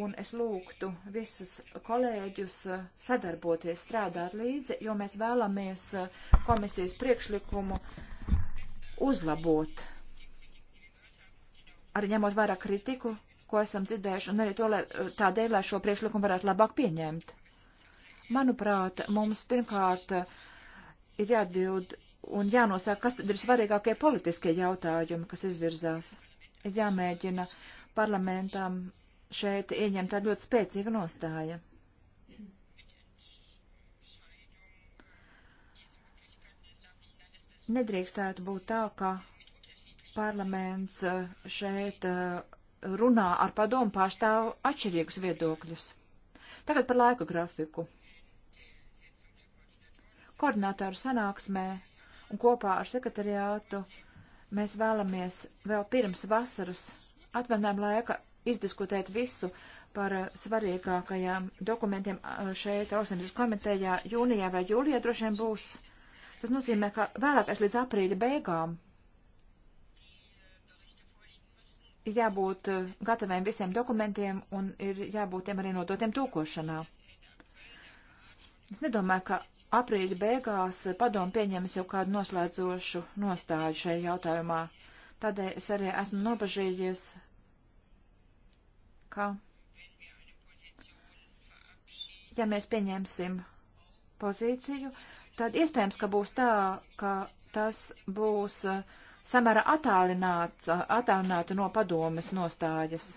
un es lūgtu visus kolēģus eh, sadarboties, strādāt līdzi, jo mēs vēlamies eh, komisijas priekšlikumu uzlabot. Arī ņemot vērā kritiku, ko esam dzirdējuši, un arī to, lai eh, tādēļ, lai šo priekšlikumu varētu labāk pieņemt. Manuprāt, mums pirmkārt ir jāatbild un jānosaka, kas tad ir svarīgākie politiskie jautājumi, kas izvirzās. Ir jāmēģina parlamentam šeit ieņemta ļoti spēcīga nostāja. Nedrīkstētu būt tā, ka parlaments eh, šeit eh, runā ar padomu pārstāvu atšķirīgus viedokļus. Tagad par laiku grafiku. Koordinātāru sanāksmē un kopā ar sekretariātu mēs vēlamies vēl pirms vasaras atvainājuma laika izdiskutēt visu par svarīgākajām dokumentiem šeit Austrijas komitejā jūnijā vai jūlijā droši vien būs. Tas nozīmē, ka vēlākais līdz aprīļa beigām ir jābūt gataviem visiem dokumentiem un ir jābūt tiem arī nodotiem tūkošanā. Es nedomāju, ka aprīļa beigās padomu pieņems jau kādu noslēdzošu nostāju šajā jautājumā. Tādēļ es arī esmu nobažījies ka, ja mēs pieņemsim pozīciju, tad iespējams, ka būs tā, ka tas būs uh, samērā attālināts, uh, attālināta no padomes nostājas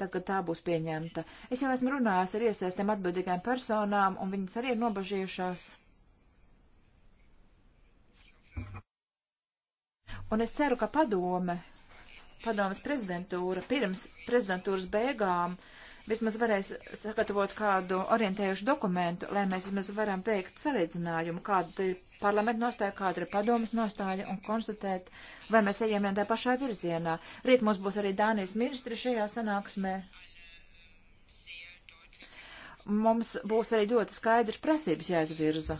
tad, kad tā būs pieņemta. Es jau esmu runājis ar iesaistiem atbildīgām personām, un viņas arī ir nobažījušās. Un es ceru, ka padome padomas prezidentūra pirms prezidentūras beigām vismaz varēs sagatavot kādu orientējušu dokumentu, lai mēs vismaz varam veikt salīdzinājumu, kāda ir parlamenta nostāja, kāda ir padomas nostāja un konstatēt, vai mēs ejam vien tā pašā virzienā. Rīt mums būs arī Dānijas ministri šajā sanāksmē. Mums būs arī ļoti skaidrs prasības jāizvirza.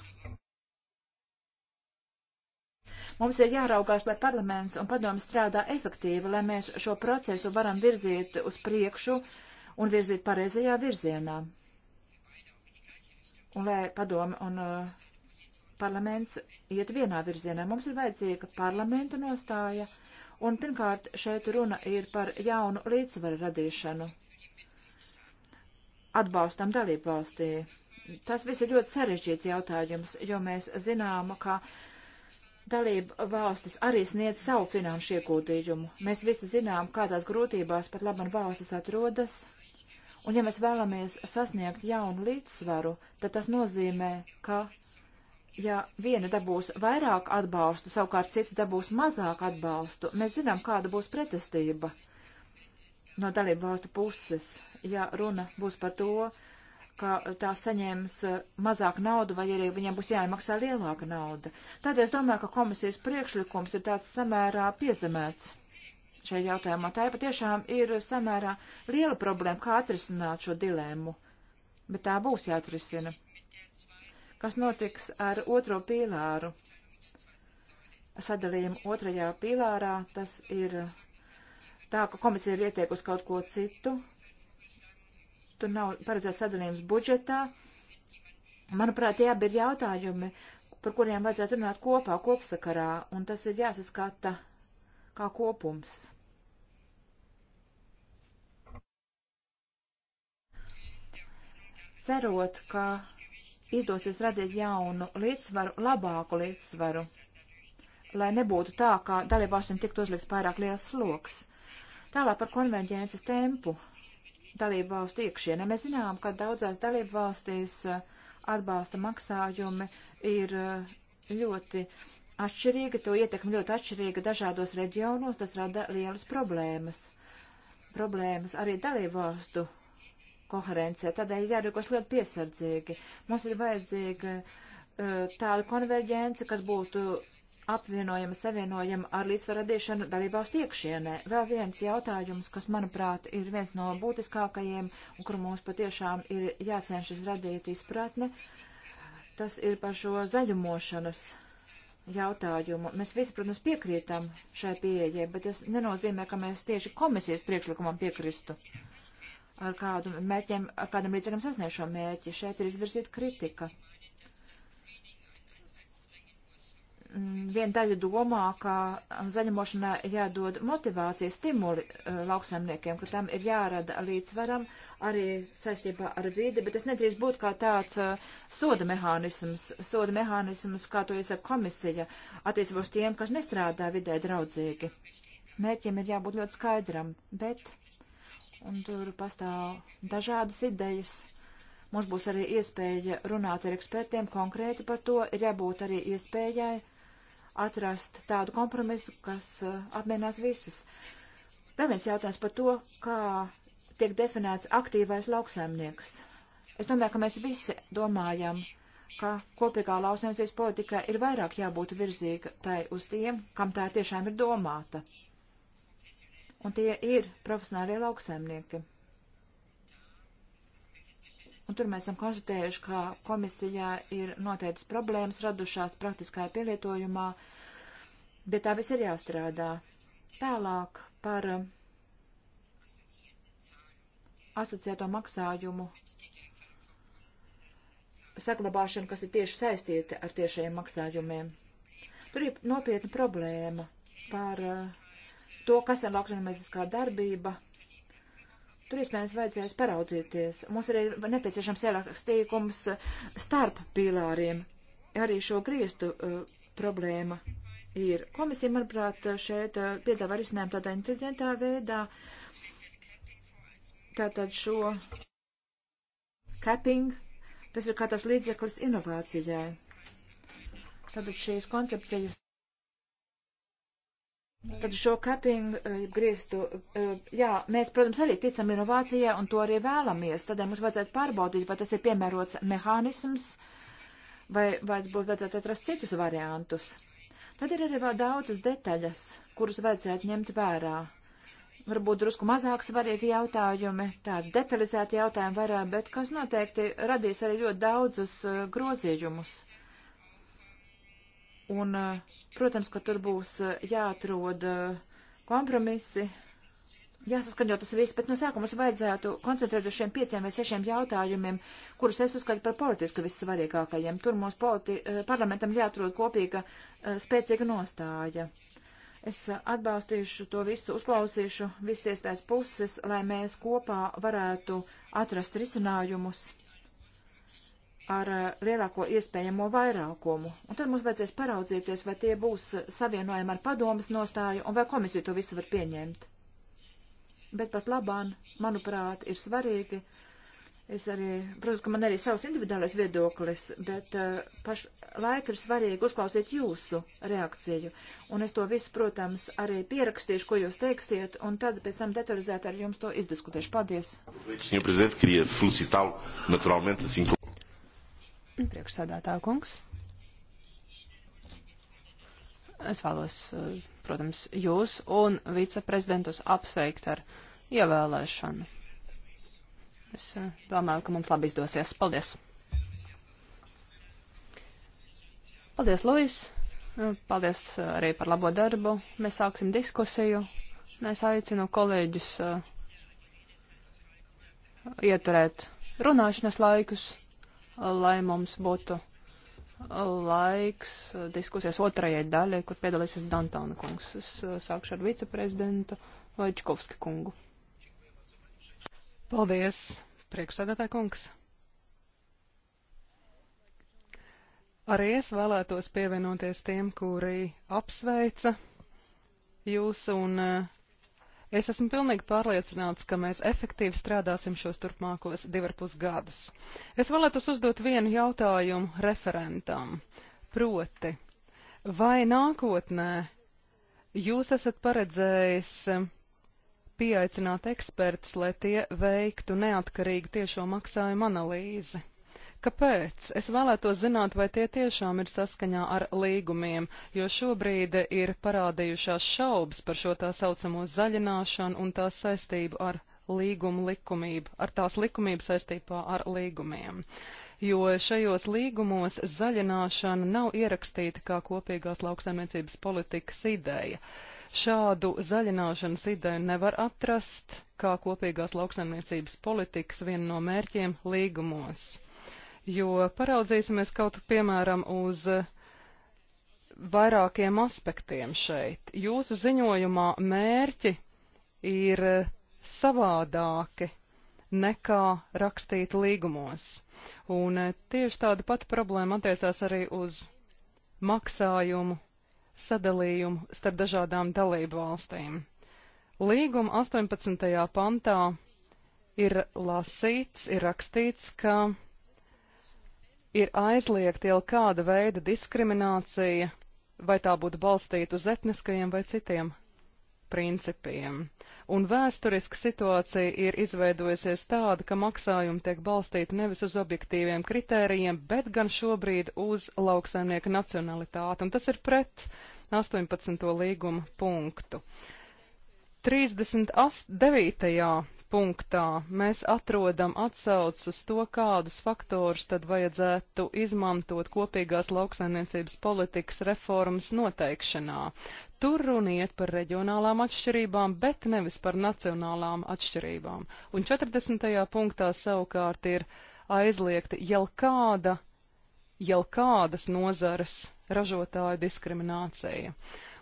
Mums ir jāraugās, lai parlaments un padomi strādā efektīvi, lai mēs šo procesu varam virzīt uz priekšu un virzīt pareizajā virzienā. Un lai padomi un uh, parlaments iet vienā virzienā. Mums ir vajadzīga parlamenta nostāja. Un pirmkārt, šeit runa ir par jaunu līdzsvaru radīšanu. Atbalstam dalību valstī. Tas viss ir ļoti sarežģīts jautājums, jo mēs zinām, ka dalību valstis arī sniedz savu finanšu ieguldījumu. Mēs visi zinām, kādās grūtībās pat labam valstis atrodas, un ja mēs vēlamies sasniegt jaunu līdzsvaru, tad tas nozīmē, ka, ja viena dabūs vairāk atbalstu, savukārt cita dabūs mazāk atbalstu, mēs zinām, kāda būs pretestība no dalību valstu puses, ja runa būs par to, ka tā saņems eh, mazāk naudu vai arī viņiem būs jāiemaksā lielāka nauda. Tādēļ es domāju, ka komisijas priekšlikums ir tāds samērā piezemēts šajā jautājumā. Tā patiešām ir samērā liela problēma, kā atrisināt šo dilēmu, bet tā būs jāatrisina. Kas notiks ar otro pīlāru? Sadalījumu otrajā pīlārā tas ir tā, ka komisija ir ieteikusi kaut ko citu, tur nav paredzēts sadalījums budžetā. Manuprāt, tie abi ir jautājumi, par kuriem vajadzētu runāt kopā, kopsakarā, un tas ir jāsaskata kā kopums. Cerot, ka izdosies radīt jaunu līdzsvaru, labāku līdzsvaru, lai nebūtu tā, ka dalībvalstīm tiktu uzlikts pārāk liels sloks. Tālāk par konverģences tempu dalību valstu iekšienē. Mēs zinām, ka daudzās dalību valstīs uh, atbalsta maksājumi ir uh, ļoti atšķirīga, to ietekme ļoti atšķirīga dažādos reģionos, tas rada lielas problēmas. Problēmas arī dalībvalstu koherencē, tādēļ jārīkos ļoti piesardzīgi. Mums ir vajadzīga uh, tāda konverģence, kas būtu apvienojama, savienojama ar līdzvaradīšanu dalībvalstu iekšienē. Vēl viens jautājums, kas, manuprāt, ir viens no būtiskākajiem un kur mums patiešām ir jācenšas radīt izpratni, tas ir par šo zaļumošanas jautājumu. Mēs visi, protams, piekrītam šai pieejai, bet tas nenozīmē, ka mēs tieši komisijas priekšlikumam piekristu ar kādu mērķiem, ar kādam līdzekam sasniegt šo mērķi. Šeit ir izvirzīta kritika. Mm, viena daļa domā, ka um, zaļumošanā jādod motivācija, stimuli uh, lauksaimniekiem, ka tam ir jārada līdzsvaram arī saistībā ar vīdi, bet tas nedrīkst būt kā tāds uh, soda mehānisms, soda mehānisms, kā to iesaka komisija, attiecībā uz tiem, kas nestrādā vidē draudzīgi. Mērķiem ir jābūt ļoti skaidram, bet, un tur pastāv dažādas idejas. Mums būs arī iespēja runāt ar ekspertiem konkrēti par to, ir jābūt arī iespējai atrast tādu kompromisu, kas uh, apmienās visus. Vēl viens jautājums par to, kā tiek definēts aktīvais lauksaimnieks. Es domāju, ka mēs visi domājam, ka kopīgā lauksaimniecības politika ir vairāk jābūt virzīga tai uz tiem, kam tā tiešām ir domāta. Un tie ir profesionālie lauksaimnieki. Un tur mēs esam konstatējuši, ka komisijā ir noteikts problēmas radušās praktiskajā pielietojumā, bet tā viss ir jāstrādā. Tālāk par um, asociēto maksājumu saglabāšanu, kas ir tieši saistīta ar tiešajiem maksājumiem. Tur ir nopietna problēma par uh, to, kas ir lauksaimnieciskā darbība Tur iespējams vajadzēs paraudzīties. Mums arī ir nepieciešams ielākas tīkums starp pīlāriem. Arī šo griestu uh, problēma ir. Komisija, manuprāt, šeit uh, piedāvā risinājumu tādā inteliģentā veidā. Tātad šo capping, tas ir kā tas līdzeklis inovācijai. Tātad šīs koncepcijas Tad šo kapingu, eh, grieztu, eh, jā, mēs, protams, arī ticam inovācijai un to arī vēlamies. Tādēļ mums vajadzētu pārbaudīt, vai tas ir piemērots mehānisms, vai, vai būtu vajadzētu atrast citus variantus. Tad ir arī vēl daudzas detaļas, kuras vajadzētu ņemt vērā. Varbūt drusku mazāk svarīgi jautājumi, tādi detalizēti jautājumi varētu, bet kas noteikti radīs arī ļoti daudzus eh, grozījumus. Un, eh, protams, ka tur būs eh, jāatrod eh, kompromisi, jāsaskaņo tas viss, bet no sākuma mums vajadzētu koncentrēt uz šiem pieciem vai sešiem jautājumiem, kurus es uzskatu par politiski vissvarīgākajiem. Tur mums politi, parlamentam jāatrod kopīga spēcīga nostāja. Es atbalstīšu to visu, uzklausīšu visas iestājas puses, lai mēs kopā varētu atrast risinājumus ar eh, lielāko iespējamo vairākumu. Un tad mums vajadzēs paraudzīties, vai tie būs savienojami ar padomas nostāju un vai komisija to visu var pieņemt. Bet pat labāk, manuprāt, ir svarīgi. Es arī, protams, ka man arī savs individuālais viedoklis, bet uh, pašlaik ir svarīgi uzklausīt jūsu reakciju. Un es to visu, protams, arī pierakstīšu, ko jūs teiksiet, un tad pēc tam detalizēt ar jums to izdiskutēšu. Paldies! Senhor Presidente, queria felicitá-lo naturalmente, assim como. Priekšsēdētā kungs. Es vēlos, protams, jūs un viceprezidentus apsveikt ar ievēlēšanu. Es eh, domāju, ka mums labi izdosies. Paldies! Paldies, Luis! Paldies arī par labo darbu. Mēs sāksim diskusiju. Mēs aicinu kolēģus eh, ieturēt runāšanas laikus lai mums būtu laiks diskusijas otrajai daļai, kur piedalīsies Dantāna kungs. Es eh, sākšu ar viceprezidentu Vaļčkovski kungu. Paldies, priekšsēdētāj kungs. Arī es vēlētos pievienoties tiem, kuri apsveica jūs un uh, Es esmu pilnīgi pārliecināts, ka mēs efektīvi strādāsim šos turpmākos divarpus gadus. Es vēlētos uzdot vienu jautājumu referentam. Proti, vai nākotnē jūs esat paredzējis pieaicināt ekspertus, lai tie veiktu neatkarīgu tiešo maksājumu analīzi? Kāpēc? Es vēlētos zināt, vai tie tiešām ir saskaņā ar līgumiem, jo šobrīd ir parādījušās šaubas par šo tā saucamo zaļināšanu un tās saistību ar līgumu likumību, ar tās likumību saistībā ar līgumiem. Jo šajos līgumos zaļināšana nav ierakstīta kā kopīgās lauksaimniecības politikas ideja. Šādu zaļināšanas ideju nevar atrast kā kopīgās lauksaimniecības politikas vienu no mērķiem līgumos jo paraudzīsimies kaut piemēram uz vairākiem aspektiem šeit. Jūsu ziņojumā mērķi ir savādāki nekā rakstīt līgumos. Un e, tieši tāda pati problēma attiecās arī uz maksājumu sadalījumu starp dažādām dalību valstīm. Līguma 18. pantā ir lasīts, ir rakstīts, ka ir aizliegta jau kāda veida diskriminācija, vai tā būtu balstīta uz etniskajiem vai citiem principiem. Un vēsturiska situācija ir izveidojusies tāda, ka maksājumi tiek balstīti nevis uz objektīviem kritērijiem, bet gan šobrīd uz lauksaimnieku nacionalitāti, un tas ir pret 18. līguma punktu. 39 punktā mēs atrodam atsaucas uz to, kādus faktorus tad vajadzētu izmantot kopīgās lauksaimniecības politikas reformas noteikšanā. Tur runiet par reģionālām atšķirībām, bet nevis par nacionālām atšķirībām. Un 40. punktā savukārt ir aizliegta jau kāda, jau kādas nozares ražotāju diskriminācija.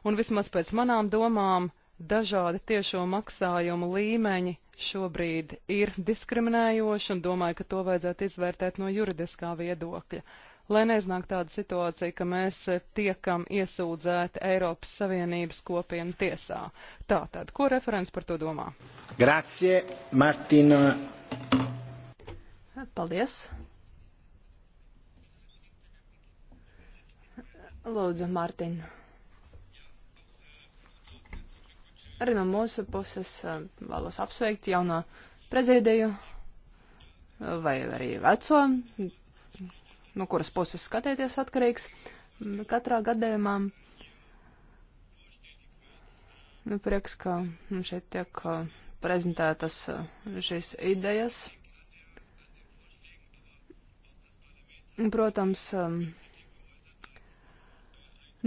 Un vismaz pēc manām domām dažādi tiešo maksājumu līmeņi šobrīd ir diskriminējoši, un domāju, ka to vajadzētu izvērtēt no juridiskā viedokļa. Lai neiznāk tāda situācija, ka mēs tiekam iesūdzēti Eiropas Savienības kopienu tiesā. Tātad, ko referents par to domā? Grazie, Martina. Paldies. Lūdzu, Mārtiņa. Arī no mūsu puses eh, vēlos apsveikt jauno prezidiju eh, vai arī veco, no kuras puses skatieties atkarīgs. Mm, katrā gadījumā nu, prieks, ka šeit tiek eh, prezentētas šīs idejas. Protams,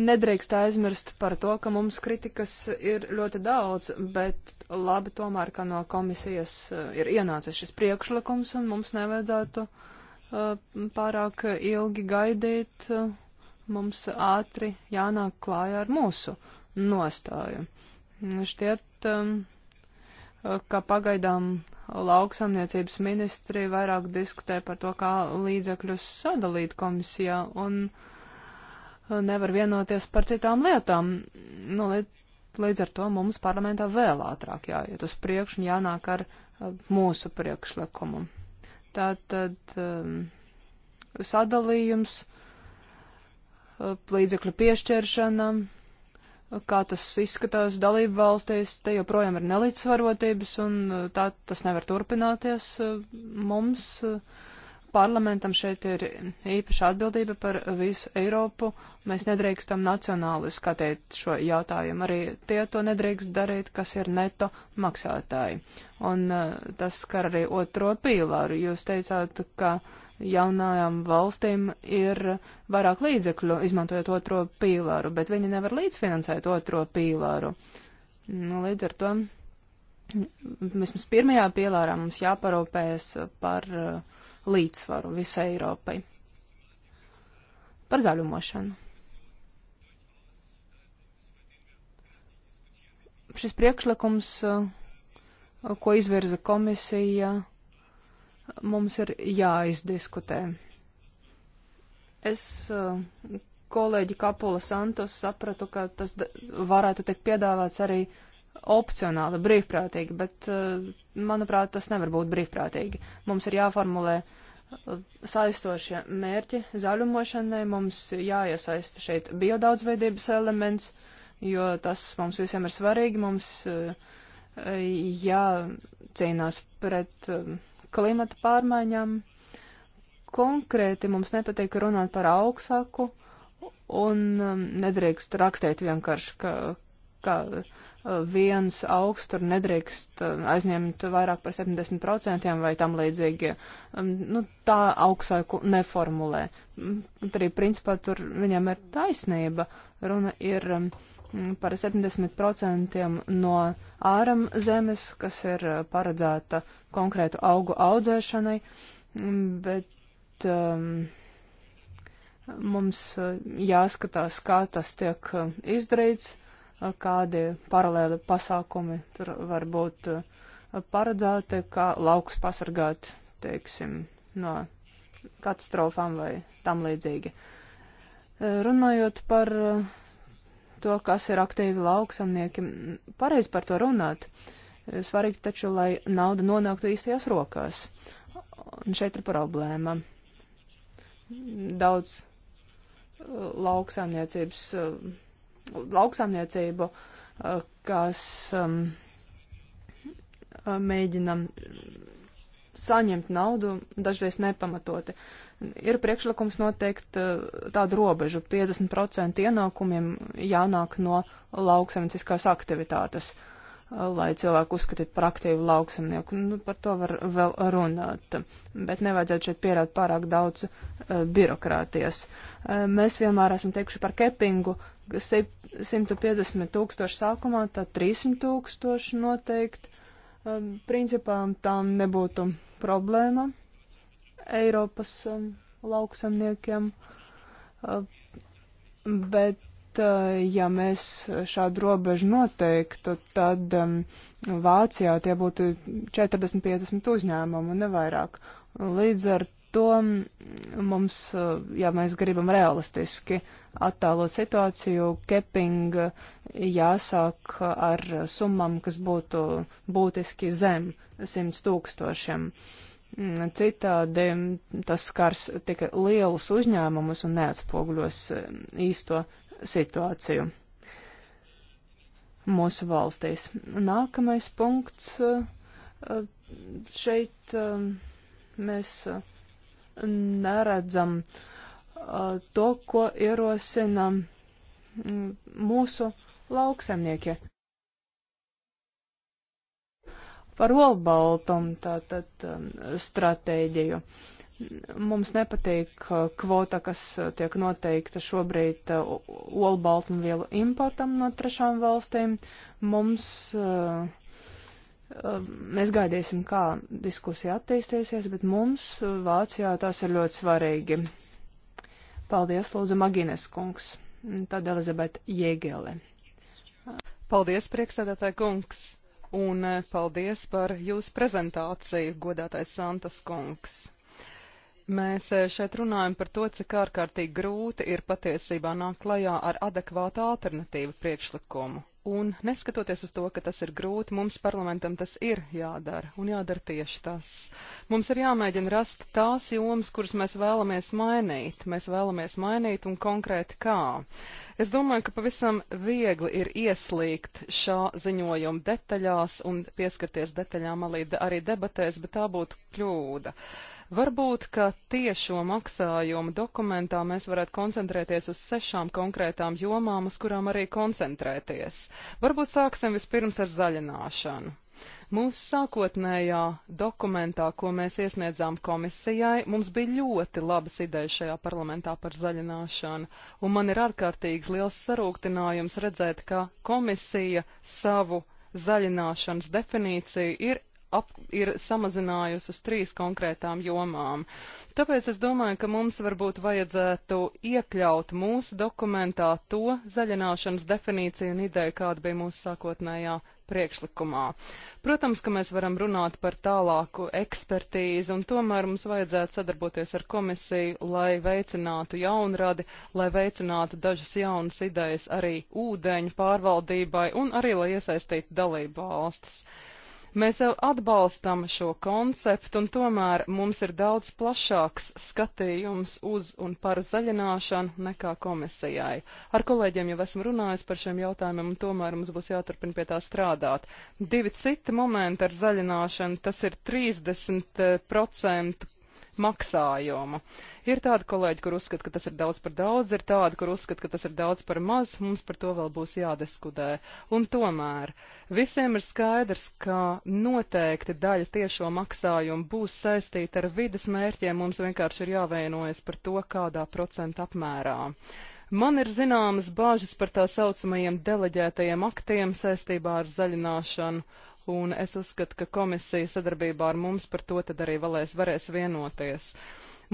Nedrīkst aizmirst par to, ka mums kritikas ir ļoti daudz, bet labi tomēr, ka no komisijas eh, ir ienācis šis priekšlikums un mums nevajadzētu eh, pārāk ilgi gaidīt, eh, mums ātri jānāk klājā ar mūsu nostāju. Šķiet, ka pagaidām lauksamniecības ministri vairāk diskutē par to, kā līdzekļus sadalīt komisijā un uh, nevar vienoties par citām lietām. Nu, līdz ar to mums parlamentā vēl ātrāk jāiet uz priekšu un jānāk ar uh, mūsu priekšlikumu. Tātad um, sadalījums, uh, līdzekļu piešķiršana, uh, kā tas izskatās dalību valstīs, te joprojām ir nelīdzsvarotības un tā tas nevar turpināties. Mums uh, parlamentam šeit ir īpaša atbildība par visu Eiropu. Mēs nedrīkstam nacionāli skatīt šo jautājumu. Arī tie to nedrīkst darīt, kas ir neto maksātāji. Un eh, tas skar arī otro pīlāru. Jūs teicāt, ka jaunajām valstīm ir vairāk līdzekļu izmantojot otro pīlāru, bet viņi nevar līdzfinansēt otro pīlāru. Nu, līdz ar to, vismaz pirmajā pīlārā mums jāparūpējas par uh, līdzsvaru visai Eiropai. Par zaļumošanu. Šis priekšlikums, uh, ko izvirza komisija, mums ir jāizdiskutē. Es uh, kolēģi Kapula Santos sapratu, ka tas varētu tikt piedāvāts arī opcionāli, brīvprātīgi, bet, eh, manuprāt, tas nevar būt brīvprātīgi. Mums ir jāformulē eh, saistošie mērķi zaļumošanai, mums jāiesaista šeit biodaudzveidības elements, jo tas mums visiem ir svarīgi, mums eh, jācīnās pret klimata pārmaiņām. Konkrēti mums nepatīk runāt par augstsaku un nedrīkst rakstīt vienkārši, ka, ka viens augstur nedrīkst uh, aizņemt vairāk par 70% vai tam līdzīgi. Um, nu, tā augstsāku neformulē. Mm, arī principā tur viņam ir taisnība. Runa ir um, par 70% no āram zemes, kas ir uh, paredzēta konkrētu augu audzēšanai, mm, bet um, mums uh, jāskatās, kā tas tiek izdarīts kādi paralēli pasākumi tur var būt uh, paredzēti, kā lauks pasargāt, teiksim, no katastrofām vai tam līdzīgi. Uh, runājot par uh, to, kas ir aktīvi lauksamnieki, pareizi par to runāt. Svarīgi taču, lai nauda nonāktu īstajās rokās. Un šeit ir problēma. Daudz lauksaimniecības lauksamniecību, eh, kas um, mēģina saņemt naudu dažreiz nepamatoti. Ir priekšlikums noteikt eh, tādu robežu - 50% ienākumiem jānāk no lauksamnieciskās aktivitātes, eh, lai cilvēku uzskatītu par aktīvu lauksamnieku. Nu, par to var vēl runāt, bet nevajadzētu šeit pierādīt pārāk daudz uh, birokrātijas. Uh, mēs vienmēr esam teikuši par kepingu, 150 tūkstoši sākumā, tad 300 tūkstoši noteikti. Um, principā tam nebūtu problēma Eiropas um, lauksamniekiem, um, bet, uh, ja mēs šādu robežu noteiktu, tad um, Vācijā tie būtu 40-50 uzņēmumu, nevairāk. Līdz ar to mums, ja mēs gribam realistiski attālot situāciju, keping jāsāk ar summām, kas būtu būtiski zem 100 tūkstošiem. Citādi tas skars tikai lielus uzņēmumus un neatspoguļos īsto situāciju mūsu valstīs. Nākamais punkts šeit mēs neredzam uh, to, ko ierosina mm, mūsu lauksemnieki. Par olbaltumu tātad um, stratēģiju. Mums nepatīk uh, kvota, kas uh, tiek noteikta šobrīd olbaltumvielu importam no trešām valstīm. Mums uh, Um, mēs gaidīsim, kā diskusija attīstīsies, bet mums uh, Vācijā tas ir ļoti svarīgi. Paldies, Lūdzu, Magines kungs. Tad Elizabete Jēgele. Paldies, priekšsēdētāji kungs, un uh, paldies par jūsu prezentāciju, godātais Santas kungs. Mēs uh, šeit runājam par to, cik ārkārtīgi grūti ir patiesībā nākt klajā ar adekvātu alternatīvu priekšlikumu un neskatoties uz to, ka tas ir grūti, mums parlamentam tas ir jādara, un jādara tieši tas. Mums ir jāmēģina rast tās jomas, kuras mēs vēlamies mainīt, mēs vēlamies mainīt un konkrēti kā. Es domāju, ka pavisam viegli ir ieslīgt šā ziņojuma detaļās un pieskarties detaļām arī debatēs, bet tā būtu kļūda. Uh, Varbūt, ka tiešo maksājumu dokumentā mēs varētu koncentrēties uz sešām konkrētām jomām, uz kurām arī koncentrēties. Varbūt sāksim vispirms ar zaļināšanu. Mūsu sākotnējā dokumentā, ko mēs iesniedzām komisijai, mums bija ļoti labas idejas šajā parlamentā par zaļināšanu, un man ir ārkārtīgi liels sarūktinājums redzēt, ka komisija savu zaļināšanas definīciju ir ap, ir samazinājusi uz trīs konkrētām jomām. Tāpēc es domāju, ka mums varbūt vajadzētu iekļaut mūsu dokumentā to zaļināšanas definīciju un ideju, kāda bija mūsu sākotnējā priekšlikumā. Protams, ka mēs varam runāt par tālāku ekspertīzi, un tomēr mums vajadzētu sadarboties ar komisiju, lai veicinātu jaunradi, lai veicinātu dažas jaunas idejas arī ūdeņu pārvaldībai un arī, lai iesaistītu dalību valstis. Mēs jau atbalstam šo konceptu, un tomēr mums ir daudz plašāks skatījums uz un par zaļināšanu nekā komisijai. Ar kolēģiem jau esmu runājis par šiem jautājumiem, un tomēr mums būs jāturpina pie tā strādāt. Divi citi momenti ar zaļināšanu, tas ir 30% maksājumu. Ir tādi kolēģi, kur uzskata, ka tas ir daudz par daudz, ir tādi, kur uzskata, ka tas ir daudz par maz, mums par to vēl būs jādiskutē. Un tomēr visiem ir skaidrs, ka noteikti daļa tiešo maksājumu būs saistīta ar vidas mērķiem, mums vienkārši ir jāvienojas par to, kādā procentu apmērā. Man ir zināmas bāžas par tā saucamajiem deleģētajiem aktiem saistībā ar zaļināšanu, un es uzskatu, ka komisija sadarbībā ar mums par to tad arī valēs, varēs vienoties.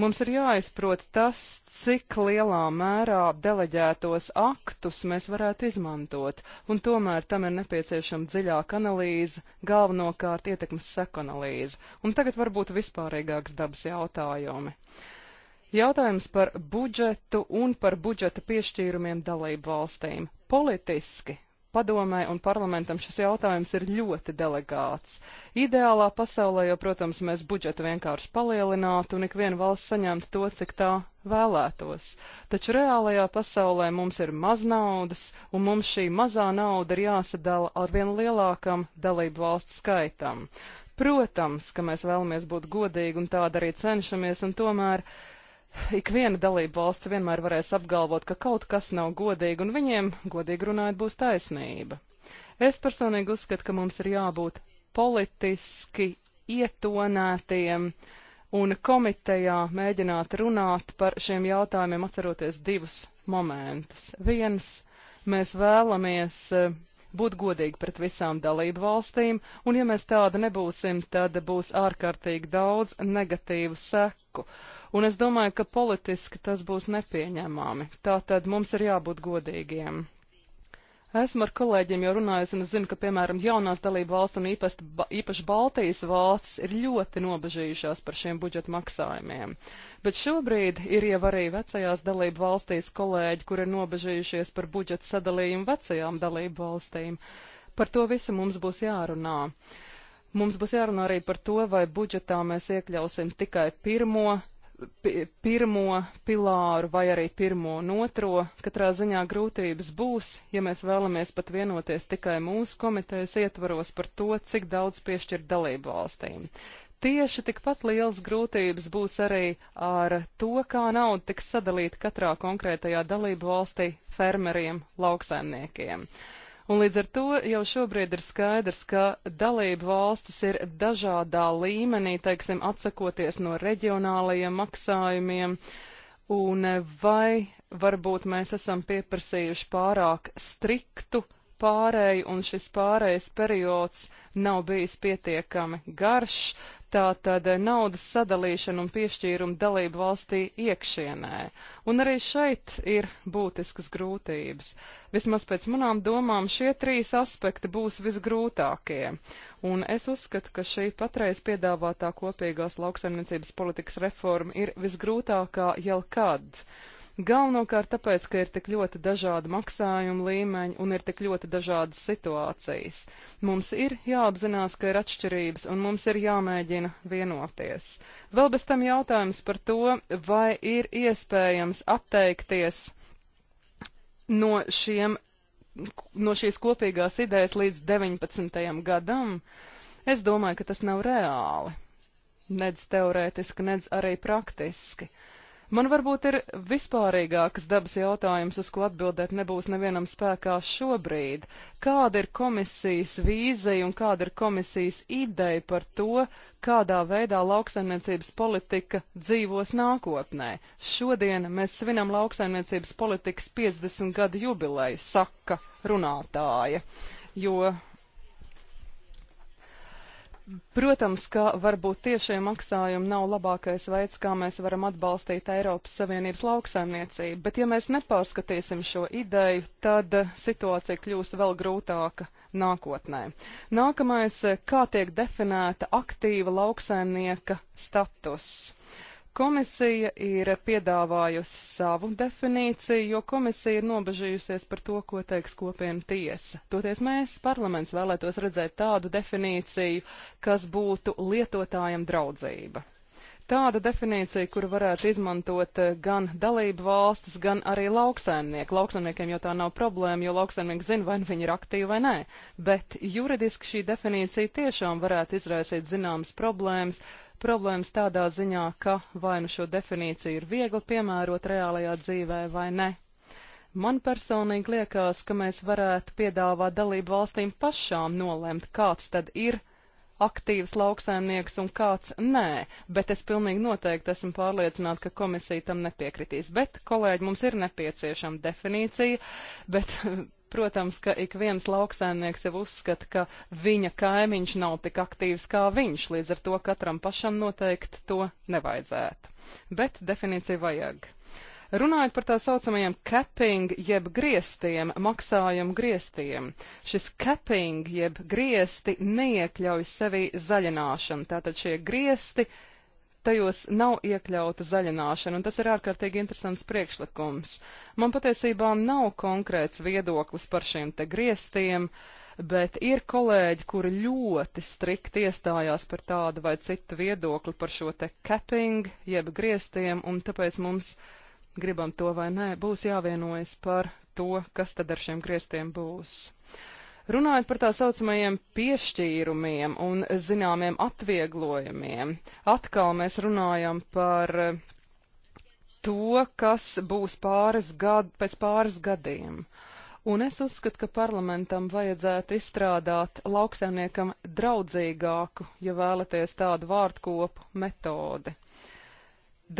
Mums ir jāizprot tas, cik lielā mērā deleģētos aktus mēs varētu izmantot, un tomēr tam ir nepieciešama dziļāka analīze, galvenokārt ietekmes seku analīze, un tagad varbūt vispārīgāks dabas jautājumi. Jautājums par budžetu un par budžeta piešķīrumiem dalību valstīm. Politiski padomē un parlamentam šis jautājums ir ļoti delegāts. Ideālā pasaulē jau, protams, mēs budžetu vienkārši palielinātu un ikviena valsts saņemtu to, cik tā vēlētos. Taču reālajā pasaulē mums ir maz naudas, un mums šī mazā nauda ir jāsadala ar vien lielākam dalību valstu skaitam. Protams, ka mēs vēlamies būt godīgi un tāda arī cenšamies, un tomēr ikviena dalība valsts vienmēr varēs apgalvot, ka kaut kas nav godīgi, un viņiem, godīgi runājot, būs taisnība. Es personīgi uzskatu, ka mums ir jābūt politiski ietonētiem un komitejā mēģināt runāt par šiem jautājumiem, atceroties divus momentus. Viens, mēs vēlamies eh, būt godīgi pret visām dalību valstīm, un ja mēs tāda nebūsim, tad būs ārkārtīgi daudz negatīvu seku roku. Un es domāju, ka politiski tas būs nepieņemami. Tātad mums ir jābūt godīgiem. Esmu ar kolēģiem jau runājusi un es zinu, ka, piemēram, jaunās dalība valsts un īpaši, ba īpaši Baltijas valsts ir ļoti nobežījušās par šiem budžeta maksājumiem. Bet šobrīd ir jau arī vecajās dalība valstīs kolēģi, kur ir nobežījušies par budžeta sadalījumu vecajām dalību valstīm. Par to visu mums būs jārunā. Uh, Mums būs jārunā arī par to, vai budžetā mēs iekļausim tikai pirmo, pi, pirmo pilāru vai arī pirmo un otro. Katrā ziņā grūtības būs, ja mēs vēlamies pat vienoties tikai mūsu komitejas ietvaros par to, cik daudz piešķirt dalību valstīm. Tieši tikpat liels grūtības būs arī ar to, kā nauda tiks sadalīta katrā konkrētajā dalību valstī fermeriem, lauksaimniekiem. Uh, Un līdz ar to jau šobrīd ir skaidrs, ka dalību valstis ir dažādā līmenī, teiksim, atsakoties no reģionālajiem maksājumiem. Un vai varbūt mēs esam pieprasījuši pārāk striktu pārēju, un šis pārējais periods nav bijis pietiekami garš, tātad naudas sadalīšanu un piešķīrumu dalību valstī iekšienē. Un arī šeit ir būtiskas grūtības. Vismaz pēc manām domām šie trīs aspekti būs visgrūtākie. Un es uzskatu, ka šī patreiz piedāvātā kopīgās lauksaimniecības politikas reforma ir visgrūtākā jau kad Galvenokārt tāpēc, ka ir tik ļoti dažādi maksājumu līmeņi un ir tik ļoti dažādas situācijas. Mums ir jāapzinās, ka ir atšķirības un mums ir jāmēģina vienoties. Vēl bez tam jautājums par to, vai ir iespējams atteikties no šiem no šīs kopīgās idejas līdz 19. gadam, es domāju, ka tas nav reāli. Nedz teorētiski, nedz arī praktiski. Man varbūt ir vispārīgākas dabas jautājums, uz ko atbildēt nebūs nevienam spēkā šobrīd. Kāda ir komisijas vīzija un kāda ir komisijas ideja par to, kādā veidā lauksaimniecības politika dzīvos nākotnē? Šodien mēs svinam lauksaimniecības politikas 50 gadu jubileju, saka runātāja, jo Protams, ka varbūt tiešie maksājumi nav labākais veids, kā mēs varam atbalstīt Eiropas Savienības lauksaimniecību, bet ja mēs nepārskatīsim šo ideju, tad situācija kļūst vēl grūtāka nākotnē. Nākamais, kā tiek definēta aktīva lauksaimnieka status. Uh, Komisija ir piedāvājusi savu definīciju, jo komisija ir nobežījusies par to, ko teiks kopiena tiesa. Toties mēs, parlaments, vēlētos redzēt tādu definīciju, kas būtu lietotājiem draudzība. Tāda definīcija, kuru varētu izmantot eh, gan dalību valstis, gan arī lauksaimnieki. Lauksaimniekiem jau tā nav problēma, jo lauksaimnieki zina, vai nu viņi ir aktīvi vai nē. Bet juridiski šī definīcija tiešām varētu izraisīt zināmas problēmas, Problēmas tādā ziņā, ka vai nu šo definīciju ir viegli piemērot reālajā dzīvē vai ne. Man personīgi liekas, ka mēs varētu piedāvāt dalību valstīm pašām nolemt, kāds tad ir aktīvs lauksaimnieks un kāds nē, bet es pilnīgi noteikti esmu pārliecināta, ka komisija tam nepiekritīs. Bet, kolēģi, mums ir nepieciešama definīcija, bet Protams, ka ik viens lauksēmnieks jau uzskata, ka viņa kaimiņš nav tik aktīvs kā viņš, līdz ar to katram pašam noteikti to nevajadzētu. Bet definīcija vajag. Runājot par tā saucamajiem capping jeb griestiem, maksājumu griestiem, šis capping jeb griesti neiekļauj sevī zaļināšanu, tātad šie griesti tajos nav iekļauta zaļināšana, un tas ir ārkārtīgi interesants priekšlikums. Man patiesībā nav konkrēts viedoklis par šiem te griestiem, bet ir kolēģi, kuri ļoti strikti iestājās par tādu vai citu viedokli par šo te capping, jeb griestiem, un tāpēc mums, gribam to vai nē, būs jāvienojas par to, kas tad ar šiem griestiem būs. Runājot par tā saucamajiem piešķīrumiem un zināmiem atvieglojumiem, atkal mēs runājam par eh, to, kas būs pāris gadu, pēc pāris gadiem. Un es uzskatu, ka parlamentam vajadzētu izstrādāt lauksaimniekam draudzīgāku, ja vēlaties tādu vārdkopu metodi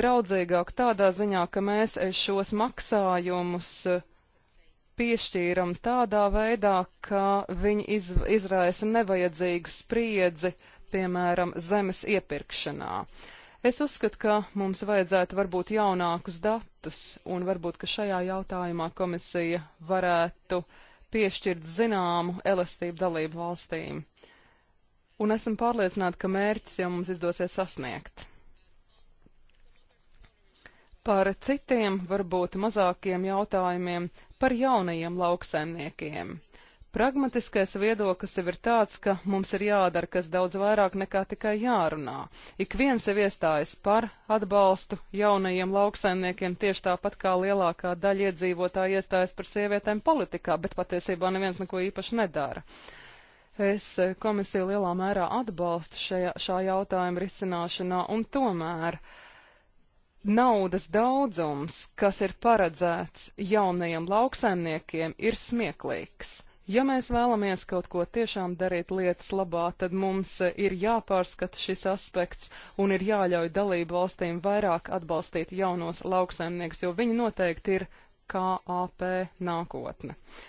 draudzīgāk tādā ziņā, ka mēs šos maksājumus piešķīram tādā veidā, ka viņi iz, izraisa nevajadzīgu spriedzi, piemēram, zemes iepirkšanā. Es uzskatu, ka mums vajadzētu varbūt jaunākus datus, un varbūt, ka šajā jautājumā komisija varētu piešķirt zināmu elastību dalību valstīm. Un esam pārliecināti, ka mērķis jau mums izdosies sasniegt. Par citiem, varbūt mazākiem jautājumiem par jaunajiem lauksaimniekiem. Pragmatiskais viedoklis jau ir tāds, ka mums ir jādara kas daudz vairāk nekā tikai jārunā. Ik viens jau iestājas par atbalstu jaunajiem lauksaimniekiem tieši tāpat kā lielākā daļa iedzīvotāja iestājas par sievietēm politikā, bet patiesībā neviens neko īpaši nedara. Es e, komisiju lielā mērā atbalstu šajā, šā jautājuma risināšanā un tomēr. Uh, naudas daudzums, kas ir paredzēts jaunajiem lauksaimniekiem, ir smieklīgs. Ja mēs vēlamies kaut ko tiešām darīt lietas labā, tad mums eh, ir jāpārskata šis aspekts un ir jāļauj dalību valstīm vairāk atbalstīt jaunos lauksaimniekus, jo viņi noteikti ir KAP nākotne. Uh,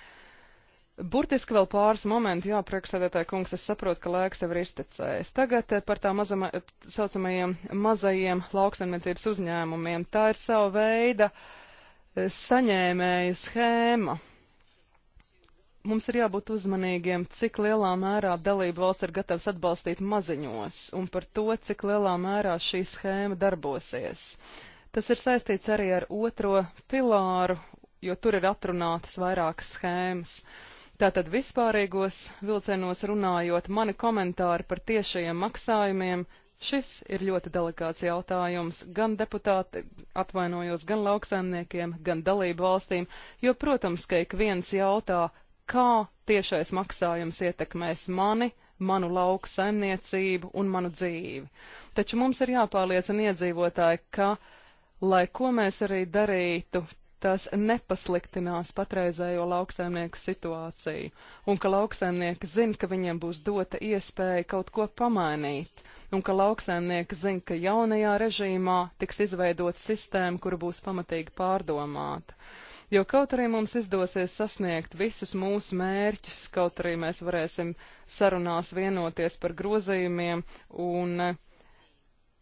Burtiski vēl pāris momenti, jā, priekšsēdētāji kungs, es saprotu, ka laiks jau ir iztecējis. Tagad eh, par tā mazama, eh, saucamajiem mazajiem lauksaimniecības uzņēmumiem. Tā ir sava veida eh, saņēmēju schēma. Mums ir jābūt uzmanīgiem, cik lielā mērā dalība valsts ir gatavs atbalstīt maziņos un par to, cik lielā mērā šī schēma darbosies. Tas ir saistīts arī ar otro pilāru, jo tur ir atrunātas vairākas schēmas. Uh, Tātad vispārīgos vilcienos runājot, mani komentāri par tiešajiem maksājumiem. Šis ir ļoti delikāts jautājums gan deputāti, atvainojos, gan lauksaimniekiem, gan dalību valstīm, jo, protams, ka ik viens jautā, kā tiešais maksājums ietekmēs mani, manu lauku saimniecību un manu dzīvi. Taču mums ir jāpārliecina iedzīvotāji, ka, lai ko mēs arī darītu, tās nepasliktinās patreizējo lauksaimnieku situāciju, un ka lauksaimnieki zina, ka viņiem būs dota iespēja kaut ko pamainīt, un ka lauksaimnieki zina, ka jaunajā režīmā tiks izveidot sistēma, kura būs pamatīgi pārdomāta. Jo kaut arī mums izdosies sasniegt visus mūsu mērķus, kaut arī mēs varēsim sarunās vienoties par grozījumiem un uh,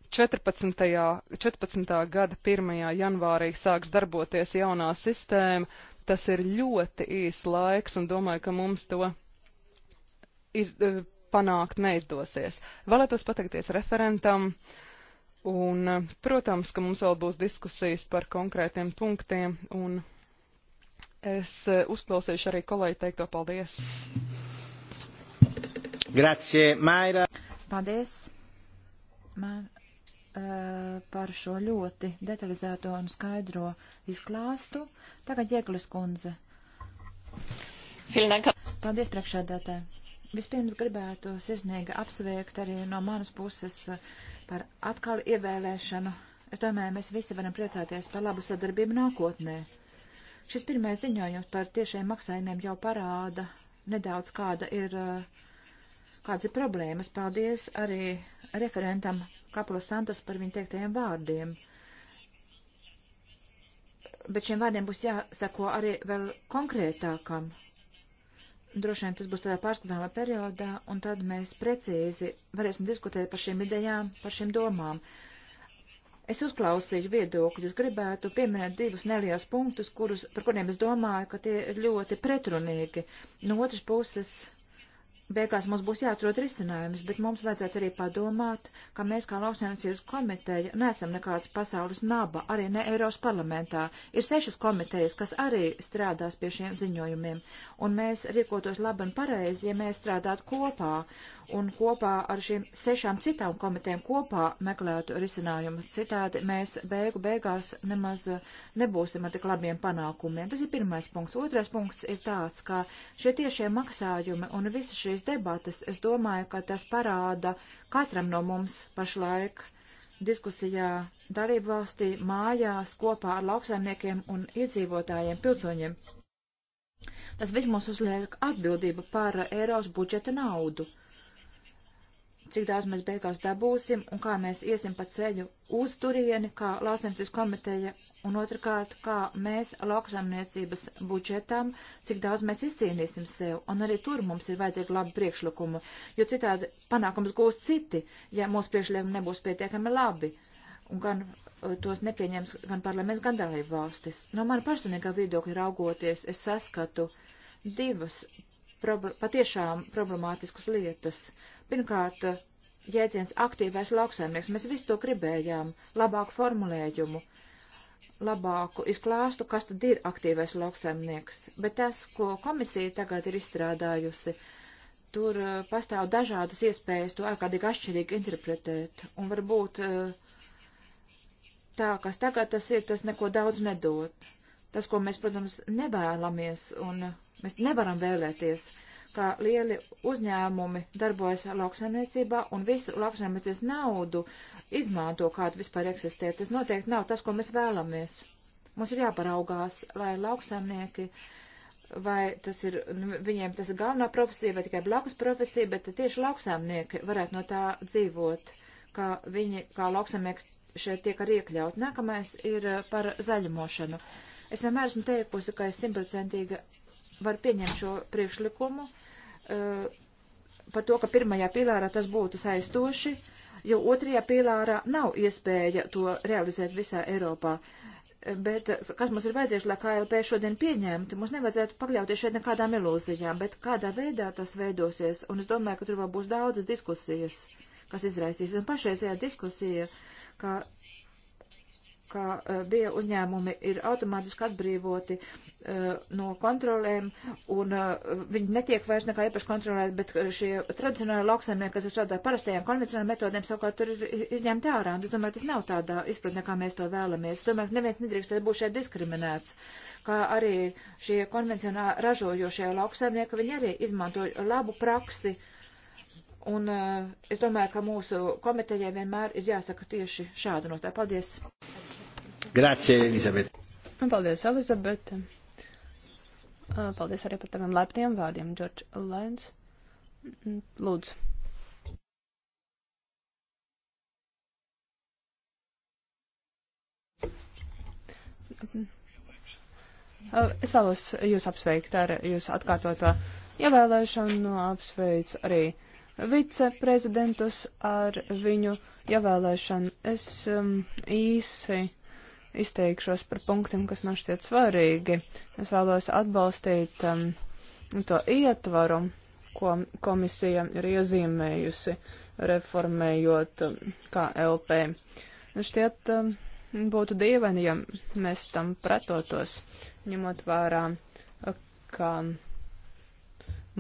14. 14. gada 1. janvārī sāks darboties jaunā sistēma. Tas ir ļoti īs laiks un domāju, ka mums to iz, eh, panākt neizdosies. Vēlētos pateikties referentam. Un, eh, protams, ka mums vēl būs diskusijas par konkrētiem punktiem, un es eh, uzklausīšu arī kolēģi teikto paldies. Grazie, Maira. Paldies. Man, Eh, par šo ļoti detalizēto un skaidro izklāstu. Tagad Jēklis kundze. Paldies priekšādātē. Vispirms gribētu sirsnīgi apsveikt arī no manas puses par atkal ievēlēšanu. Es domāju, mēs visi varam priecāties par labu sadarbību nākotnē. Šis pirmais ziņojums par tiešiem maksājumiem jau parāda nedaudz kāda ir, eh, kādas ir problēmas. Paldies arī referentam Kaplo Santos par viņu teiktajiem vārdiem. Bet šiem vārdiem būs jāsako arī vēl konkrētākam. Droši vien tas būs tādā pārskatāmā periodā, un tad mēs precīzi varēsim diskutēt par šīm idejām, par šīm domām. Es uzklausīju viedokļus, gribētu pieminēt divus nelielus punktus, kurus, par kuriem es domāju, ka tie ir ļoti pretrunīgi. No otras puses, beigās mums būs jāatrod risinājums, bet mums vajadzētu arī padomāt, ka mēs kā lauksainicības komiteja neesam nekāds pasaules naba, arī ne Eiropas parlamentā. Ir sešas komitejas, kas arī strādās pie šiem ziņojumiem, un mēs rīkotos labi un pareizi, ja mēs strādātu kopā un kopā ar šīm sešām citām komitēm kopā meklētu risinājumus. Citādi mēs beigu beigās nemaz eh, nebūsim ar tik labiem panākumiem. Tas ir pirmais punkts. Otrais punkts ir tāds, ka šie tiešie maksājumi un visas šīs debatas, es domāju, ka tas parāda katram no mums pašlaik diskusijā dalību valstī, mājās, kopā ar lauksaimniekiem un iedzīvotājiem, pilsoņiem. Tas viss mums uzliek atbildību par Eiropas budžeta naudu cik daudz mēs beigās dabūsim un kā mēs iesim pa ceļu uz turieni, kā lauksaimniecības komiteja, un otrkārt, kā mēs lauksaimniecības budžetam, cik daudz mēs izcīnīsim sev, un arī tur mums ir vajadzīgi labi priekšlikumi, jo citādi panākums gūs citi, ja mūsu priekšlikumi nebūs pietiekami labi, un gan uh, tos nepieņems gan parlaments, gan dalību valstis. No man personīgā viedokļa raugoties, es saskatu divas prob patiešām problemātiskas lietas Pirmkārt, jēdziens aktīvais lauksaimnieks. Mēs visu to gribējām, labāku formulējumu, labāku izklāstu, kas tad ir aktīvais lauksaimnieks. Bet tas, ko komisija tagad ir izstrādājusi, tur uh, pastāv dažādas iespējas to ārkārtīgi atšķirīgi interpretēt. Un varbūt uh, tā, kas tagad tas ir, tas neko daudz nedod. Tas, ko mēs, protams, nevēlamies un mēs nevaram vēlēties. Uh, ka lieli uzņēmumi darbojas lauksaimniecībā un visu lauksaimniecības naudu izmanto, kāda vispār eksistē. Tas noteikti nav tas, ko mēs vēlamies. Mums ir jāparaugās, lai lauksaimnieki, vai tas ir, nu, viņiem tas ir galvenā profesija vai tikai blakus profesija, bet tieši lauksaimnieki varētu no tā dzīvot, ka viņi kā lauksaimnieki šeit tiek arī iekļaut. Nākamais ir eh, par zaļumošanu. Es vienmēr esmu teikusi, ka es simtprocentīgi var pieņemt šo priekšlikumu uh, par to, ka pirmajā pīlārā tas būtu saistoši, jo otrajā pīlārā nav iespēja to realizēt visā Eiropā. Eh, bet eh, kas mums ir vajadzīgs, lai KLP šodien pieņemtu, mums nevajadzētu pakļauties šeit nekādām ilūzijām, bet kādā veidā tas veidosies, un es domāju, ka tur vēl būs daudzas diskusijas, kas izraisīs. Un pašreizējā diskusija, ka ka e, bija uzņēmumi ir automātiski atbrīvoti e, no kontrolēm, un e, viņi netiek vairs nekā iepaši kontrolēti, bet šie tradicionāli lauksaimnieki, kas ir strādā parastajām konvencionālām metodēm, savukārt tur ir izņemti ārā. Un es domāju, tas nav tādā izpratnē, kā mēs to vēlamies. Es domāju, ka neviens nedrīkst būt šeit diskriminēts kā arī šie konvencionā ražojošie lauksaimnieki, viņi arī izmanto labu praksi, uh, Un uh, es domāju, ka mūsu komitejai vienmēr ir jāsaka tieši šāda nostāja. Paldies! Grācie, Elizabete. Paldies, Elizabete. Uh, paldies arī par taviem lepniem vārdiem, Džordž Lēns. Mm, lūdzu. Uh, es vēlos jūs apsveikt ar jūsu atkārtoto ievēlēšanu, apsveicu arī viceprezidentus ar viņu ievēlēšanu. Es um, īsi izteikšos par punktiem, kas man šķiet svarīgi. Es vēlos atbalstīt um, to ietvaru, ko komisija ir iezīmējusi, reformējot um, KLP. Nu, šķiet, um, būtu dīvaini, ja mēs tam pretotos, ņemot vērā, ka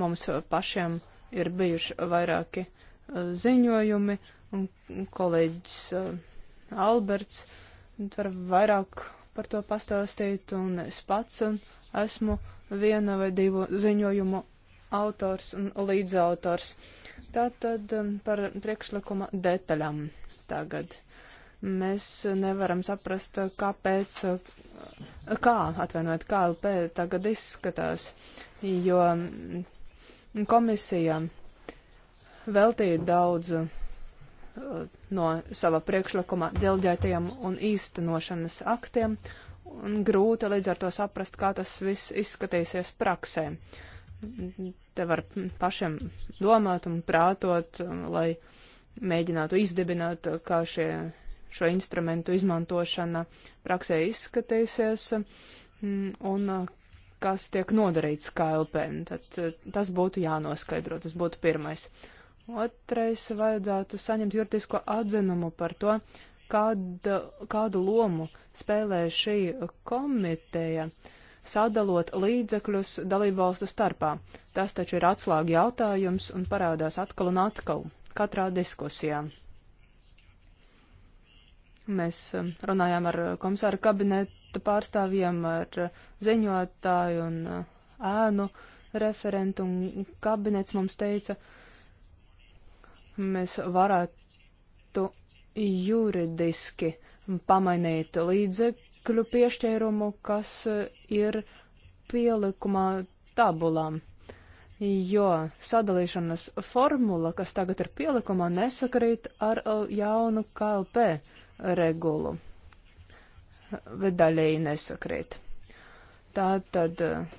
mums pašiem ir bijuši vairāki uh, ziņojumi, un kolēģis uh, Alberts uh, var vairāk par to pastāstīt, un es pats un esmu viena vai divu ziņojumu autors un līdzautors. Tātad um, par priekšlikuma detaļām tagad. Mēs nevaram saprast, kāpēc, kā, atvainojiet, kā LP tagad izskatās, jo um, komisija veltīja daudz Uh, no sava priekšlikuma delģētajiem un īstenošanas aktiem, un grūti līdz ar to saprast, kā tas viss izskatīsies praksē. Te var pašiem domāt un prātot, um, lai mēģinātu izdibināt, uh, kā šie, šo instrumentu izmantošana praksē izskatīsies mm, un uh, kas tiek nodarīts KLP. Tad tas būtu jānoskaidro, tas būtu pirmais. Uh, Otrais vajadzētu saņemt juridisko atzinumu par to, kāda, kādu lomu spēlē šī komiteja, sadalot līdzekļus dalībvalstu starpā. Tas taču ir atslēga jautājums un parādās atkal un atkal katrā diskusijā. Mēs um, runājām ar komisāru kabinetu pārstāvjiem, ar uh, ziņotāju un uh, ēnu referentu, un kabinets mums teica, uh, mēs varētu juridiski pamainīt līdzekļu piešķērumu, kas ir pielikumā tabulām, jo sadalīšanas formula, kas tagad ir pielikumā, nesakrīt ar jaunu KLP regulu, bet daļēji nesakrīt. Tā tad eh,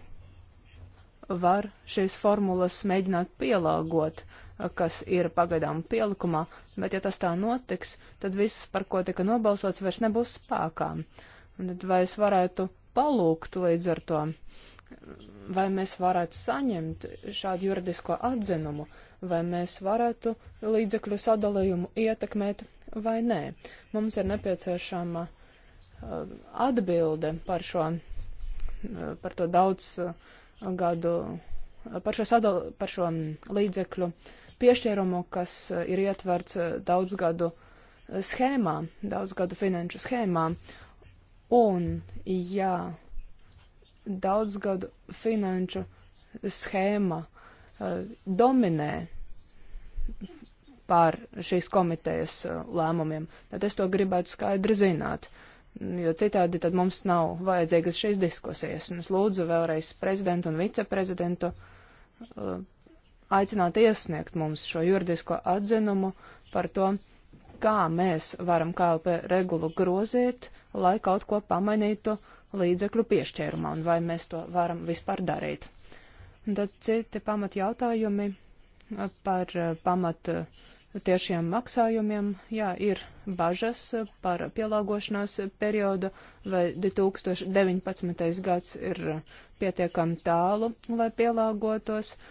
var šīs formulas mēģināt pielāgot kas ir pagaidām pielikumā, bet ja tas tā notiks, tad viss, par ko tika nobalsots, vairs nebūs spēkā. Un tad vai es varētu palūgt līdz ar to, vai mēs varētu saņemt šādu juridisko atzinumu, vai mēs varētu līdzekļu sadalījumu ietekmēt vai nē. Mums ir nepieciešama uh, atbilde par šo, uh, par to daudz uh, gadu, par šo, sadal, par šo mm, līdzekļu uh, piešķīrumu, kas eh, ir ietverts eh, daudzgadu eh, schēmā, daudzgadu finanšu schēmā. Un, ja daudzgadu finanšu schēma dominē pār šīs komitejas lēmumiem, tad es to gribētu skaidri zināt. Jo citādi tad mums nav vajadzīgas šīs diskusijas. Un es lūdzu vēlreiz prezidentu un viceprezidentu aicināt iesniegt mums šo juridisko atzinumu par to, kā mēs varam KLP regulu grozīt, lai kaut ko pamainītu līdzekļu piešķērumā un vai mēs to varam vispār darīt. Un tad citi eh, pamat jautājumi par pamat tiešiem maksājumiem. Jā, ir bažas par pielāgošanās periodu, vai 2019. gads ir pietiekami tālu, lai pielāgotos. Uh,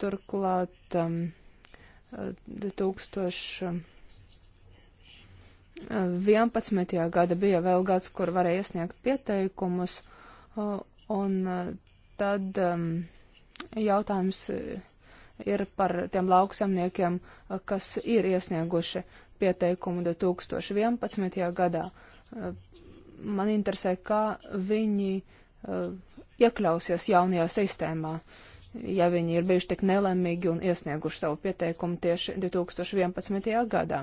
Turklāt 2011. Um, uh, gada bija vēl gads, kur varēja iesniegt pieteikumus, uh, un uh, tad um, jautājums ir par tiem lauksemniekiem, kas ir iesnieguši pieteikumu 2011. gadā. Man interesē, kā viņi iekļausies jaunajā sistēmā. Uh, ja viņi ir bijuši tik nelēmīgi un iesnieguši savu pieteikumu tieši 2011. gadā.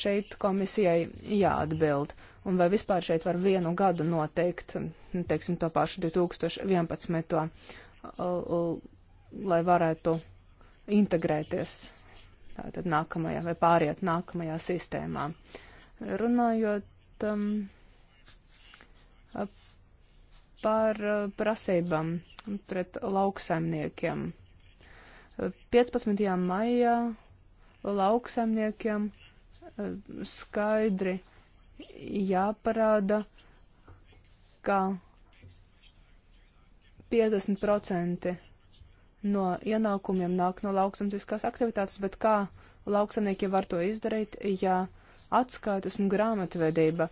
Šeit komisijai jāatbild. Un vai vispār šeit var vienu gadu noteikt, teiksim, to pašu 2011. lai varētu integrēties tātad nākamajā vai pāriet nākamajā sistēmā. Runājot um, par eh, prasībām pret lauksaimniekiem. 15. maijā lauksaimniekiem eh, skaidri jāparāda, ka 50% no ienākumiem nāk no lauksamtiskās aktivitātes, bet kā lauksamnieki var to izdarīt, ja atskaitas un grāmatvedība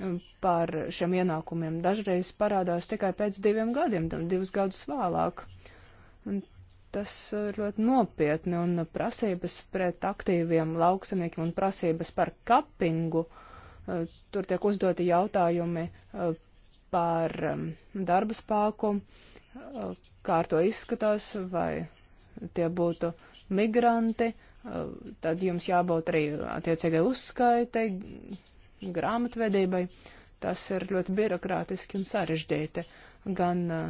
um, par šiem ienākumiem dažreiz parādās tikai pēc diviem gadiem, tam divus gadus vēlāk. Un tas uh, ļoti nopietni un prasības pret aktīviem lauksaniekiem un prasības par kapingu. Uh, tur tiek uzdoti jautājumi uh, par um, darba spēku, kā ar to izskatās, vai tie būtu migranti, uh, tad jums jābūt arī attiecīgai uzskaitai, grāmatvedībai. Tas ir ļoti birokrātiski un sarežģīti. Gan eh,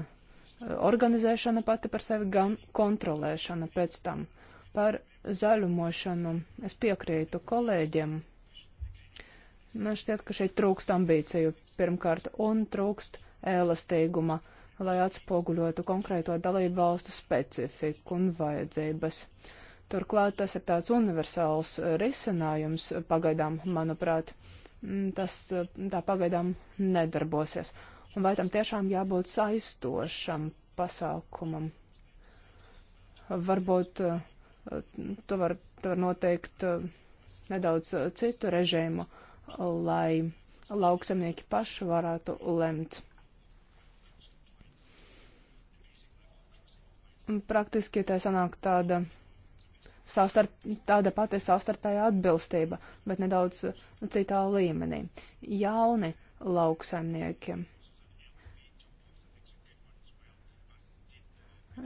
organizēšana pati par sevi, gan kontrolēšana pēc tam. Par zaļumošanu es piekrītu kolēģiem. Man šķiet, ka šeit trūkst ambīciju pirmkārt un trūkst elastīguma, lai atspoguļotu konkrēto dalību valstu specifiku un vajadzības. Uh, Turklāt tas ir tāds universāls eh, risinājums pagaidām, manuprāt. Mm, tas eh, tā pagaidām nedarbosies. Un vai tam tiešām jābūt saistošam pasākumam? Varbūt eh, to var, to var noteikt nedaudz citu režīmu, lai lauksamnieki paši varētu lemt. Praktiski tā sanāk tāda savstarp, tāda pati savstarpēja atbilstība, bet nedaudz nu, citā līmenī. Jauni lauksaimnieki.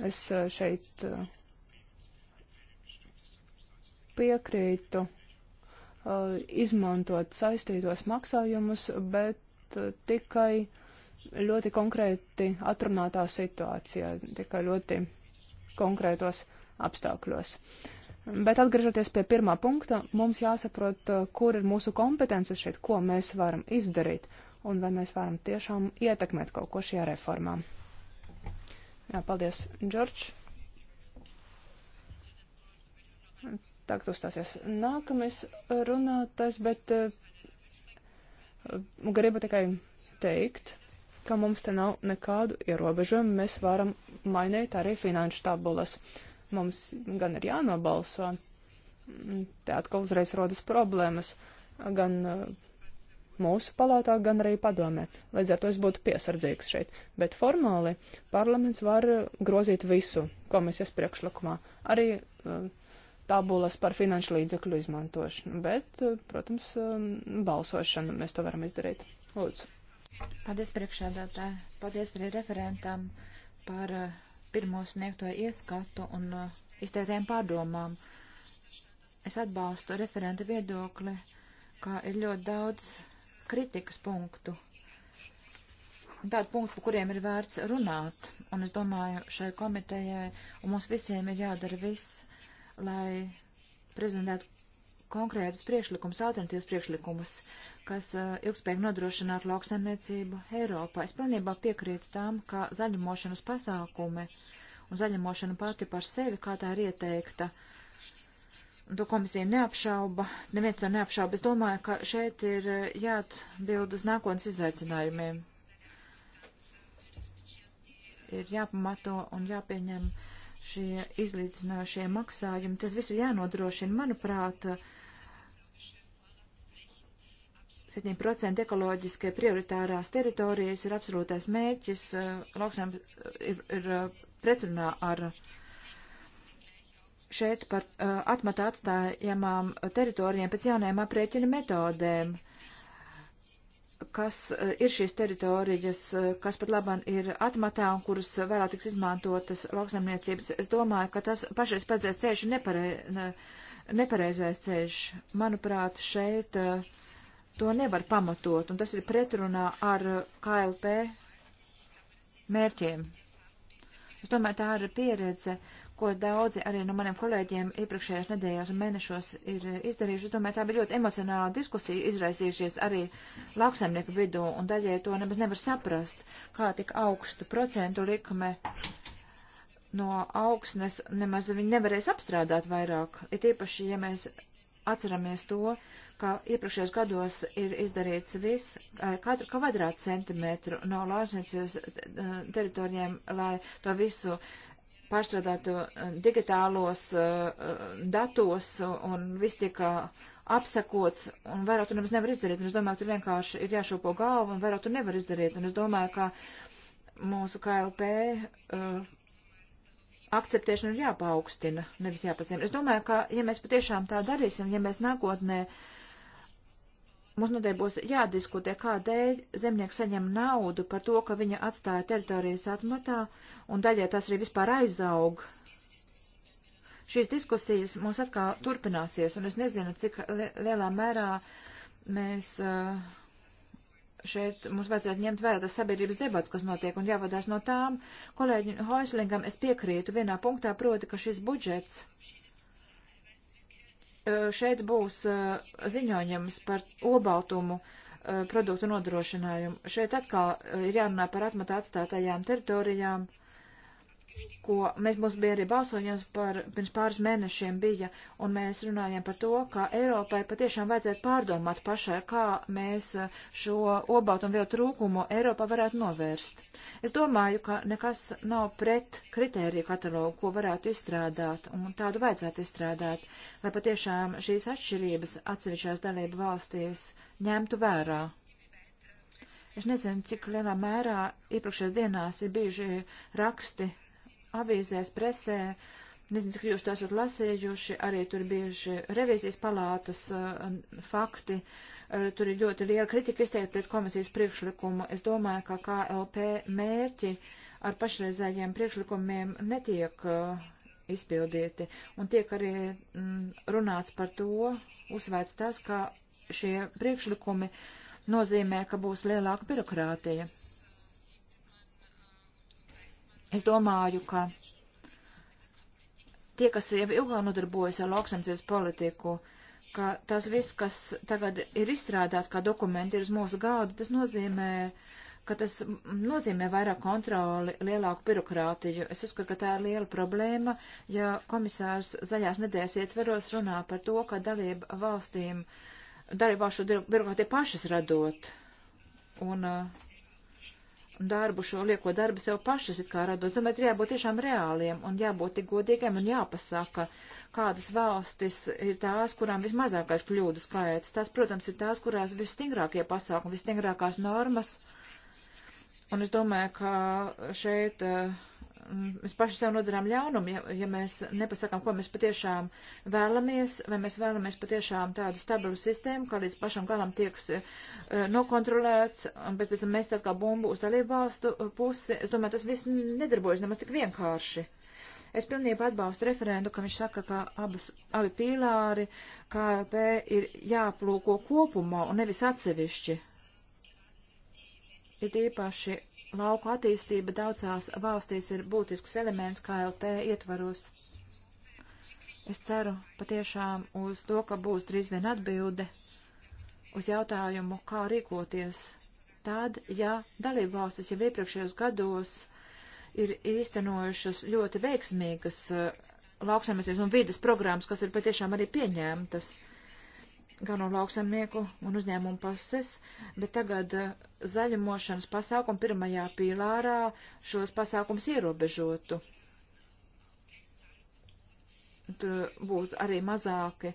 Es eh, šeit eh, piekrītu eh, izmantot saistītos maksājumus, bet tikai ļoti konkrēti atrunātā situācijā, tikai ļoti konkrētos apstākļos. Bet atgriežoties pie pirmā punkta, mums jāsaprot, eh, kur ir mūsu kompetences šeit, ko mēs varam izdarīt un vai mēs varam tiešām ietekmēt kaut ko šajā reformā. Jā, paldies, Džordž. Tagad uzstāsies nākamais runātais, bet eh, gribu tikai teikt, ka mums te nav nekādu ierobežojumu. Mēs varam mainīt arī finanšu tabulas. Uh, mums gan ir jānobalso. Te atkal uzreiz rodas problēmas gan uh, mūsu palātā, gan arī padomē. Līdz ar to es būtu piesardzīgs šeit. Bet formāli parlaments var uh, grozīt visu komisijas priekšlikumā, arī uh, tabulas par finanšu līdzekļu izmantošanu. Bet, protams, um, balsošanu mēs to varam izdarīt. Lūdzu. Paldies priekšādātāji, paldies arī referentam par uh, pirmo sniegto ieskatu un uh, izteiktiem pārdomām. Es atbalstu referenta viedokli, kā ir ļoti daudz kritikas punktu. Tādu punktu, par kuriem ir vērts runāt, un es domāju, šai komitejai un mums visiem ir jādara viss, lai prezentētu konkrētus priekšlikumus, alternatīvus priekšlikumus, kas uh, ilgspējīgi nodrošinātu lauksaimniecību Eiropā. Es pilnībā piekrītu tam, ka zaļumošanas pasākumi un zaļumošana pati par sevi, kā tā ir ieteikta, un to komisija neapšauba, neviens to neapšauba. Es domāju, ka šeit ir uh, jāatbild uz nākotnes izaicinājumiem. Ir jāpamato un jāpieņem šie izlīdzinošie maksājumi. Tas viss ir jānodrošina, manuprāt, uh, 7% ekoloģiskie prioritārās teritorijas ir absolūtais mērķis, eh, lauksēm ir, ir eh, pretrunā ar šeit par eh, atmatā atstājamām teritorijām pēc jaunajām aprēķina metodēm, kas ir šīs teritorijas, kas pat labam ir atmatā un kuras vēlāk tiks izmantotas lauksaimniecības. Es domāju, ka tas pašais pēdējais ceļš ir nepare, nepareizais ceļš. Manuprāt, šeit uh, to nevar pamatot, un tas ir pretrunā ar uh, KLP mērķiem. Es domāju, tā ir pieredze, ko daudzi arī no maniem kolēģiem iepriekšējās nedēļās un mēnešos ir uh, izdarījuši. Es domāju, tā bija ļoti emocionāla diskusija izraisījušies arī lauksaimnieku vidū, un daļai to nemaz nevar saprast, kā tik augstu procentu likme no augsnes nemaz viņi nevarēs apstrādāt vairāk. Ir tīpaši, ja mēs atceramies to, ka iepriekšējos gados ir izdarīts viss, eh, katru kvadrātcentimetru no lauksniecības eh, teritorijiem, lai to visu pārstrādātu eh, digitālos datos un viss tika apsakots, un vairāk tur nemaz nevar izdarīt. Un es domāju, ka tur vienkārši ir jāšopo galvu, un vairāk tur nevar izdarīt. Un es domāju, ka mūsu KLP uh, akceptēšana ir jāpaukstina, nevis jāpazina. Es domāju, ka ja mēs patiešām tā darīsim, ja mēs nākotnē uh, Mums noteikti būs jādiskutē, kādēļ zemnieks saņem naudu par to, ka viņa atstāja teritorijas atmatā, un daļai tas arī vispār aizaug. Šīs diskusijas mums atkal turpināsies, un es nezinu, cik lielā mērā mēs šeit mums vajadzētu ņemt vērā tas sabiedrības debats, kas notiek, un jāvadās no tām. Kolēģi Hoislingam es piekrītu vienā punktā, proti, ka šis budžets Eh, šeit būs eh, ziņojums par obaltumu eh, produktu nodrošinājumu. Šeit atkal ir jārunā par atmatā atstātajām teritorijām. Uh, ko mēs mums bija arī balsojums par pirms pāris mēnešiem bija, un mēs runājam par to, ka Eiropai patiešām vajadzētu pārdomāt pašai, kā mēs eh, šo obautu un vielu trūkumu Eiropā varētu novērst. Es domāju, ka nekas nav pret kritēriju katalogu, ko varētu izstrādāt, un tādu vajadzētu izstrādāt, lai patiešām šīs atšķirības atsevišķās dalību valstīs ņemtu vērā. Es nezinu, cik lielā mērā iepriekšējās dienās ir bijuši raksti avīzēs, presē, nezinu, cik jūs to esat lasējuši, arī tur bieži revīzijas palātas uh, fakti, uh, tur ir ļoti liela kritika izteikta pret komisijas priekšlikumu. Es domāju, ka KLP mērķi ar pašreizējiem priekšlikumiem netiek uh, izpildīti. Un tiek arī mm, runāts par to, uzsvērts tas, ka šie priekšlikumi nozīmē, ka būs lielāka birokrātija. Es domāju, ka tie, kas jau ilgāk nodarbojas ar lauksamcības politiku, ka tas viss, kas tagad ir izstrādāts kā dokumenti, ir uz mūsu gādu, tas nozīmē, ka tas nozīmē vairāk kontroli, lielāku birokrātiju. Es uzskatu, ka tā ir liela problēma, ja komisārs zaļās nedēļas ietveros runā par to, ka dalība valstīm, dalība valstu birokrātija pašas radot. Un uh, darbu, šo lieko darbu sev pašas it kā radot. Tomēr ir jābūt tiešām reāliem un jābūt tik godīgiem un jāpasaka, kādas valstis ir tās, kurām vismazākais kļūdu skaits. Tās, protams, ir tās, kurās visstingrākie pasākumi, visstingrākās normas. Un es domāju, ka šeit uh, mēs paši sev nodarām ļaunumu, ja, ja mēs nepasakām, ko mēs patiešām vēlamies, vai mēs vēlamies patiešām tādu stabilu sistēmu, kā līdz pašam galam tieks uh, nokontrolēts, bet pēc tam mēs tā kā bumbu uz dalību valstu eh, pusi. Es domāju, tas viss nedarbojas nemaz tik vienkārši. Es pilnībā atbalstu referendu, ka viņš saka, ka abas, abi pīlāri KLP ir jāplūko kopumā un nevis atsevišķi. Ir īpaši lauku attīstība daudzās valstīs ir būtisks elements KLP ietvaros. Es ceru patiešām uz to, ka būs drīz vien atbilde uz jautājumu, kā rīkoties tad, ja dalībvalstis jau iepriekšējos gados ir īstenojušas ļoti veiksmīgas uh, lauksaimniecības un vīdes programmas, kas ir patiešām arī pieņēmtas. Uh, galveno lauksaimnieku un uzņēmumu pases, bet tagad eh, zaļumošanas pasākumu pirmajā pīlārā šos pasākums ierobežotu. Tur būtu arī mazāki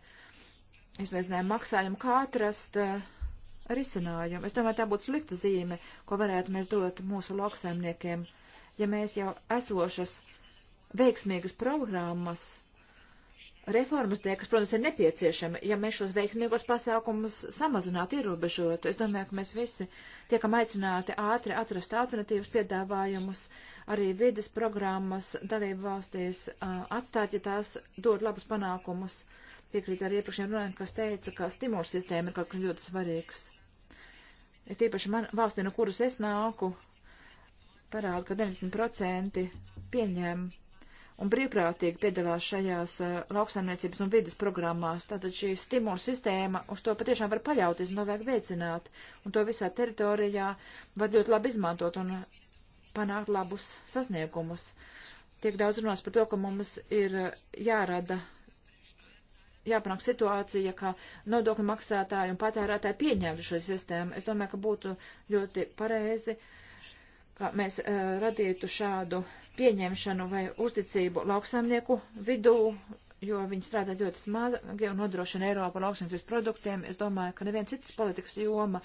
izliezinājumi maksājumi, kā atrast uh, risinājumu. Es domāju, tā būtu slikta zīme, ko varētu mēs dot mūsu lauksaimniekiem, ja mēs jau esošas veiksmīgas programmas reformas tie, kas, protams, ir nepieciešami, ja mēs šos veiksmīgos pasākumus samazinātu, ierobežotu. Es domāju, ka mēs visi tiekam aicināti ātri atrast alternatīvas piedāvājumus, arī vides programmas dalību valstīs atstāt, ja tās dod labus panākumus. Piekrīt arī iepriekšējiem runājumiem, kas teica, ka stimulus sistēma ir kaut kas ļoti svarīgs. Ir ja tīpaši man valstī, no kuras es nāku, parāda, ka 90% pieņēma un brīvprātīgi piedalās šajās uh, lauksaimniecības un vidas programmās. Tātad šī stimula sistēma uz to patiešām var paļauties un to vajag veicināt. Un to visā teritorijā var ļoti labi izmantot un panākt labus sasniegumus. Tiek daudz runās par to, ka mums ir eh, jārada, jāpanāk situācija, ka nodokļu maksātāji un patērētāji pieņemtu šo sistēmu. Es domāju, ka būtu ļoti pareizi. Uh, ka mēs uh, radītu šādu pieņemšanu vai uzticību lauksaimnieku vidū, jo viņi strādā ļoti smagi un nodrošina Eiropu lauksaimniecības produktiem. Es domāju, ka neviens cits politikas joma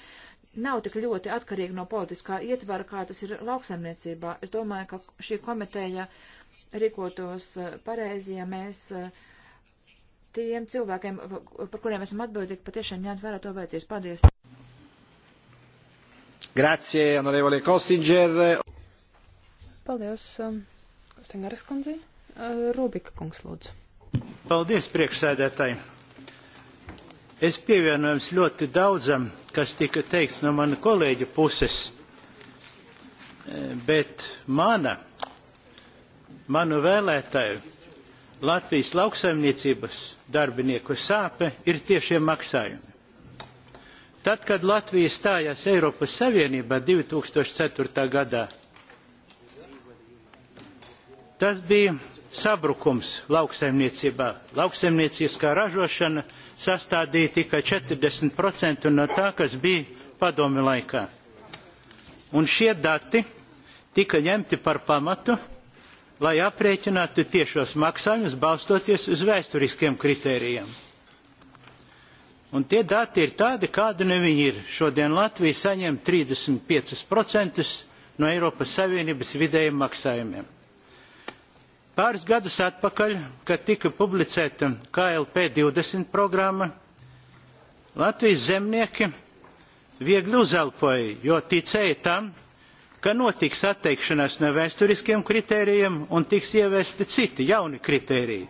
nav tik ļoti atkarīga no politiskā ietvara, kā tas ir lauksaimniecībā. Es domāju, ka šī komiteja rīkotos eh, pareizi, ja mēs uh, tiem cilvēkiem, par kuriem esam atbildīgi, patiešām ņemt vērā to vajadzīs. Paldies! Grazie, onorevole Kostinger. Paldies, um, Kostingeres kundzi. Uh, Rūbika kungs lūdzu. Paldies, priekšsēdētāji. Es pievienojums ļoti daudzam, kas tika teikts no mana kolēģa puses, eh, bet mana, manu vēlētāju Latvijas lauksaimniecības darbinieku sāpe ir tiešie maksājumi Tad, kad Latvija stājās Eiropas Savienībā 2004. gadā, tas bija sabrukums lauksaimniecībā. Lauksaimnieciskā ražošana sastādīja tikai 40% no tā, kas bija padomi laikā. Un šie dati tika ņemti par pamatu, lai aprēķinātu tiešos maksājumus balstoties uz vēsturiskiem kritērijiem. Un tie dati ir tādi, kādi nu viņi ir. Šodien Latvija saņem 35% no Eiropas Savienības vidējiem maksājumiem. Pāris gadus atpakaļ, kad tika publicēta KLP 20 programma, Latvijas zemnieki viegli uzelpoja, jo ticēja tam, ka notiks atteikšanās no vēsturiskiem kritērijiem un tiks ievesti citi jauni kritēriji.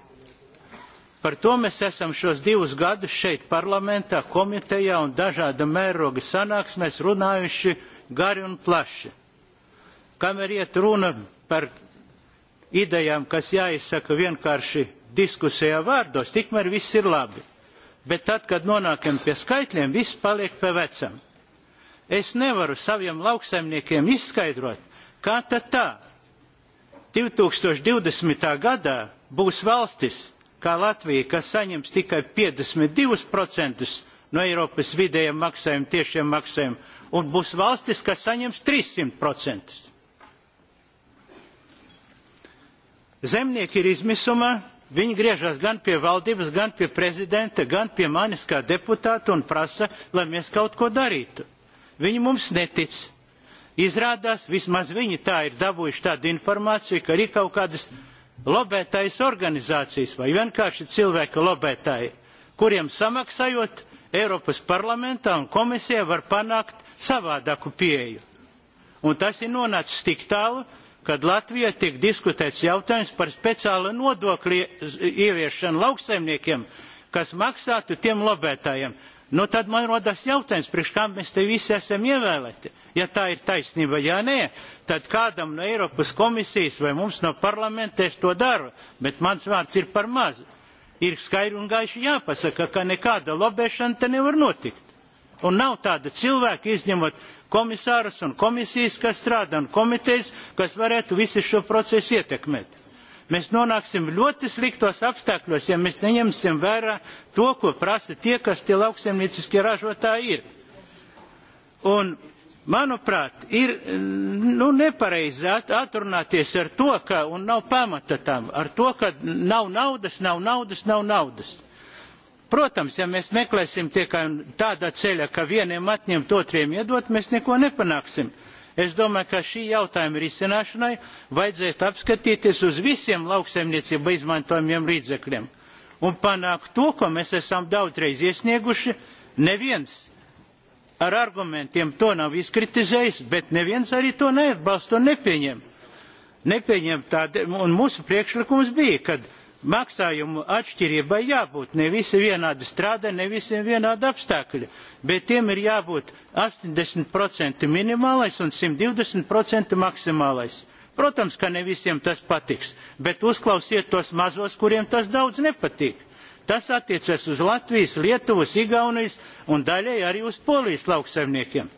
Par to mēs esam šos divus gadus šeit parlamentā, komitejā un dažāda mēroga sanāksmēs runājuši gari un plaši. Kamēr iet runa par idejām, kas jāizsaka vienkārši diskusijā vārdos, tikmēr viss ir labi. Bet tad, kad nonākam pie skaitļiem, viss paliek pie vecam. Es nevaru saviem lauksaimniekiem izskaidrot, kā tad tā 2020. gadā būs valstis, kā Latvija, kas saņems tikai 52% no Eiropas vidējiem maksājumiem, tiešiem maksājumiem, un būs valstis, kas saņems 300%. Zemnieki ir izmisumā, viņi griežas gan pie valdības, gan pie prezidenta, gan pie manis kā deputāta un prasa, lai mēs kaut ko darītu. Viņi mums netic. Izrādās, vismaz viņi tā ir dabūjuši tādu informāciju, ka ir kaut kādas lobētājas organizācijas vai vienkārši cilvēka lobētāji, kuriem samaksājot Eiropas parlamentā un komisijā var panākt savādāku pieeju. Un tas ir nonācis tik tālu, kad Latvijā tiek diskutēts jautājums par speciālu nodokļu ieviešanu lauksaimniekiem, kas maksātu tiem lobētājiem. Nu, tad man rodas jautājums, priekš kā mēs te visi esam ievēlēti. Ja tā ir taisnība, ja nē, tad kādam no Eiropas komisijas vai mums no parlamenta es to daru, bet mans vārds ir par mazu. Ir skaidri un gaiši jāpasaka, ka nekāda lobēšana te nevar notikt. Un nav tāda cilvēka, izņemot komisārus un komisijas, kas strādā, un komitejas, kas varētu visu šo procesu ietekmēt Mēs nonāksim ļoti sliktos apstākļos, ja mēs neņemsim vērā to, ko prasa tie, kas tie lauksemnieciskie ražotāji ir. Un, manuprāt, ir nu, nepareizi at, atrunāties ar to, ka, un nav pamata tam, ar to, ka nav naudas, nav naudas, nav naudas. Protams, ja mēs meklēsim tikai tādā ceļa, ka vieniem atņemt, otriem iedot, mēs neko nepanāksim. Uh, Es domāju, ka šī jautājuma risināšanai vajadzētu apskatīties uz visiem lauksaimniecība izmantojumiem līdzekļiem un panākt to, ko mēs esam daudzreiz iesnieguši. Neviens ar argumentiem to nav izkritizējis, bet neviens arī to neatbalsta un nepieņem. Nepieņem tādu, un mūsu priekšlikums bija, kad maksājumu atšķirībai jābūt. Ne visi vienādi strādā, ne visiem vienādi apstākļi, bet tiem ir jābūt 80% minimālais un 120% maksimālais. Protams, ka ne visiem tas patiks, bet uzklausiet tos mazos, kuriem tas daudz nepatīk. Tas attiecas uz Latvijas, Lietuvas, Igaunijas un daļai arī uz Polijas lauksaimniekiem.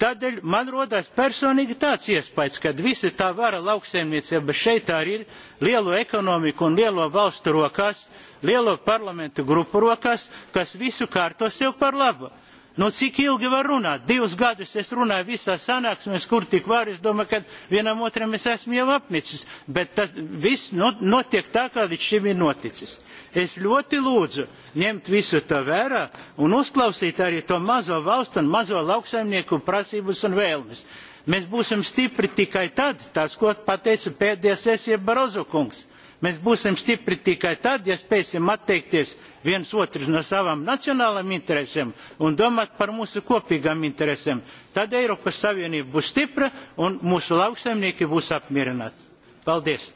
Tādēļ man rodas personīgi tāds iespējas, ka visa tā vara lauksaimniecība šeit arī ir lielo ekonomiku un lielo valstu rokās, lielo parlamentu grupu rokās, kas visu kārto sev par labu. Nu, cik ilgi var runāt? Divus gadus es runāju visā sanāksmēs, kur tik var. Es domāju, ka vienam otram es esmu jau apnicis. Bet tas viss nu, notiek tā, kā līdz šim ir noticis. Es ļoti lūdzu ņemt visu to vērā un uzklausīt arī to mazo valstu un mazo lauksaimnieku prasības un vēlmes. Mēs būsim stipri tikai tad, tas, ko pateica pēdējā sesija Barozo kungs Mēs būsim stipri tikai tad, ja spēsim atteikties viens otru no savām nacionālām interesēm un domāt par mūsu kopīgām interesēm. Tad Eiropas Savienība būs stipra un mūsu lauksaimnieki būs apmierināti. Paldies!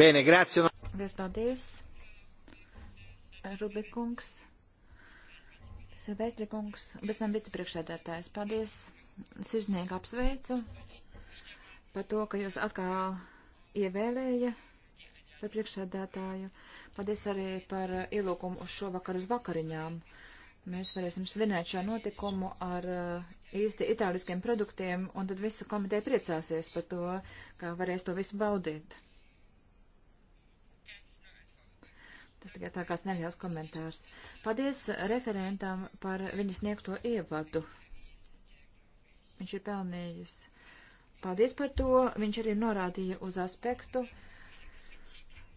Bene, grazie. Paldies. Rubikungs. Vēstlikungs, bet tam vicepriekšēdētājs. Paldies, sirsnīgi apsveicu par to, ka jūs atkal ievēlēja par priekšsēdētāju. Paldies arī par ielūkumu uz šovakar uz vakariņām. Mēs varēsim svinēt šo notikumu ar uh, īsti itāliskiem produktiem, un tad visa komiteja priecāsies par to, ka varēs to visu baudīt. Tas tikai tā kāds neliels komentārs. Paldies referentam par viņas sniegto ievadu. Viņš ir pelnījis. Paldies par to. Viņš arī norādīja uz aspektu.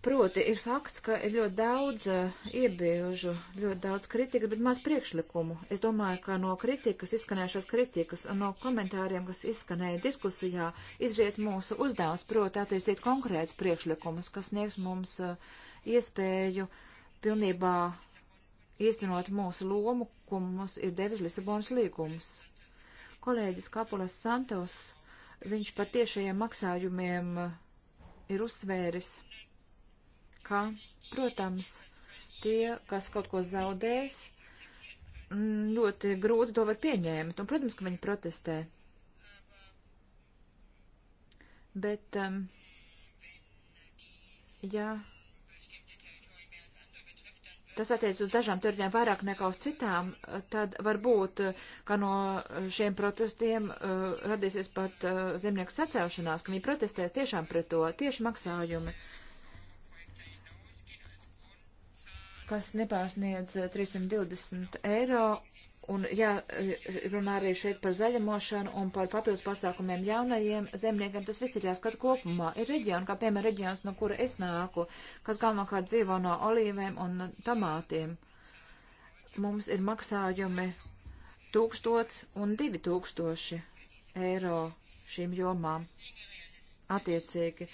Proti, ir fakts, ka ir ļoti daudz eh, iebiežu, ļoti daudz kritikas, bet maz priekšlikumu. Es domāju, ka no kritikas, izskanējušās kritikas un no komentāriem, kas izskanēja diskusijā, izriet mūsu uzdevums, proti, attīstīt konkrēts priekšlikumus, kas sniegs mums uh, iespēju pilnībā īstenot mūsu lomu, ko mums ir devis Lisabonas līgums. Kolēģis Kapulas Santos, viņš par tiešajiem maksājumiem eh, ir uzsvēris, ka, protams, tie, kas kaut ko zaudēs, mm, ļoti grūti to var pieņēmt, un, protams, ka viņi protestē. Bet, um, ja tas attiec uz dažām tirdzēm vairāk nekā uz citām, eh, tad varbūt, eh, ka no šiem protestiem uh, radīsies pat uh, zemnieku sacēlšanās, ka viņi protestēs tiešām pret to tieši maksājumi, kas nepārsniedz 320 eiro Un jārunā eh, arī šeit par zaļumošanu un par papildus pasākumiem jaunajiem zemniekiem. Tas viss ir jāskat kopumā. Ir reģioni, kā piemēram reģions, no kura es nāku, kas galvenokārt dzīvo no olīvēm un tomātiem. Mums ir maksājumi tūkstots un divi tūkstoši eiro šīm jomām attiecīgi.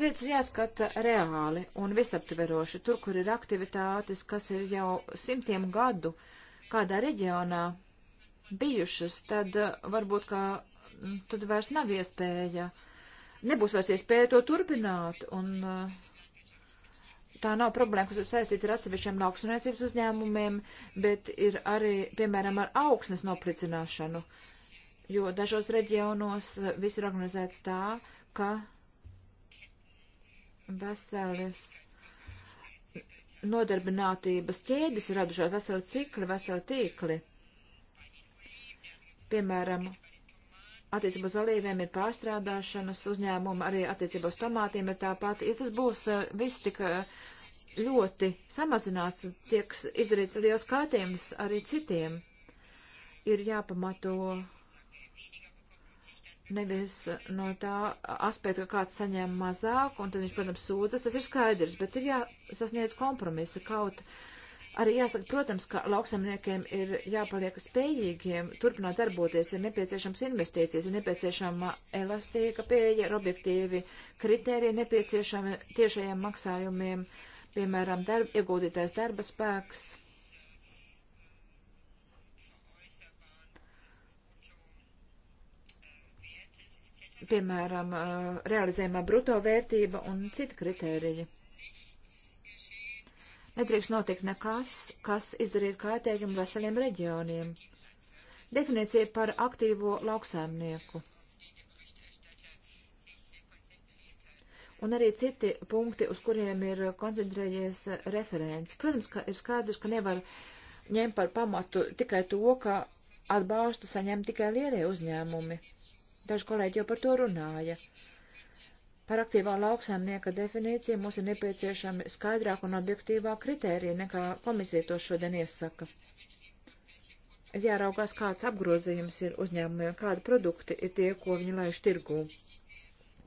Lietas jāskata reāli un visaptveroši, tur, kur ir aktivitātes, kas ir jau simtiem gadu uh, kādā reģionā bijušas, tad eh, varbūt kā mm, tad vairs nav iespēja, nebūs vairs iespēja to turpināt. Un, eh, Tā nav problēma, kas ir saistīta ar atsevišķiem lauksaimniecības uzņēmumiem, bet ir arī, piemēram, ar augsnes noplicināšanu, jo dažos reģionos eh, viss ir organizēts tā, ka veselis nodarbinātības ķēdes ir radušās veseli cikli, veseli tīkli. Piemēram, attiecībā uz olīviem ir pārstrādāšanas uzņēmumi, arī attiecībā uz tomātiem ir tāpat. Ja tas būs eh, viss tik eh, ļoti samazināts, tiek izdarīt liels kārtējums arī citiem, ir jāpamato nevis no tā aspekta, ka kāds saņem mazāk, un tad viņš, protams, sūdzas, tas ir skaidrs, bet ir jāsasniedz kompromisi kaut. Arī jāsaka, protams, ka lauksamniekiem ir jāpaliek spējīgiem turpināt darboties, ir nepieciešams investīcijas, ir nepieciešama elastīga pieeja, ir objektīvi kritērija nepieciešami tiešajiem maksājumiem, piemēram, darb, ieguldītais darba spēks. Uh, piemēram, eh, realizējumā bruto vērtība un citi kritēriji. Nedrīkst notikt nekas, kas izdarītu kaitējumu veseliem reģioniem. Definīcija par aktīvo lauksēmnieku. Un arī citi punkti, uz kuriem ir koncentrējies referents. Protams, ka ir skaidrs, ka nevar ņemt par pamatu tikai to, ka atbalstu saņem tikai lielie uzņēmumi Daži kolēģi jau par to runāja. Par aktīvā lauksaimnieka definīciju mums ir nepieciešami skaidrāk un objektīvāk kritērija, nekā komisija to šodien iesaka. Ir jāraugās, kāds apgrozījums ir uzņēmumiem, kādi produkti ir tie, ko viņi laiž tirgū.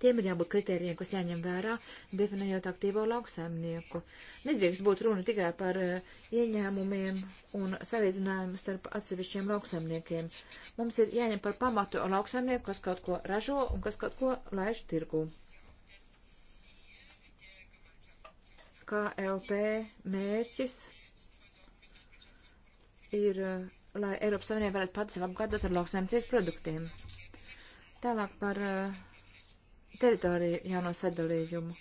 Tiem ir jābūt kritērijiem, kas jāņem vērā, definējot aktīvo lauksaimnieku. Nedrīkst būt runa tikai par uh, ieņēmumiem un salīdzinājumu starp atsevišķiem lauksaimniekiem. Uh, Mums ir jāņem par pamatu lauksaimnieku, kas kaut ko ražo un kas kaut ko laiž tirgū. KLP mērķis ir, lai Eiropas Savienība varētu pati sev apgādāt ar lauksaimniecības produktiem. Tālāk par eh, teritoriju jauno sadalījumu.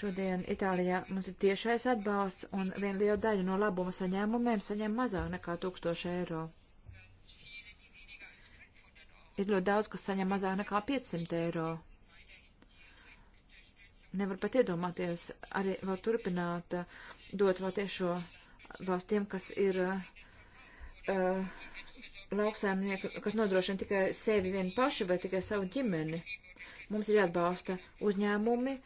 Šodien Itālijā mums ir tiešais atbalsts, un viena liela daļa no labuma saņēmumiem saņem mazāk nekā 1000 eiro ir ļoti daudz, kas saņem mazāk nekā 500 eiro. Nevar pat iedomāties arī vēl turpināt eh, dot vēl tiešo balstu tiem, kas ir uh, eh, lauksēmnieki, kas nodrošina tikai sevi vienu pašu vai tikai savu ģimeni. Mums ir jāatbalsta uzņēmumi,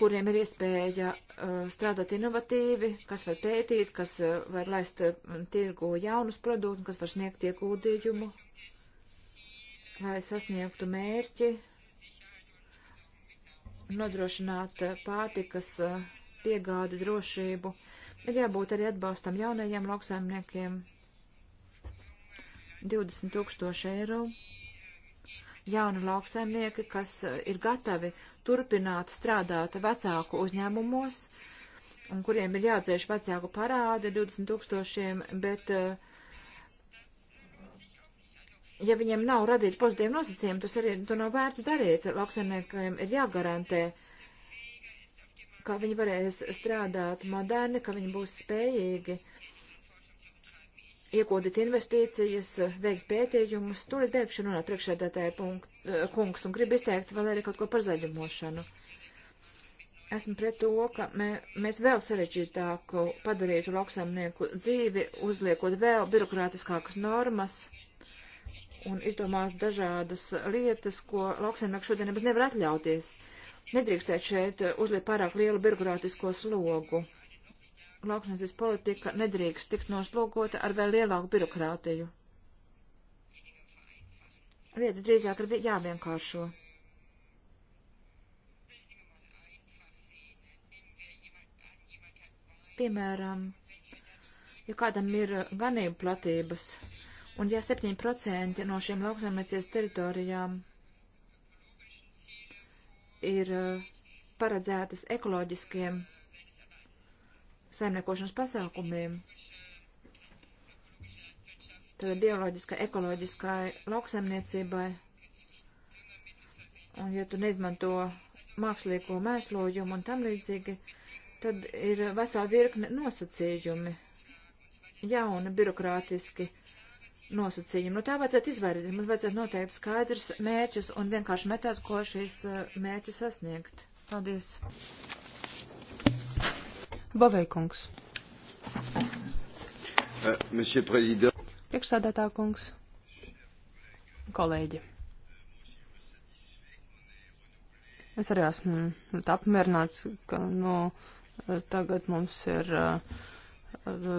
kuriem ir iespēja uh, strādāt inovatīvi, kas var pētīt, kas uh, var laist uh, tirgu jaunus produktus, kas var sniegt iegūdījumu. Ja lai sasniegtu mērķi nodrošināt pārtikas eh, piegādi drošību. Ir jābūt arī atbalstam jaunajiem lauksaimniekiem 20 tūkstoši eiro. Jauni lauksaimnieki, kas eh, ir gatavi turpināt strādāt vecāku uzņēmumos, un kuriem ir jādzēš vecāku parādi 20 tūkstošiem, bet uh, ja viņiem nav radīti pozitīvi nosacījumi, tas arī to nav vērts darīt. Lauksaimniekiem ir jāgarantē, ka viņi varēs strādāt moderni, ka viņi būs spējīgi iekodīt investīcijas, veikt pētījumus. Tur es beigšu runāt priekšēdētāja eh, kungs un gribu izteikt vēl arī kaut ko par zaļumošanu. Esmu pret to, ka mē, mēs vēl sarežģītāku padarītu lauksaimnieku dzīvi, uzliekot vēl birokrātiskākas normas un izdomās dažādas lietas, ko lauksaimnieki šodien nemaz nevar atļauties. Nedrīkstēt šeit uzliek pārāk lielu birokrātisko slogu. Lauksnesis politika nedrīkst tikt noslogota ar vēl lielāku birokrātiju. Lietas drīzāk ir jāvienkāršo. Piemēram, ja kādam ir ganību platības, Un ja 7% no šiem lauksaimniecības teritorijām ir eh, paredzētas ekoloģiskiem saimniekošanas pasākumiem, tad bioloģiskai, ekoloģiskai lauksaimniecībai, un ja tu neizmanto mākslīgo mēslojumu un tam līdzīgi, tad ir vesela virkne nosacījumi, jauni birokrātiski nosacījumi. Nu, tā vajadzētu izvairīties. Mums vajadzētu noteikt skaidrs mērķus un vienkārši metās, ko šīs eh, mērķus sasniegt. Paldies. Baveikungs. Eh, Priekšsādātā kungs. Kolēģi. Es arī esmu apmierināts, ka nu, tagad mums ir uh,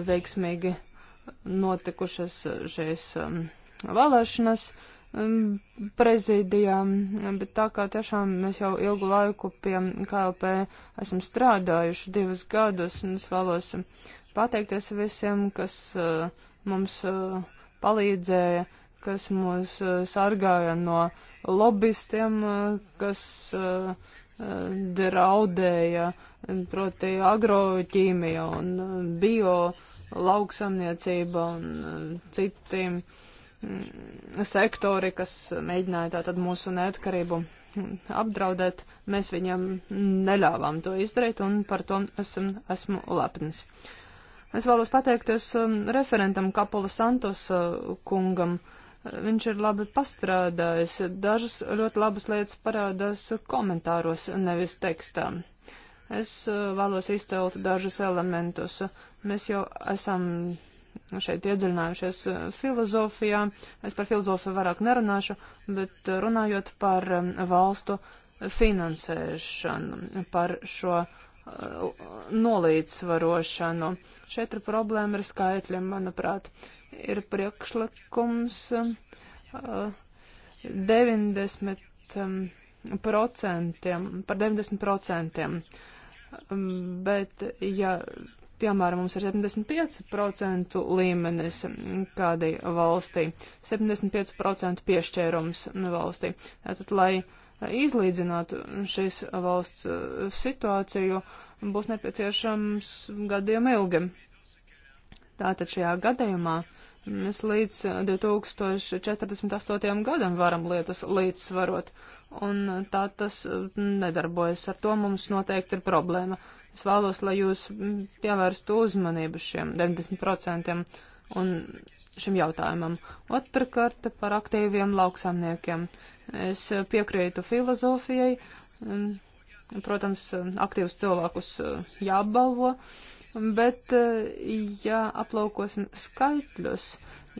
veiksmīgi uh, notikušas šīs um, vēlēšanas um, prezidijā, bet tā kā tiešām mēs jau ilgu laiku pie KLP esam strādājuši divus gadus, un es vēlos pateikties visiem, kas uh, mums uh, palīdzēja, kas mūs uh, sargāja no lobbystiem, kas draudēja, proti agroķīmija un bio lauksamniecība un eh, citi mm, sektori, kas mēģināja tātad mūsu neatkarību mm, apdraudēt, mēs viņam neļāvām to izdarīt, un par to esam, esmu lepns. Es vēlos pateikties mm, referentam Kapula Santos eh, kungam. Viņš ir labi pastrādājis, dažas ļoti labas lietas parādās komentāros, nevis tekstām. Es eh, vēlos izcelt dažus elementus. Mēs jau esam šeit iedziļinājušies eh, filozofijā. Es par filozofiju vairāk nerunāšu, bet eh, runājot par valstu finansēšanu, par šo nolīdzvarošanu. Šeit ir problēma ar skaitļiem, manuprāt. Ir priekšlikums 90%, mm, par 90% Mm, bet ja, piemēram, mums ir 75% līmenis kādai valstī, 75% piešķērums valstī, tad, lai izlīdzinātu šīs valsts uh, situāciju, būs nepieciešams gadiem ilgi. Tātad šajā gadījumā mēs līdz 2048. Uh, gadam varam lietas līdzsvarot un tā tas mm, nedarbojas. Ar to mums noteikti ir problēma. Es vēlos, lai jūs mm, pievērstu uzmanību šiem 90% un šim jautājumam. Otrakārt par aktīviem lauksamniekiem. Es piekrītu filozofijai. Protams, aktīvus cilvēkus eh, jāapbalvo, bet eh, ja aplaukosim skaitļus,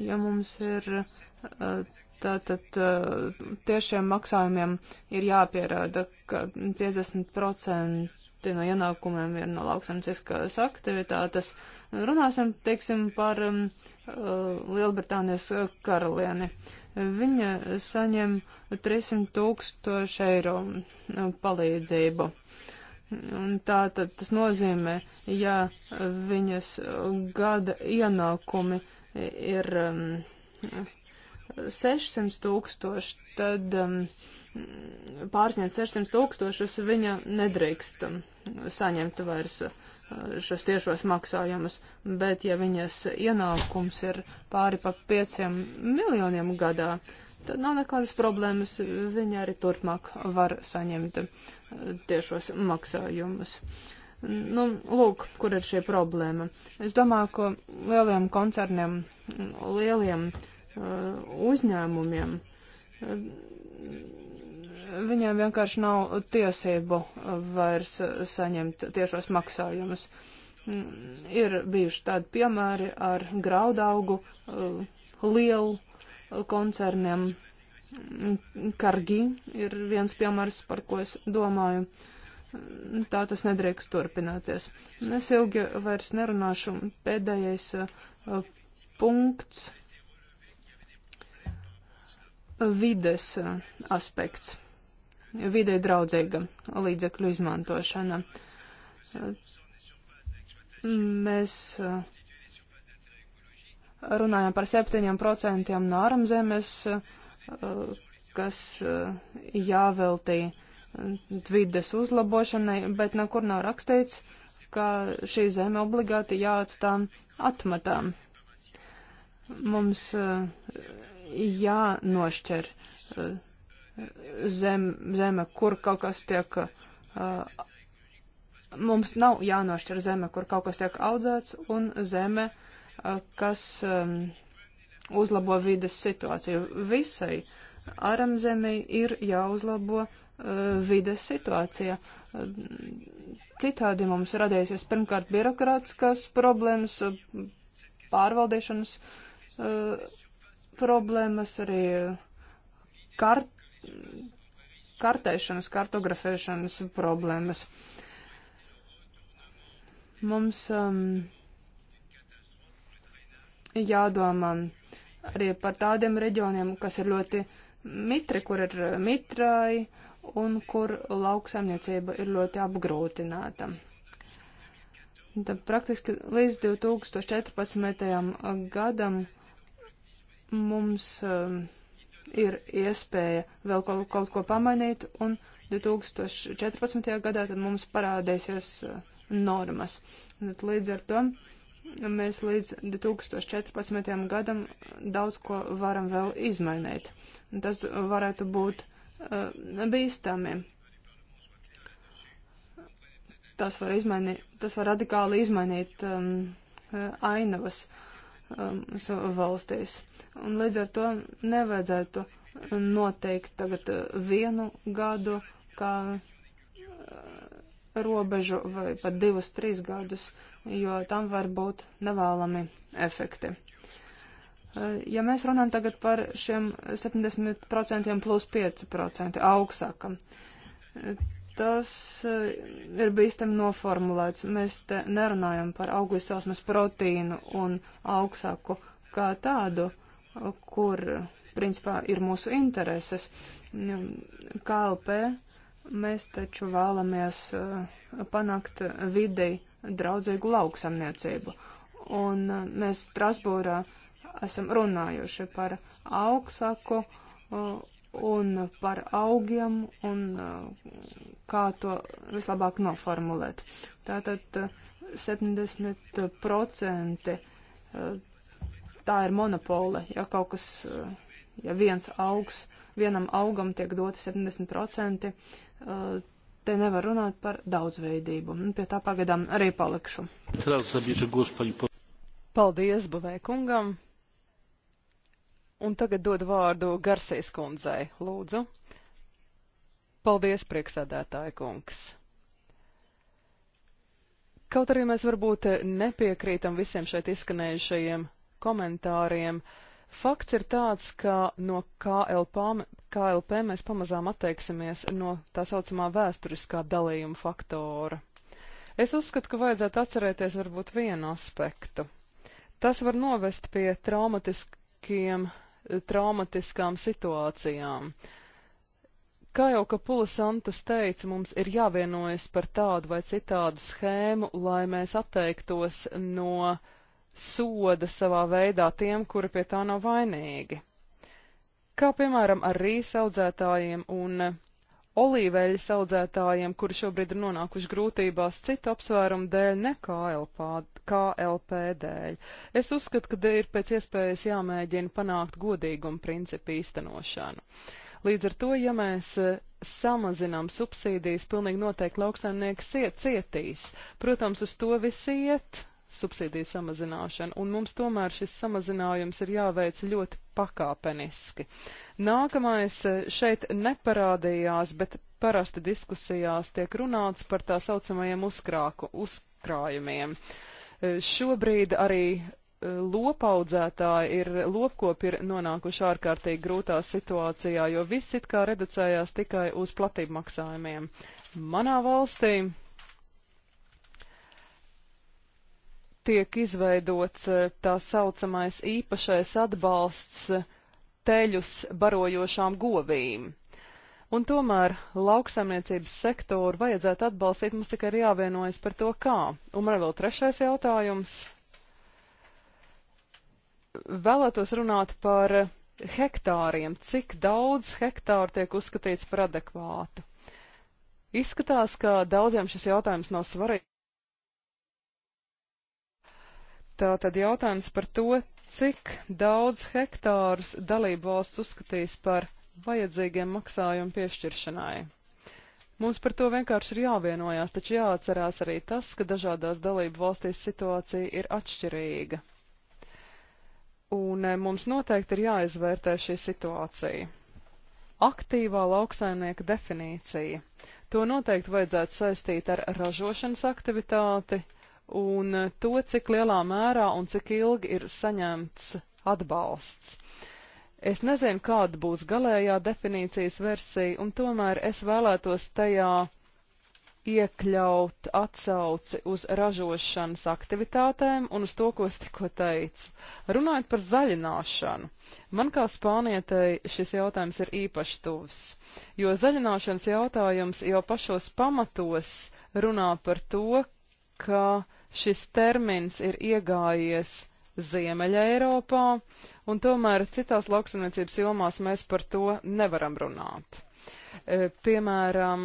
ja mums ir eh, Tātad eh, tiešiem maksājumiem ir jāpierāda, ka 50% no ienākumiem ir no lauksaimniecības aktivitātes. Runāsim, teiksim, par um, Lielbritānijas karalieni. Viņa saņem 300 tūkstoši eiro mm, palīdzību. Un tā tad tas nozīmē, ja viņas gada ienākumi ir um, 600 tūkstoši, tad um, pārsniedz 600 tūkstošus viņa nedrīkst um, saņemt vairs uh, šos tiešos maksājumus, bet ja viņas ienākums ir pāri pa 5 miljoniem gadā, tad nav nekādas problēmas, viņa arī turpmāk var saņemt uh, tiešos maksājumus. Nu, lūk, kur ir šī problēma. Es domāju, ka lieliem koncerniem, lieliem uh, uzņēmumiem. Viņiem vienkārši nav tiesību vairs saņemt tiešos maksājumus. Ir bijuši tādi piemēri ar graudaugu eh, lielu koncerniem. Kargi ir viens piemērs, par ko es domāju. Tā tas nedrīkst turpināties. Es ilgi vairs nerunāšu. Pēdējais eh, punkts vides eh, aspekts, vidē draudzīga līdzekļu izmantošana. Eh, mēs eh, runājam par 7% no ārzemes, kas jāveltī vides uzlabošanai, bet nekur nav rakstīts, ka šī zeme obligāti jāatstā atmatām. Mums jānošķir eh, zem, zeme, kur kaut kas tiek. Eh, mums nav jānošķir zeme, kur kaut kas tiek audzēts, un zeme, eh, kas uzlabo vides situāciju. Visai āremzemē ir jāuzlabo vides situācija. Citādi mums radīsies pirmkārt birokrātiskas problēmas, pārvaldīšanas problēmas, arī kart, kartēšanas, kartografēšanas problēmas. Mums um, jādomā arī par tādiem reģioniem, kas ir ļoti mitri, kur ir mitrai un kur lauksaimniecība ir ļoti apgrūtināta. Tad praktiski līdz 2014. gadam mums um, ir iespēja vēl kaut, kaut ko pamanīt, un 2014. gadā tad mums parādīsies uh, normas. Bet līdz ar to mēs līdz 2014. gadam daudz ko varam vēl izmainīt. Tas varētu būt uh, bīstami. Tas var, izmainīt, tas var radikāli izmainīt um, uh, ainavas. Uh, um, valstīs. Un līdz ar to nevajadzētu noteikt tagad uh, vienu gadu kā uh, robežu vai pat divus, trīs gadus, jo tam var būt nevēlami efekti. Uh, ja mēs runājam tagad par šiem 70% plus 5% augsākam, tas eh, ir bīstami noformulēts. Mēs te nerunājam par augu izcelsmes proteīnu un augstsaku kā tādu, kur principā ir mūsu intereses. Mm, KLP mēs taču vēlamies eh, panākt videi draudzīgu lauksamniecību. Un eh, mēs Strasbūrā esam runājuši par augstsaku un par augiem un uh, kā to vislabāk noformulēt. Tātad 70% uh, uh, tā ir monopole, ja kaut kas, ja viens augs, vienam augam tiek doti 70%, te nevar runāt par daudzveidību. Pie tā pagaidām arī palikšu. Paldies, Bavē kungam! Un tagad dod vārdu Garsīs kundzei. Lūdzu. Paldies, prieksēdētāja kungs. Kaut arī mēs varbūt nepiekrītam visiem šeit izskanējušajiem komentāriem, fakts ir tāds, ka no KLP, KLP mēs pamazām atteiksimies no tā saucamā vēsturiskā dalījuma faktora. Es uzskatu, ka vajadzētu atcerēties varbūt vienu aspektu. Tas var novest pie traumatiskiem traumatiskām situācijām. Kā jau Kapula Santos teica, mums ir jāvienojas par tādu vai citādu schēmu, lai mēs atteiktos no soda savā veidā tiem, kuri pie tā nav vainīgi. Kā piemēram ar rīsaudzētājiem un olīveļas audzētājiem, kuri šobrīd ir nonākuši grūtībās citu apsvērumu dēļ, ne KLP, KLP dēļ. Es uzskatu, ka ir pēc iespējas jāmēģina panākt godīgumu principu īstenošanu. Līdz ar to, ja mēs e, samazinām subsīdijas, pilnīgi noteikti lauksaimnieks cietīs. Protams, uz to visi iet, subsīdiju samazināšanu, un mums tomēr šis samazinājums ir jāveic ļoti pakāpeniski. Nākamais e, šeit neparādījās, bet parasti diskusijās tiek runāts par tā saucamajiem uzkrāku, uzkrājumiem. E, šobrīd arī e, lopaudzētāji ir, lopkopi ir nonākuši ārkārtīgi grūtā situācijā, jo viss it kā reducējās tikai uz platību maksājumiem. Manā valstī tiek izveidots eh, tā saucamais īpašais atbalsts eh, teļus barojošām govīm. Un tomēr lauksaimniecības sektoru vajadzētu atbalstīt, mums tikai ir jāvienojas par to, kā. Un man ir vēl trešais jautājums. Vēlētos runāt par hektāriem, cik daudz hektāru tiek uzskatīts par adekvātu. Izskatās, ka daudziem šis jautājums nav svarīgs. Tātad jautājums par to, cik daudz hektārus dalību valsts uzskatīs par vajadzīgiem maksājumu piešķiršanai. Mums par to vienkārši ir jāvienojās, taču jāatcerās arī tas, ka dažādās dalību valstīs situācija ir atšķirīga. Un eh, mums noteikti ir jāizvērtē šī situācija. Aktīvā lauksaimnieka definīcija. To noteikti vajadzētu saistīt ar ražošanas aktivitāti, un eh, to, cik lielā mērā un cik ilgi ir saņemts atbalsts. Es nezinu, kāda būs galējā definīcijas versija, un tomēr es vēlētos tajā iekļaut atsauci uz ražošanas aktivitātēm un uz to, ko es tikko teicu. Runājot par zaļināšanu, man kā spānietei šis jautājums ir īpaši tuvs, jo zaļināšanas jautājums jau pašos pamatos runā par to, ka uh, šis termins ir iegājies Ziemeļa Eiropā, un tomēr citās lauksaimniecības jomās mēs par to nevaram runāt. E, piemēram,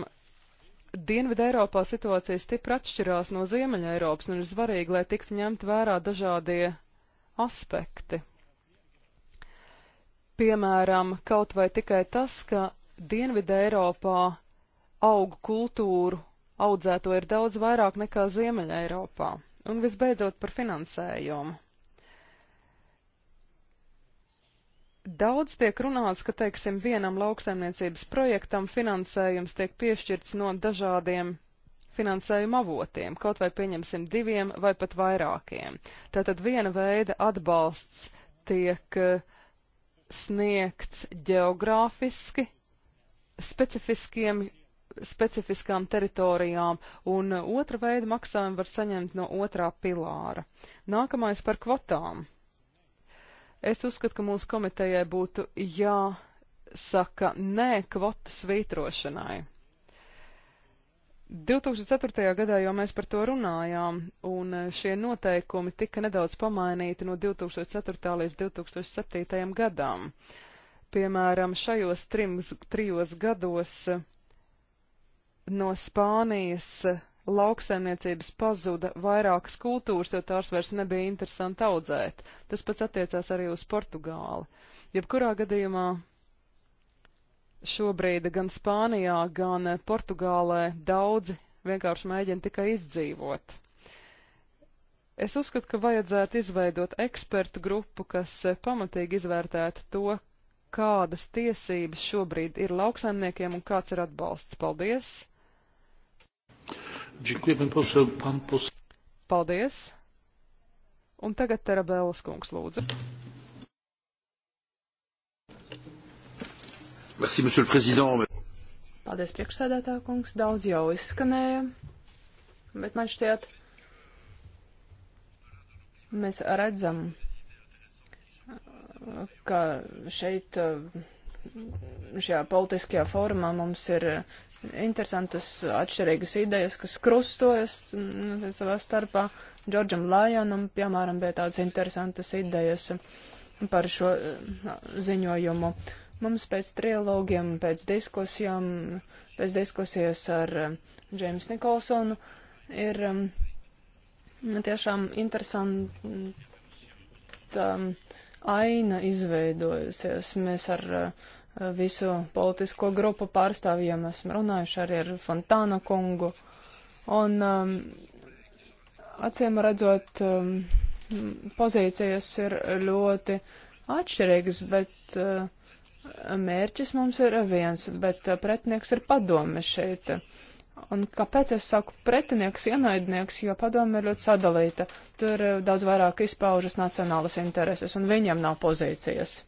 Dienvidē Eiropā situācija stipri atšķirās no Ziemeļa Eiropas, un ir svarīgi, lai tiktu ņemt vērā dažādie aspekti. Piemēram, kaut vai tikai tas, ka Dienvidē Eiropā augu kultūru audzēto ir daudz vairāk nekā Ziemeļa Eiropā. Un visbeidzot par finansējumu. Daudz tiek runāts, ka, teiksim, vienam lauksaimniecības projektam finansējums tiek piešķirts no dažādiem finansējuma avotiem, kaut vai pieņemsim diviem vai pat vairākiem. Tātad viena veida atbalsts tiek eh, sniegts geogrāfiski specifiskiem specifiskām teritorijām, un otra veida maksājumu var saņemt no otrā pilāra. Nākamais par kvotām. Es uzskatu, ka mūsu komitejai būtu jāsaka nē kvotu svītrošanai. 2004. gadā jau mēs par to runājām, un šie noteikumi tika nedaudz pamainīti no 2004. līdz 2007. gadam. Piemēram, šajos trims, trijos gados uh, no Spānijas lauksaimniecības pazuda vairākas kultūras, jo tās vairs nebija interesanti audzēt. Tas pats attiecās arī uz Portugāli. Jebkurā gadījumā šobrīd gan Spānijā, gan Portugālē daudzi vienkārši mēģina tikai izdzīvot. Es uzskatu, ka vajadzētu izveidot ekspertu grupu, kas pamatīgi izvērtētu to, kādas tiesības šobrīd ir lauksaimniekiem un kāds ir atbalsts. Paldies! Paldies! Un tagad Terabēlas kungs lūdzu. Merci, monsieur le président. Paldies, priekšsēdētā kungs. Daudz jau izskanēja, bet man šķiet, mēs redzam, ka šeit šajā politiskajā formā mums ir interesantas atšķirīgas idejas, kas krustojas mm, nu, savā starpā. Džordžam Lajonam, piemēram, bija tādas interesantas idejas par šo mm, ziņojumu. Mums pēc trilogiem, pēc diskusijām, pēc diskusijas ar Džeims mm, Nikolsonu ir tiešām interesanta aina izveidojusies. Mēs ar uh, visu politisko grupu pārstāvjiem. Esmu runājuši arī ar Fontāna kungu. Un um, acīm redzot, um, pozīcijas ir ļoti atšķirīgas, bet uh, mērķis mums ir viens, bet uh, pretinieks ir padome šeit. Un kāpēc es saku pretinieks, ienaidnieks, jo padome ir ļoti sadalīta. Tur uh, daudz vairāk izpaužas nacionālas intereses, un viņiem nav pozīcijas.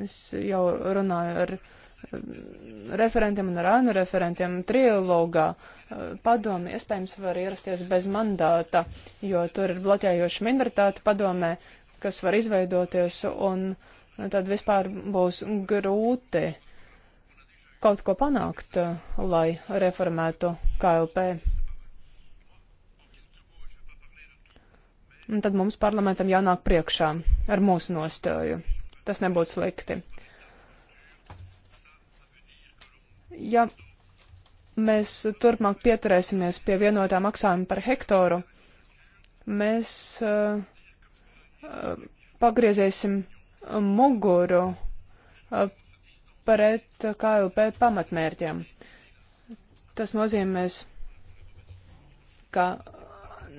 Es jau runāju ar um, referentiem un ar ānu referentiem trilogā. Uh, padomi iespējams var ierasties bez mandāta, jo tur ir bloķējoša minoritāte padomē, kas var izveidoties, un tad vispār būs grūti kaut ko panākt, uh, lai reformētu KLP. Un tad mums parlamentam jānāk priekšā ar mūsu nostāju. Tas nebūtu slikti. Ja mēs turpmāk pieturēsimies pie vienotā maksājuma par hektāru, mēs uh, uh, pagriezīsim muguru uh, pret KLP pamatmērķiem. Tas nozīmēs, ka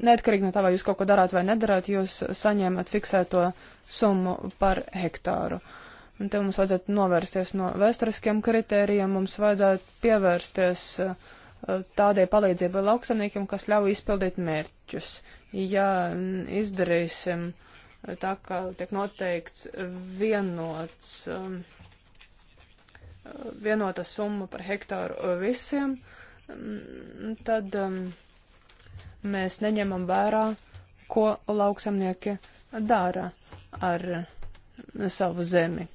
neatkarīgi no tā, vai jūs kaut ko darāt vai nedarāt, jūs saņemat fiksēto summu par hektāru. Un te mums vajadzētu novērsties no vēsturiskiem kritērijiem, mums vajadzētu pievērsties uh, tādai palīdzībai lauksaimniekiem, kas ļauj izpildīt mērķus. Ja izdarīsim tā, kā tiek noteikts vienots, um, vienota summa par hektāru visiem, mm, tad. Um, mēs neņemam vērā, ko lauksamnieki dara ar savu zemi.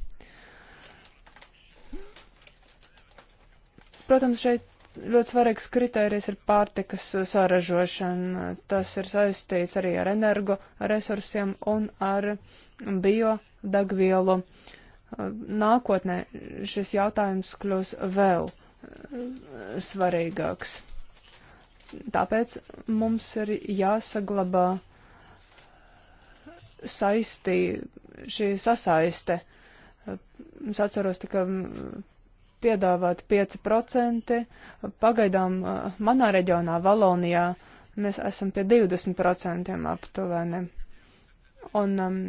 Protams, šeit ļoti svarīgs kritērijs ir pārtikas saražošana. Tas ir saistīts arī ar energo resursiem un ar biodagvielu. Nākotnē šis jautājums kļūs vēl svarīgāks. Tāpēc mums ir jāsaglabā saistī, šī sasaiste. Es atceros, tika piedāvāt 5%. Pagaidām manā reģionā, Valonijā, mēs esam pie 20% aptuveni. Un um,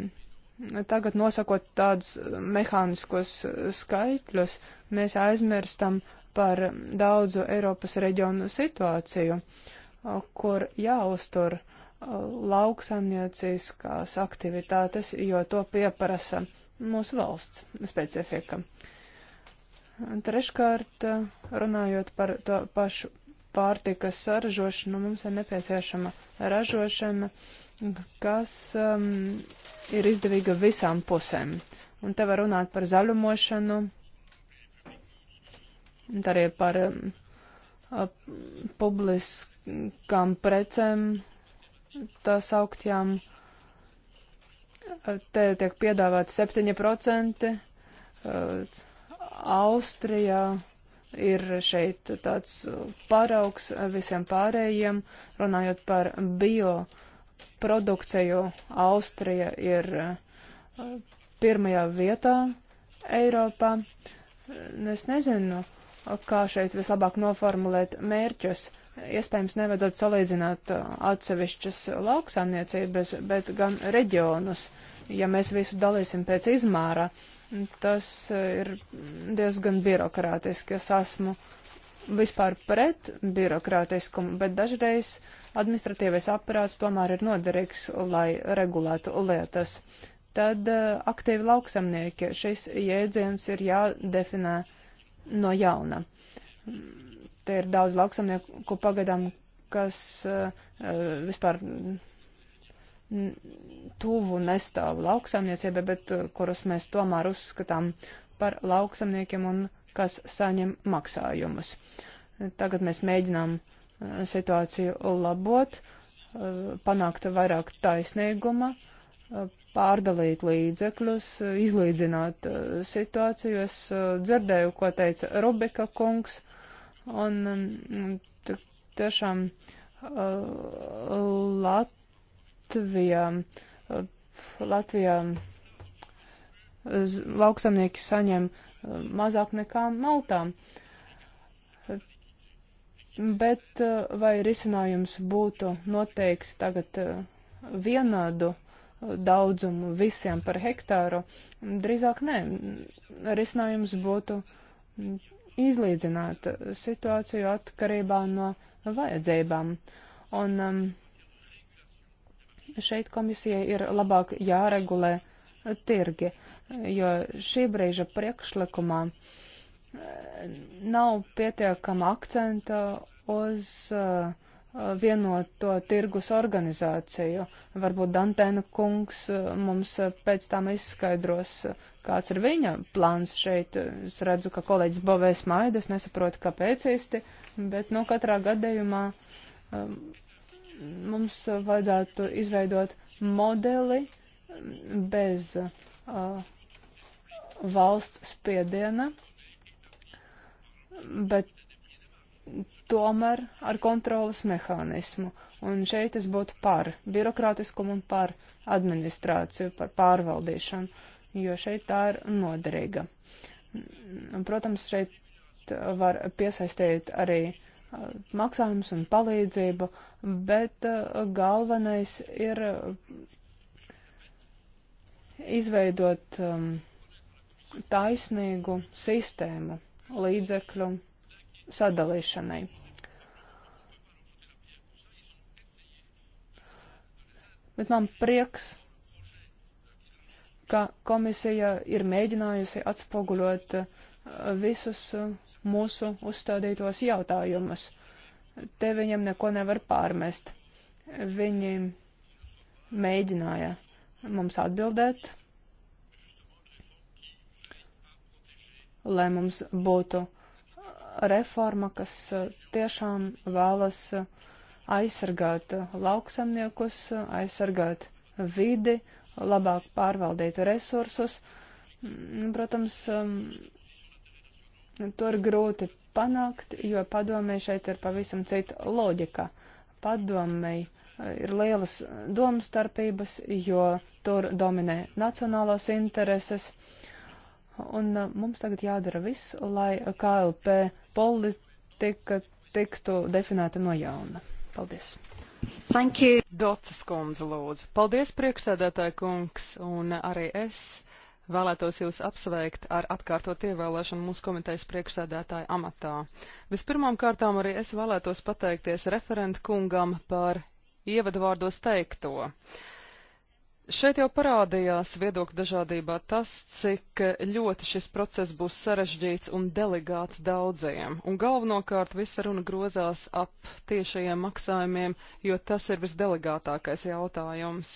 tagad nosakot tādus mehāniskos skaitļus, mēs aizmirstam par daudzu Eiropas reģionu situāciju, kur jāuztur lauksaimnieciskās aktivitātes, jo to pieprasa mūsu valsts specifika. Treškārt, runājot par to pašu pārtikas saražošanu, mums ir nepieciešama ražošana, kas um, ir izdevīga visām pusēm. Un te var runāt par zaļumošanu, Tā arī par um, publiskām precēm, tā sauktām. Te tiek piedāvāti 7%. Uh, Austrijā ir šeit tāds paraugs visiem pārējiem, runājot par bio produkciju. Austrija ir uh, pirmajā vietā Eiropā. Es nezinu, uh, kā šeit vislabāk noformulēt mērķus. Iespējams, nevajadzētu salīdzināt uh, atsevišķas lauksaimniecības, bet gan reģionus. Ja mēs visu dalīsim pēc izmēra, tas uh, ir diezgan birokrātiski. Es esmu vispār pret birokrātiskumu, bet dažreiz administratīvais aparāts tomēr ir noderīgs, lai regulētu lietas. Tad uh, aktīvi lauksamnieki šis jēdziens ir jādefinē no jauna. Te ir daudz lauksamnieku pagadām, kas uh, vispār tuvu nestāv lauksamniecībai, bet uh, kurus mēs tomēr uzskatām par lauksamniekiem un kas saņem maksājumus. Tagad mēs mēģinām uh, situāciju labot, uh, panākt vairāk taisnīguma. Uh, pārdalīt līdzekļus, izlīdzināt uh, situāciju. Es uh, dzirdēju, ko teica Rubika kungs, un um, tiešām uh, Latvijā, Latvijā lauksamnieki saņem mazāk nekā Maltā. Bet vai risinājums būtu noteikti tagad vienādu uh, daudzumu visiem par hektāru. Drīzāk nē, risinājums būtu izlīdzināt situāciju atkarībā no vajadzībām. Un um, šeit komisija ir labāk jāregulē tirgi, jo šī brīža priekšlikumā eh, nav pietiekama akcenta uz uh, vienoto tirgus organizāciju. Varbūt Dantēna kungs uh, mums uh, pēc tam izskaidros, uh, kāds ir viņa plāns šeit. Es redzu, ka kolēģis Bovē smaida, es nesaprotu, kāpēc īsti, bet no nu, katrā gadījumā um, mums vajadzētu izveidot modeli bez uh, valsts spiediena, bet tomēr ar kontrolas mehānismu. Un šeit es būtu par birokrātiskumu un par administrāciju, par pārvaldīšanu, jo šeit tā ir noderīga. Protams, šeit var piesaistīt arī uh, maksājums un palīdzību, bet uh, galvenais ir uh, izveidot um, taisnīgu sistēmu līdzekļu sadalīšanai. Bet man prieks, ka komisija ir mēģinājusi atspoguļot uh, visus uh, mūsu uzstādītos jautājumus. Te viņiem neko nevar pārmest. Viņi mēģināja mums atbildēt, lai mums būtu uh, reforma, kas eh, tiešām vēlas eh, aizsargāt eh, lauksamniekus, aizsargāt vidi, labāk pārvaldīt resursus. Mm, protams, mm, to ir grūti panākt, jo padomē šeit ir pavisam cita loģika. Padomēji ir lielas domstarpības, jo tur dominē nacionālās intereses. Uh, Un uh, mums tagad jādara viss, lai KLP politika tiktu definēta no jauna. Paldies! Thank you! Dotas kundze lūdzu. Paldies, priekšsēdētāja kungs, un arī es vēlētos jūs apsveikt ar atkārtot ievēlēšanu mūsu komitejas priekšsēdētāja amatā. Vispirmām kārtām arī es vēlētos pateikties referentu kungam par ievadvārdos teikto. Šeit jau parādījās viedokļu dažādībā tas, cik ļoti šis process būs sarežģīts un delegāts daudziem, un galvenokārt visa runa grozās ap tiešajiem maksājumiem, jo tas ir visdelegātākais jautājums.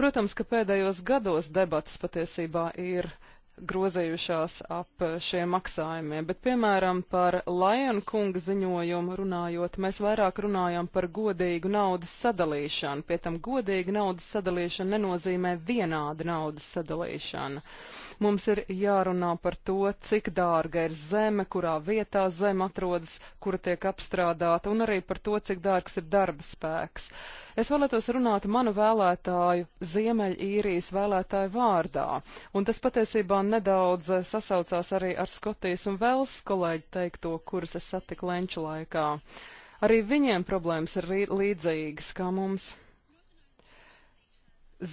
Protams, ka pēdējos gados debatas patiesībā ir grozījušās ap šiem maksājumiem, bet, piemēram, par Lajona kunga ziņojumu runājot, mēs vairāk runājam par godīgu naudas sadalīšanu. Pie tam godīga naudas sadalīšana nenozīmē vienāda naudas sadalīšana. Mums ir jārunā par to, cik dārga ir zeme, kurā vietā zeme atrodas, kura tiek apstrādāta, un arī par to, cik dārgs ir darba spēks. Es vēlētos runāt manu vēlētāju, Ziemeļīrijas vēlētāju vārdā, un tas patiesībā tiešām nedaudz eh, sasaucās arī ar Skotijas un Vels kolēģi teikto, kurus es satiku lenču laikā. Arī viņiem problēmas ir līdzīgas kā mums.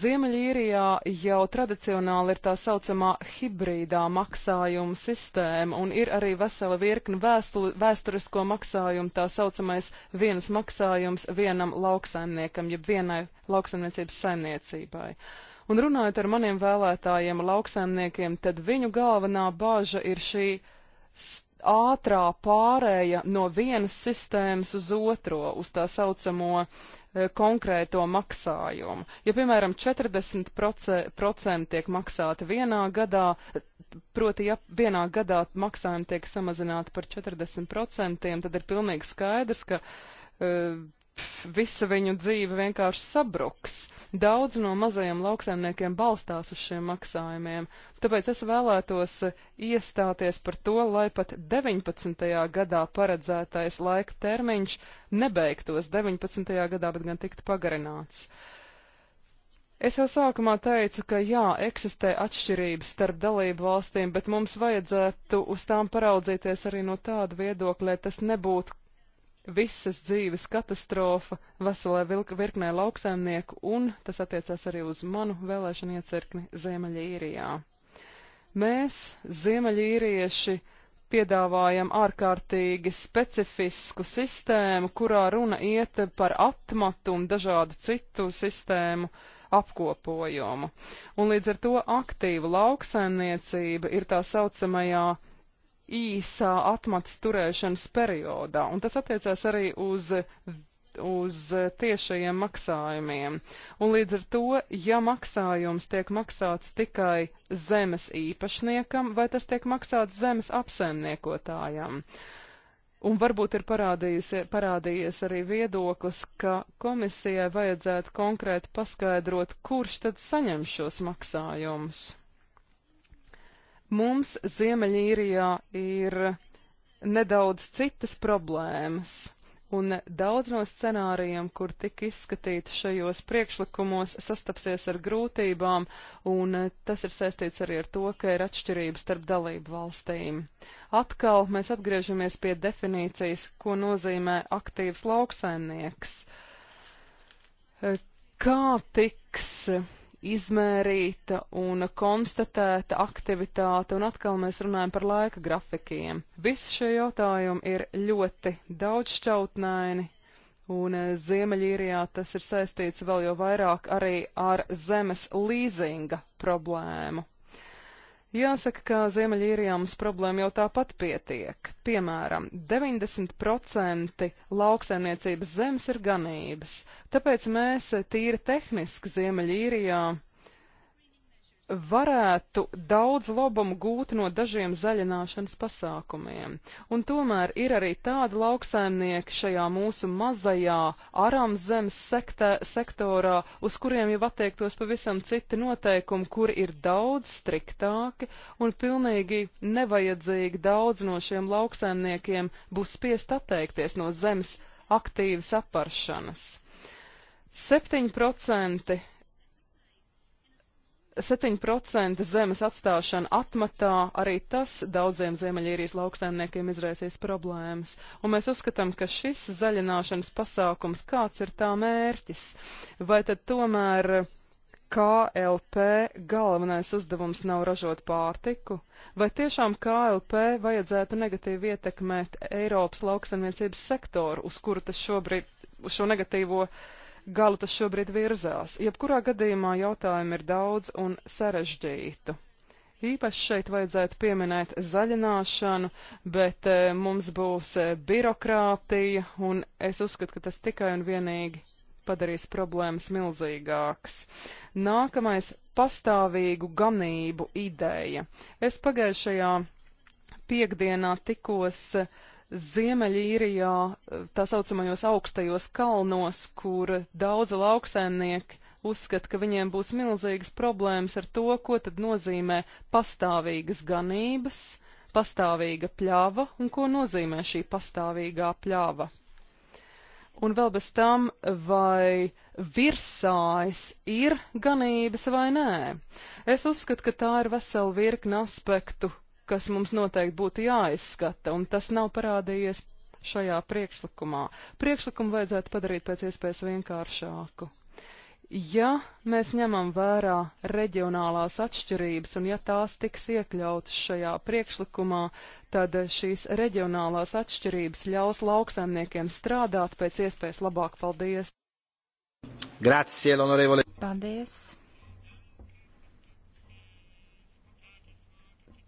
Ziemeļīrijā jau tradicionāli ir tā saucamā hibrīdā maksājuma sistēma, un ir arī vesela virkni vēstu, vēsturisko maksājumu, tā saucamais vienas maksājums vienam lauksaimniekam, jeb vienai lauksaimniecības saimniecībai. Uh, Un runājot ar maniem vēlētājiem, lauksaimniekiem, tad viņu galvenā bāža ir šī ātrā pārēja no vienas sistēmas uz otro, uz tā saucamo e, konkrēto maksājumu. Ja, piemēram, 40% tiek maksāti vienā gadā, proti, ja vienā gadā maksājumi tiek samazināti par 40%, tad ir pilnīgi skaidrs, ka e, visa viņu dzīve vienkārši sabruks. Daudz no mazajiem lauksaimniekiem balstās uz šiem maksājumiem, tāpēc es vēlētos eh, iestāties par to, lai pat 19. gadā paredzētais laika termiņš nebeigtos 19. gadā, bet gan tiktu pagarināts. Es jau sākumā teicu, ka jā, eksistē atšķirības starp dalību valstīm, bet mums vajadzētu uz tām paraudzīties arī no tāda viedokļa, lai tas nebūtu visas dzīves katastrofa veselē virknē lauksaimnieku, un tas attiecās arī uz manu vēlēšanu iecirkni Ziemeļīrijā. Mēs, Ziemeļīrieši, piedāvājam ārkārtīgi specifisku sistēmu, kurā runa iet par atmatu un dažādu citu sistēmu apkopojumu. Un līdz ar to aktīva lauksaimniecība ir tā saucamajā īsā atmatas turēšanas periodā, un tas attiecās arī uz uz tiešajiem maksājumiem. Un līdz ar to, ja maksājums tiek maksāts tikai zemes īpašniekam, vai tas tiek maksāts zemes apsaimniekotājam? Un varbūt ir parādījies arī viedoklis, ka komisijai vajadzētu konkrēti paskaidrot, kurš tad saņem šos maksājumus. Mums Ziemeļīrijā ir nedaudz citas problēmas, un daudz no scenārijiem, kur tika izskatīti šajos priekšlikumos, sastapsies ar grūtībām, un tas ir saistīts arī ar to, ka ir atšķirības starp dalību valstīm. Atkal mēs atgriežamies pie definīcijas, ko nozīmē aktīvs lauksaimnieks. Kā tiks izmērīta un konstatēta aktivitāte, un atkal mēs runājam par laika grafikiem. Visi šie jautājumi ir ļoti daudzšķautnaini, un eh, Ziemeļīrijā tas ir saistīts vēl jau vairāk arī ar zemes līzinga problēmu. Jāsaka, ka Ziemeļīrijā mums problēma jau tāpat pietiek. Piemēram, 90% lauksaimniecības zemes ir ganības, tāpēc mēs tīri tehniski Ziemeļīrijā varētu daudz labumu gūt no dažiem zaļināšanas pasākumiem. Un tomēr ir arī tādi lauksaimnieki šajā mūsu mazajā aramzemes sektē, sektorā, uz kuriem jau attiektos pavisam citi noteikumi, kuri ir daudz striktāki un pilnīgi nevajadzīgi daudz no šiem lauksaimniekiem būs spiest atteikties no zemes aktīvas aparšanas. 7% 7% zemes atstāšana atmatā, arī tas daudziem Ziemeļīrijas lauksaimniekiem izraisīs problēmas, un mēs uzskatām, ka šis zaļināšanas pasākums kāds ir tā mērķis, vai tad tomēr KLP galvenais uzdevums nav ražot pārtiku, vai tiešām KLP vajadzētu negatīvi ietekmēt Eiropas lauksaimniecības sektoru, uz kuru tas šobrīd, uz šo negatīvo uh, galu tas šobrīd virzās. Jebkurā gadījumā jautājumu ir daudz un sarežģītu. Īpaši šeit vajadzētu pieminēt zaļināšanu, bet e, mums būs e, birokrātija, un es uzskatu, ka tas tikai un vienīgi padarīs problēmas milzīgākas. Nākamais - pastāvīgu ganību ideja. Es pagājušajā piekdienā tikos uh, Ziemeļīrijā, tā saucamajos augstajos kalnos, kur daudzi lauksaimnieki uzskata, ka viņiem būs milzīgas problēmas ar to, ko tad nozīmē pastāvīgas ganības, pastāvīga pļava un ko nozīmē šī pastāvīgā pļava. Un vēl bez tam, vai virsājs ir ganības vai nē. Es uzskatu, ka tā ir vesela virkna aspektu, kas mums noteikti būtu jāizskata, un tas nav parādījies šajā priekšlikumā. Priekšlikumu vajadzētu padarīt pēc iespējas vienkāršāku. Ja mēs ņemam vērā reģionālās atšķirības un ja tās tiks iekļautas šajā priekšlikumā, tad šīs reģionālās atšķirības ļaus lauksaimniekiem strādāt pēc iespējas labāk. Paldies! Grazie, l'onorevole! Paldies!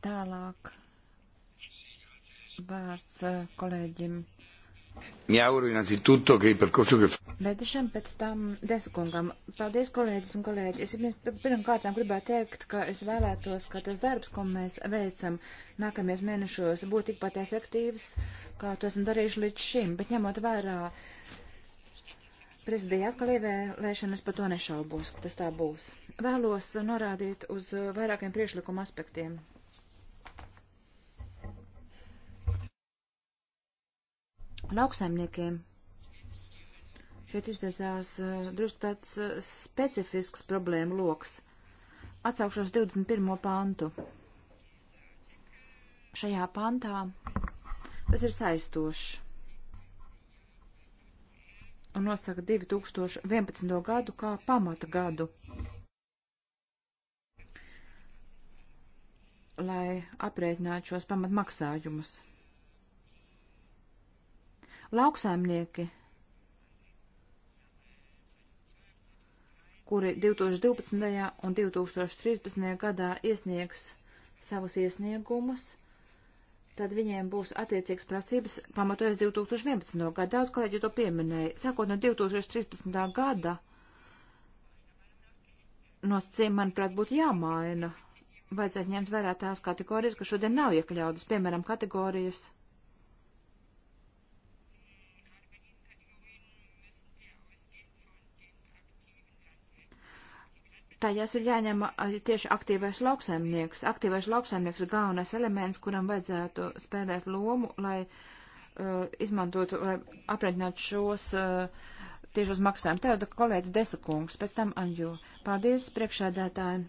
Tālāk vārds eh, kolēģim. Jāuru, innanzitutto, ka ir percorso, ka... Ledešam pēc tam desakungam. Paldies, kolēģis un kolēģi. Es pirmkārt gribētu teikt, ka es vēlētos, ka tas darbs, ko mēs veicam nākamajos mēnešos, būtu tikpat efektīvs, kā to esam darījuši līdz šim. Bet ņemot vērā prezidija atkal ievēlēšanas, par to nešaubos, ka tas tā būs. Vēlos norādīt uz vairākiem priekšlikuma aspektiem. lauksaimniekiem. Šeit izvirzās uh, eh, drusku tāds uh, specifisks problēma loks. Atsaukšos 21. pantu. Šajā pantā tas ir saistošs un nosaka 2011. gadu kā pamata gadu, lai aprēķinātu šos pamatmaksājumus. Lauksaimnieki, kuri 2012. un 2013. gadā iesniegs savus iesniegumus, tad viņiem būs attiecīgas prasības pamatojas 2011. gadā. Daudz kolēģi to pieminēja. Sākot no 2013. gada nosacījumi, manuprāt, būtu jāmaina. Vajadzētu ņemt vērā tās kategorijas, kas šodien nav iekļautas, piemēram, kategorijas – tajās ir jāņem tieši aktīvais lauksaimnieks. Aktīvais lauksaimnieks ir galvenais elements, kuram vajadzētu spēlēt lomu, lai uh, izmantotu, lai aprēķinātu šos uh, tiešos maksājumus. Tev kolēģis Desakungs, pēc tam Anju. Paldies priekšēdētājiem.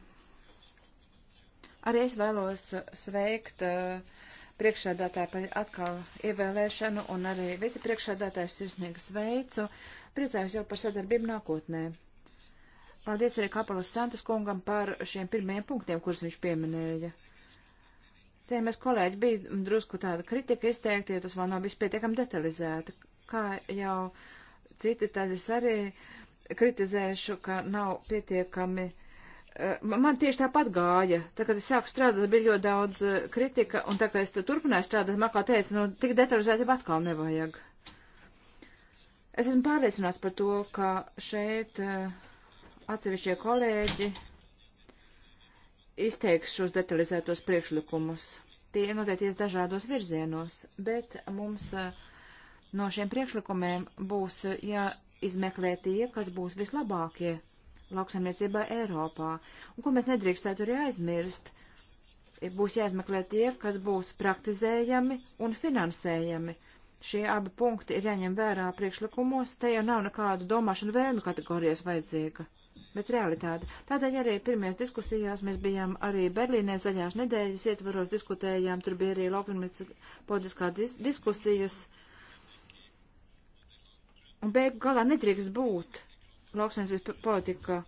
Arī es vēlos sveikt uh, priekšsēdētāju par atkal ievēlēšanu un arī vicepriekšsēdētājs sirsnīgi sveicu. Priecājos jau par sadarbību nākotnē. Paldies arī Kapalas Santas kungam par šiem pirmajiem punktiem, kurus viņš pieminēja. Cienījamies kolēģi, bija drusku tāda kritika izteikta, jo tas vēl nav bijis pietiekami detalizēta. Kā jau citi, tad es arī kritizēšu, ka nav pietiekami. Eh, man tieši tāpat gāja. Tā, kad es sāku strādāt, bija ļoti daudz eh, kritika, un tā, kad es turpināju strādāt, man kā teica, nu, tik detalizēti jau atkal nevajag. Es esmu pārliecināts par to, ka šeit uh, atsevišķie kolēģi izteiks šos detalizētos priekšlikumus. Tie noteikties dažādos virzienos, bet mums eh, no šiem priekšlikumiem būs eh, jāizmeklē tie, kas būs vislabākie lauksamniecībā Eiropā. Un ko mēs nedrīkstētu arī aizmirst, būs jāizmeklē tie, kas būs praktizējami un finansējami. Šie abi punkti ir jāņem vērā priekšlikumos, te jau nav nekādu domāšanu vēlmi kategorijas vajadzīga bet realitāte. Tādēļ arī pirmajās diskusijās mēs bijām arī Berlīnē zaļās nedēļas ietvaros diskutējām, tur bija arī laukums politiskā dis diskusijas. Un beigu galā nedrīkst būt lauksaimniecības politika,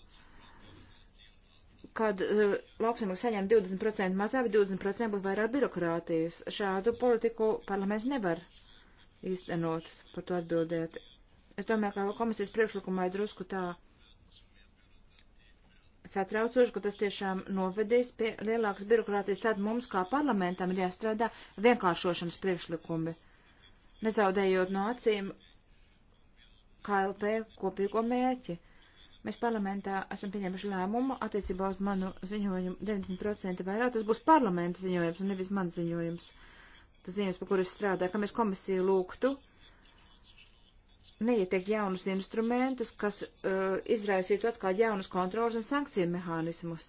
kad uh, e, lauksaimnieks saņem 20% mazāk, 20% būtu vairāk birokrātijas. Šādu politiku parlaments nevar īstenot, par to atbildēt. Es domāju, ka komisijas priekšlikumā ir drusku tā satraucoši, ka tas tiešām novedīs pie lielākas birokrātijas. Tad mums kā parlamentam ir jāstrādā vienkāršošanas priekšlikumi, nezaudējot no acīm KLP kopīgo mērķi. Mēs parlamentā esam pieņēmuši lēmumu attiecībā uz manu ziņojumu 90% vairāk. Tas būs parlamenta ziņojums un nevis mans ziņojums. Tas ziņojums, par kur es strādāju, ka mēs komisiju lūgtu neietiek jaunus instrumentus, kas uh, izraisītu atkal jaunus kontrolas un sankciju mehānismus.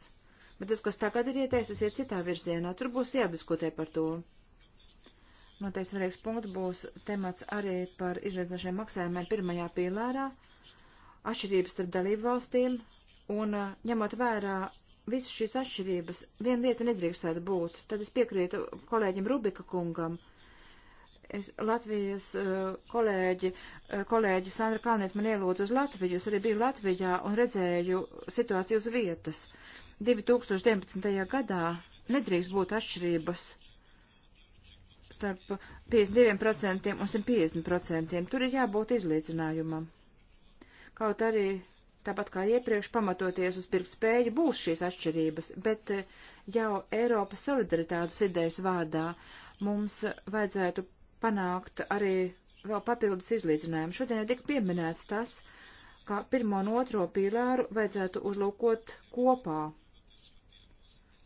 Bet tas, kas tagad ir ieteicis, ir citā virzienā. Tur būs jādiskutē par to. Noteikti svarīgs punkts būs temats arī par izredzinošiem maksājumiem pirmajā pīlārā, atšķirības starp dalību valstīm un uh, ņemot vērā visas šīs atšķirības, viena lieta nedrīkstētu būt. Tad es piekrītu kolēģim Rubika kungam. Uh, Es, Latvijas eh, kolēģi, eh, kolēģi Sandra Kalniet man ielūdza uz Latviju. Es arī biju Latvijā un redzēju situāciju uz vietas. 2019. gadā nedrīkst būt atšķirības starp 52% un 150%. Tur ir jābūt izlīdzinājumam. Kaut arī tāpat kā iepriekš pamatoties uz pirktspēju būs šīs atšķirības, bet eh, jau Eiropas solidaritātes idejas vārdā mums vajadzētu panākt arī vēl papildus izlīdzinājumu. Šodien jau tik pieminēts tas, ka pirmo un otro pīlāru vajadzētu uzlūkot kopā.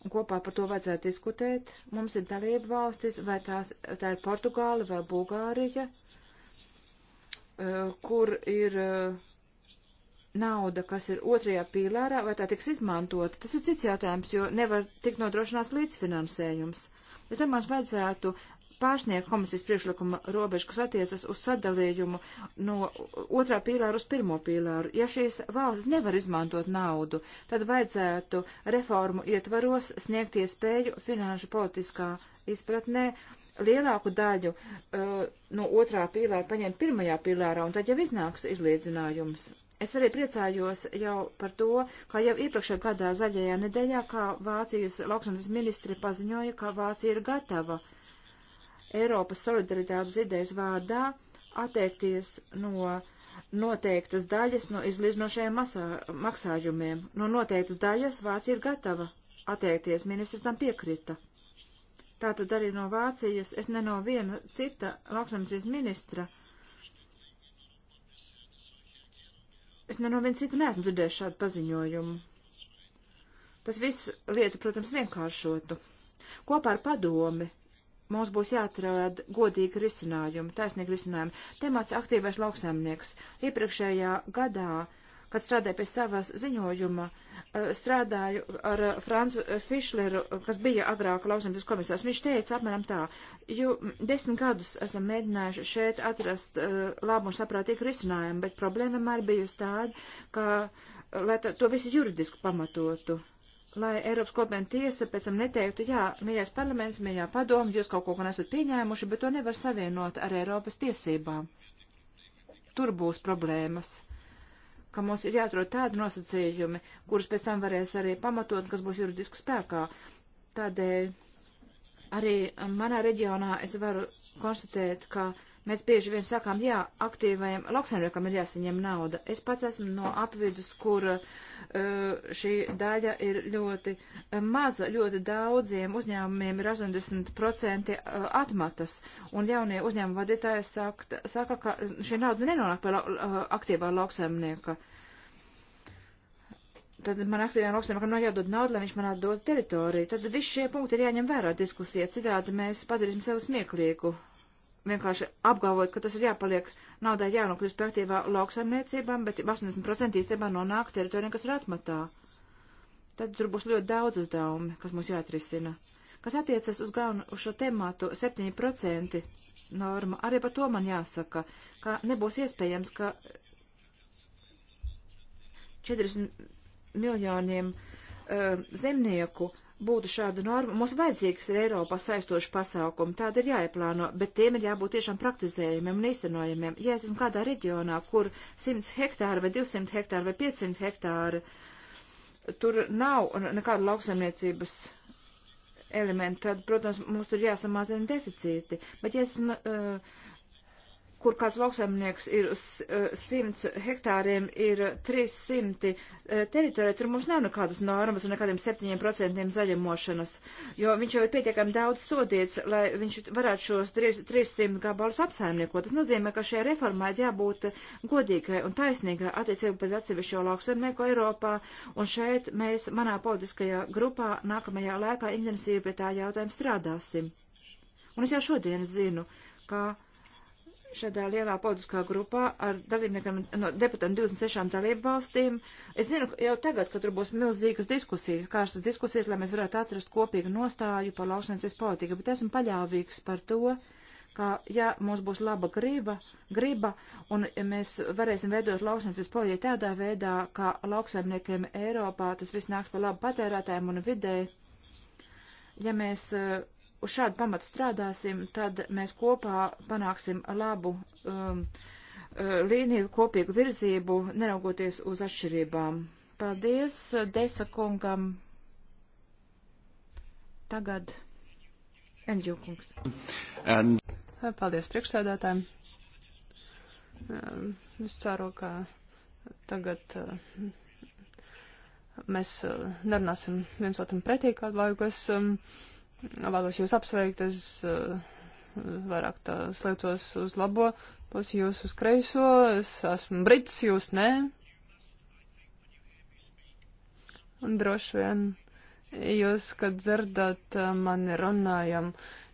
Un kopā par to vajadzētu diskutēt. Mums ir dalība valstis, vai tās, tā ir Portugāla vai Bulgārija, eh, kur ir eh, nauda, kas ir otrajā pīlārā, vai tā tiks izmantota. Tas ir cits jautājums, jo nevar tikt nodrošināts līdzfinansējums. Es domāju, vajadzētu pārsniegt komisijas priekšlikuma robežu, kas attiecas uz sadalījumu no otrā pīlāra uz pirmo pīlāru. Ja šīs valsts nevar izmantot naudu, tad vajadzētu reformu ietvaros sniegt iespēju finanšu politiskā izpratnē lielāku daļu uh, no otrā pīlāra paņemt pirmajā pīlārā, un tad jau iznāks izlīdzinājums. Es arī priecājos jau par to, ka jau iepriekšējā gadā zaļajā nedēļā, kā Vācijas lauksanas ministri paziņoja, ka Vācija ir gatava uh, Eiropas solidaritātes idejas vārdā atteikties no noteiktas daļas no izlīdzinošajiem maksājumiem. No noteiktas daļas Vācija ir gatava atteikties, ministri tam piekrita. Tātad arī no Vācijas, es ne no viena cita lauksaimniecības ministra, es ne no viena cita neesmu dzirdējis šādu paziņojumu. Tas viss lietu, protams, vienkāršotu. Kopā ar padomi mums būs jāatrod godīgi risinājumi, taisnīgi risinājumi. Temats aktīvais lauksaimnieks. Iepriekšējā gadā, kad strādāju pie savas ziņojuma, eh, strādāju ar eh, Franzu Fišleru, kas bija agrāk lauksaimnieks komisārs. Viņš teica apmēram tā, jo desmit gadus esam mēģinājuši šeit atrast uh, labu un saprātīgu risinājumu, bet problēma vienmēr bijusi tāda, ka, lai tā, to visu juridiski pamatotu lai Eiropas kopiena tiesa pēc tam neteiktu, jā, mījās parlaments, mījā padomu, jūs kaut ko nesat pieņēmuši, bet to nevar savienot ar Eiropas tiesībām. Tur būs problēmas, ka mums ir jāatrod tādi nosacījumi, kurus pēc tam varēs arī pamatot, kas būs juridiski spēkā. Tādēļ arī manā reģionā es varu konstatēt, ka Mēs bieži vien sakām, jā, aktīvajam lauksaimniekam ir jāsaņem nauda. Es pats esmu no apvidus, kur uh, šī daļa ir ļoti uh, maza, ļoti daudziem uzņēmumiem ir 80% uh, atmatas. Un jaunie uzņēmuma vadītāji saka, saka, ka šī nauda nenonāk pie la, uh, aktīvā lauksaimnieka. Tad man aktīvajam lauksaimniekam nav jādod naudu, lai viņš man atdod teritoriju. Tad visi šie punkti ir jāņem vērā diskusijā, citādi mēs padarīsim sevi smieklīgu vienkārši apgalvot, ka tas ir jāpaliek naudai jānokļūst pie aktīvā lauksaimniecībām, bet 80% īstenībā nonāk teritorijā, kas ir atmatā. Tad tur būs ļoti daudz uzdevumi, kas mums jāatrisina. Kas attiecas uz galvenu uz šo tematu 7% norma, arī par to man jāsaka, ka nebūs iespējams, ka 40 miljoniem uh, zemnieku uh, būtu šāda norma, mums vajadzīgs ir Eiropā saistoši pasākumi, tādi ir jāieplāno, bet tiem ir jābūt tiešām praktizējumiem un īstenojumiem. Ja es esmu kādā reģionā, kur 100 hektāri vai 200 hektāri vai 500 hektāri, tur nav nekāda lauksaimniecības elementi, tad, protams, mums tur jāsamazina deficīti. Bet ja es esmu uh, kur kāds lauksaimnieks ir uz 100 e, hektāriem, ir 300 e, teritorija, tur mums nav nekādas normas un nekādiem 7% zaļumošanas, jo viņš jau ir pietiekami daudz sodīts, lai viņš varētu šos 300 gabalus apsaimniekot. Tas nozīmē, ka šajā reformā ir jābūt godīgai un taisnīgai attiecībā pret atsevišķo lauksaimnieku Eiropā, un šeit mēs manā politiskajā grupā nākamajā laikā intensīvi pie tā jautājuma strādāsim. Un es jau šodien zinu, ka šādā lielā politiskā grupā ar dalībniekiem no deputātiem 26 dalību valstīm. Es zinu jau tagad, ka tur būs milzīgas diskusijas, kārstas diskusijas, lai mēs varētu atrast kopīgu nostāju par lauksainicības politiku, bet esmu paļāvīgs par to, ka, ja mums būs laba griba, griba un ja mēs varēsim veidot lauksainicības politiku tādā veidā, ka lauksaimniekiem Eiropā tas viss nāks par labu patērētājiem un vidē, ja mēs uh, uz šādu pamatu strādāsim, tad mēs kopā panāksim labu um, uh, līniju, kopīgu virzību, neraugoties uz atšķirībām. Paldies uh, Desa kungam. Tagad Enģu kungs. And... Uh, paldies priekšsēdētājiem. Um, es ceru, ka tagad mēs nerunāsim viens otram pretī kādu laiku. Es, um, Vēlos jūs apsveikt, es eh, vairāk tā slētos uz labo pusi, jūs uz kreiso, es esmu brits, jūs nē. Un droši vien jūs, kad dzirdat eh, mani runājam,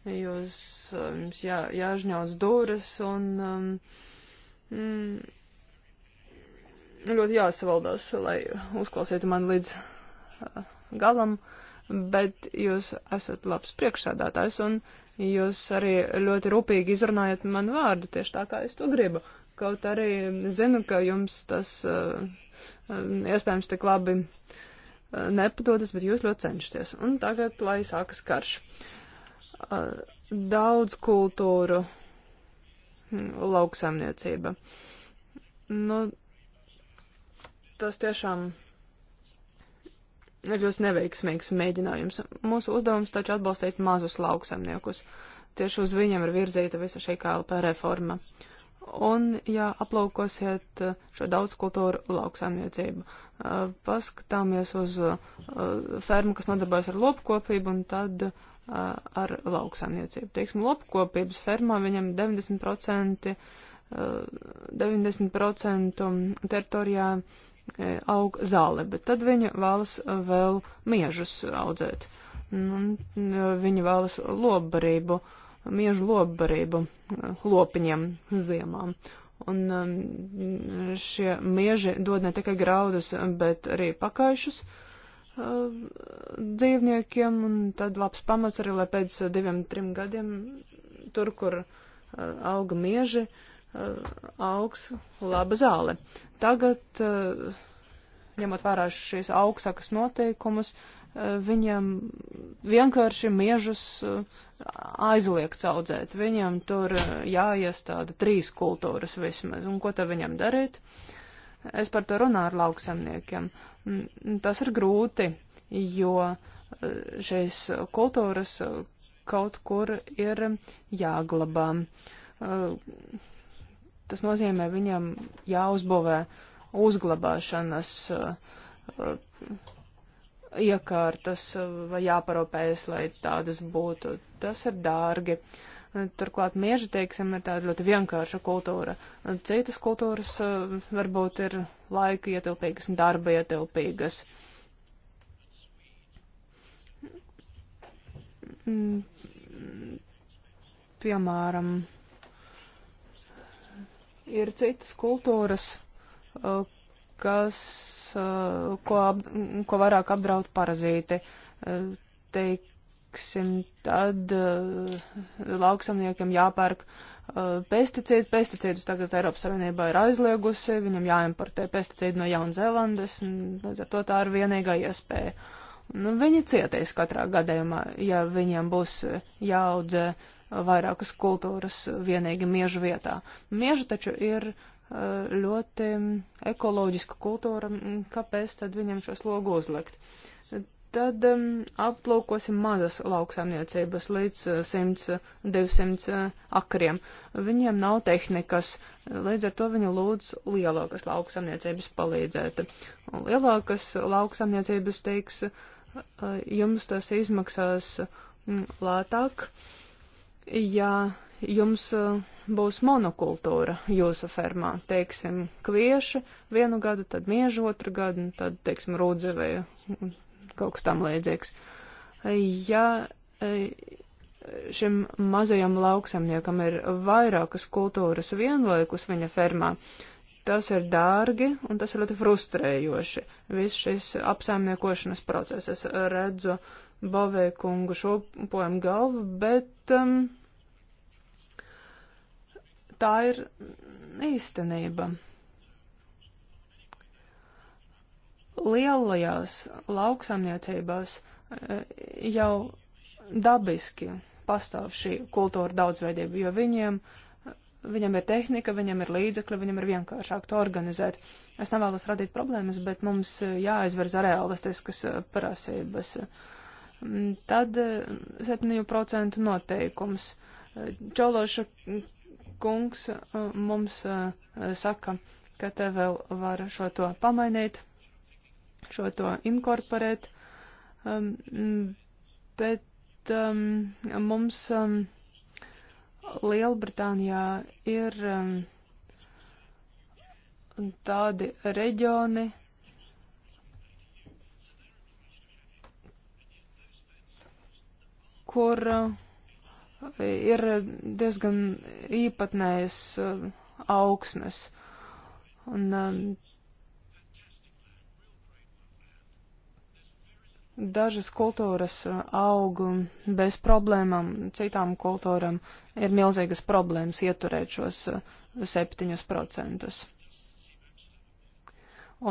jūs, eh, jums jā, jāžņauc dūres un um, ļoti jāsavaldās, lai uzklausītu mani līdz uh, galam. Uh, bet jūs esat labs priekšsēdētājs un jūs arī ļoti rūpīgi izrunājat man vārdu tieši tā, kā es to gribu. Kaut arī zinu, ka jums tas eh, eh, iespējams tik labi eh, nepadodas, bet jūs ļoti cenšaties. Un tagad, lai sākas karš. Daudz kultūru hm, lauksaimniecība. Nu, tas tiešām ir ļoti neveiksmīgs mēģinājums. Mūsu uzdevums taču atbalstīt mazus lauksaimniekus. Tieši uz viņiem ir virzīta visa šī KLP reforma. Un, ja aplaukosiet šo daudzkultūru lauksaimniecību, eh, paskatāmies uz eh, fermu, kas nodarbojas ar lopkopību, un tad eh, ar lauksaimniecību. Teiksim, lopkopības fermā viņam 90%, 90 teritorijā E, aug zāle, bet tad viņa vēlas vēl miežus audzēt. Nu, viņa vēlas lobbarību, miežu lobbarību e, lopiņiem ziemām. Un e, šie mieži dod ne tikai graudus, bet arī pakaišus dzīvniekiem, un tad labs pamats arī, lai pēc diviem, trim gadiem tur, kur auga mieži, uh, Uh, augs laba zāle. Tagad, uh, ņemot vērā šīs augstsakas noteikumus, uh, viņiem vienkārši miežus aizliegts audzēt. Viņiem tur jāiestāda trīs kultūras vismaz. Un ko tad viņam darīt? Es par to runāju ar lauksemniekiem. Mm, tas ir grūti, jo šīs kultūras kaut kur ir jāglabā. Tas nozīmē, viņam jāuzbūvē uzglabāšanas uh, iekārtas uh, vai jāparopējas, lai tādas būtu. Tas ir dārgi. Turklāt mieži, teiksim, ir tāda ļoti vienkārša kultūra. Citas kultūras uh, varbūt ir laika ietilpīgas un darba ietilpīgas. Mm. Piemēram, Ir citas kultūras, uh, kas, uh, ko, ap, ko vairāk apdraud parazīti. Uh, teiksim, tad lauksamniekiem jāpērk pesticīdu. Pesticīdus tagad Eiropas Savienībā ir aizliegusi, viņam jāimportē pesticīdu no Jaunzēlandes, un līdz ar to tā ir vienīgā iespēja. Nu, viņi cietīs katrā gadījumā, ja viņiem būs jāaudzē uh, vairākas kultūras vienīgi miežu vietā. Mieža taču ir ļoti ekoloģiska kultūra, kāpēc tad viņam šo slogu uzlikt? Tad um, aplūkosim mazas lauksaimniecības līdz 100-200 akriem. Viņiem nav tehnikas, līdz ar to viņi lūdz lielākas lauksaimniecības palīdzēt. Lielākas lauksaimniecības teiks, jums tas izmaksās lētāk. Uh, ja jums eh, būs monokultūra jūsu fermā, teiksim, kvieši vienu gadu, tad miežu otru gadu, tad, teiksim, rūdze vai kaut kas tam līdzīgs. Ja eh, šim mazajam lauksamniekam ir vairākas kultūras vienlaikus viņa fermā, tas ir dārgi un tas ir ļoti frustrējoši. Viss šis apsaimniekošanas process, es redzu, uh, Bovēkungu šo poemu galvu, bet um, tā ir īstenība. Lielajās lauksaimniecībās eh, jau dabiski pastāv šī kultūra daudzveidība, jo viņiem, viņiem ir tehnika, viņiem ir līdzekļi, viņiem ir vienkāršāk to organizēt. Es nevēlos radīt problēmas, bet mums eh, jāizverza realistiskas eh, prasības. Uh, Tad 7% eh, noteikums. Čološa kungs eh, mums eh, saka, ka te vēl var šo to pamainīt, šo to inkorporēt, ehm, bet ehm, mums ehm, Lielbritānijā ir tādi reģioni, kur uh, ir diezgan īpatnējas uh, augsnes. Un, uh, Dažas kultūras aug bez problēmām, citām kultūram ir milzīgas problēmas ieturēt šos 7%.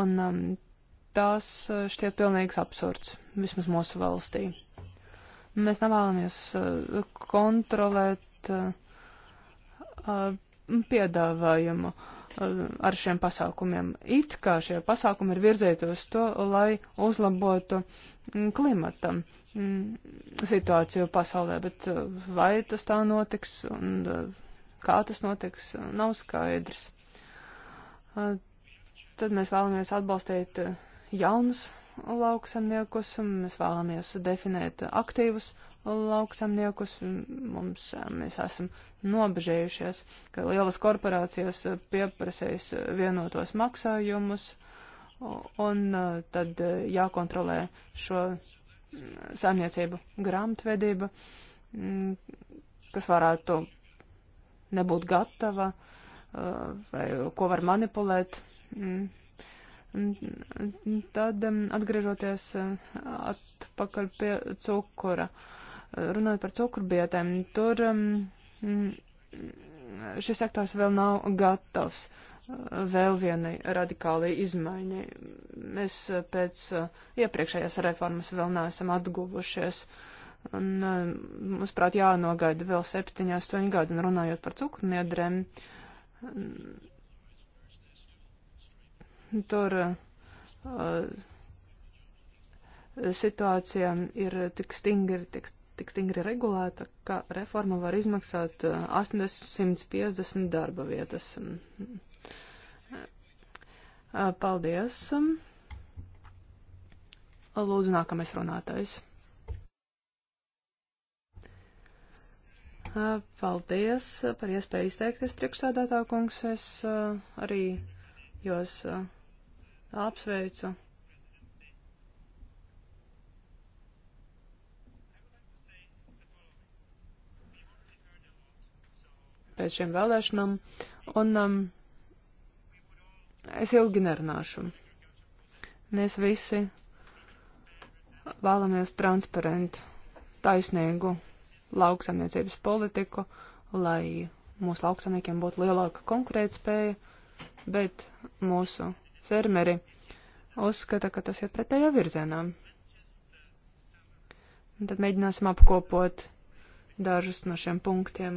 Un um, tas šķiet pilnīgs absurds, vismaz mūsu valstī. Mēs nevēlamies eh, kontrolēt eh, eh, piedāvājumu ar šiem pasākumiem. It kā šie pasākumi ir virzīti uz to, lai uzlabotu mm, klimata mm, situāciju pasaulē, bet vai tas tā notiks un kā tas notiks, nav skaidrs. Tad mēs vēlamies atbalstīt jaunus lauksamniekus, mēs vēlamies definēt aktīvus lauksamniekus. Mums, eh, mēs esam nobežējušies, ka lielas korporācijas eh, pieprasīs vienotos maksājumus, un eh, tad jākontrolē šo mm, saimniecību grāmatvedība, mm, kas varētu nebūt gatava vai ko var manipulēt mm. Tad um, atgriežoties uh, atpakaļ pie cukura, runājot par cukurbietēm, tur um, mm, šis sektors vēl nav gatavs uh, vēl vienai radikālai izmaiņai. Mēs uh, pēc iepriekšējās reformas vēl neesam atguvušies. Un, mums prāt, jānogaida vēl septiņi, astoņi gadi, un runājot par cukurniedrēm, Tur uh, situācija ir tik stingri, tik, tik stingri regulēta, ka reforma var izmaksāt 850 uh, darba vietas. Uh, paldies! Lūdzu, nākamais runātājs. Uh, paldies par iespēju izteikties priekšsēdētā kungs. Es arī jūs Apsveicu. Pēc šiem vēlēšanām. Un um, es ilgi nerunāšu. Mēs visi vēlamies transparentu, taisnīgu lauksamniecības politiku, lai mūsu lauksamniekiem būtu lielāka konkurētspēja, bet mūsu fermeri uzskata, ka tas ir pretējā virzienā. Un tad mēģināsim apkopot dažus no šiem punktiem,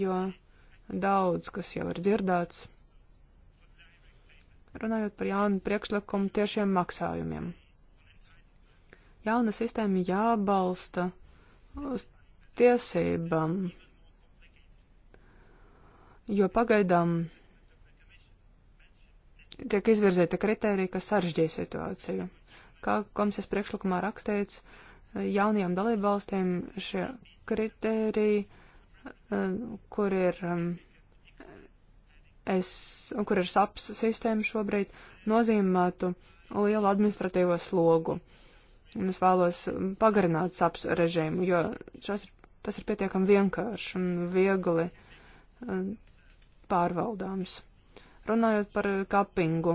jo daudz, kas jau ir dzirdēts, runājot par jaunu priekšlikumu tiešiem maksājumiem. Jauna sistēma jābalsta uz tiesībām, jo pagaidām tiek izvirzīti kriteriji, kas sarežģīja situāciju. Kā komisijas priekšlikumā rakstīts, jaunajām dalībvalstīm šie kriteriji, eh, kur ir, um, es, kur ir SAPS sistēma šobrīd, nozīmētu lielu administratīvo slogu. Un es vēlos pagarināt SAPS režīmu, jo šos, tas ir pietiekami vienkārši un viegli eh, pārvaldāms. Runājot par kapingu,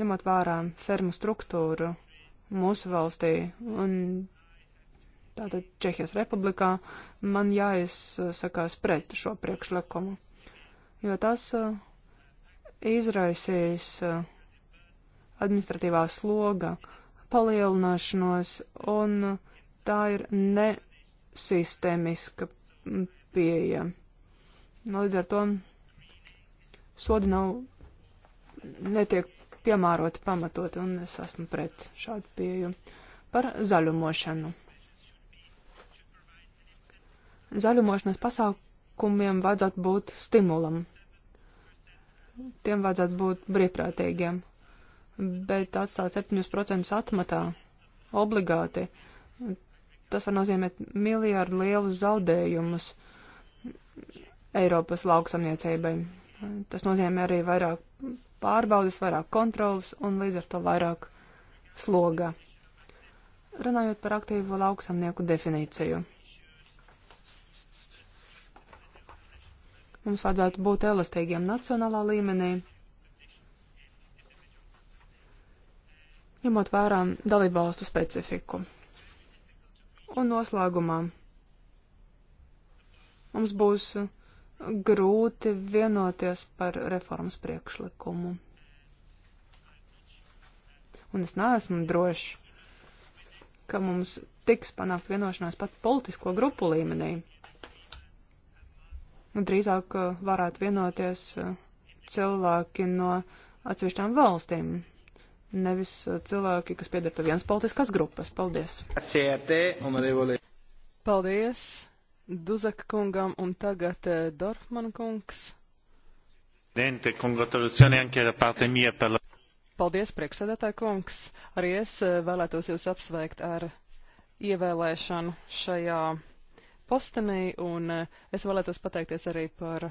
ņemot vērā fermu struktūru mūsu valstī un tātad Čehijas republikā, man jāizsakās pret šo priekšlikumu, jo tas uh, izraisīs uh, administratīvā sloga palielināšanos, un tā ir nesistēmiska pieeja. Līdz ar to sodi nav, netiek piemēroti pamatot, un es esmu pret šādu pieju par zaļumošanu. Zaļumošanas pasākumiem vajadzētu būt stimulam. Tiem vajadzētu būt brīvprātīgiem, bet atstāt 7% atmatā obligāti. Tas var nozīmēt miljārdu lielus zaudējumus Eiropas lauksamniecībai. Tas nozīmē arī vairāk pārbaudas, vairāk kontrolas un līdz ar to vairāk sloga. Runājot par aktīvo lauksamnieku definīciju. Mums vajadzētu būt elastīgiem nacionālā līmenī, ņemot vērā dalībvalstu specifiku. Un noslēgumā mums būs uh, grūti vienoties par reformas priekšlikumu. Un es neesmu drošs, ka mums tiks panākt vienošanās pat politisko grupu līmenī. Un drīzāk uh, varētu vienoties uh, cilvēki no atsevišķām valstīm, nevis uh, cilvēki, kas pieder pie vienas politiskās grupas. Paldies! Paldies! Duzaka kungam un tagad eh, Dorfman kungs. Paldies, priekšsēdētāja kungs. Arī es eh, vēlētos jūs apsveikt ar ievēlēšanu šajā postenī, un eh, es vēlētos pateikties arī par.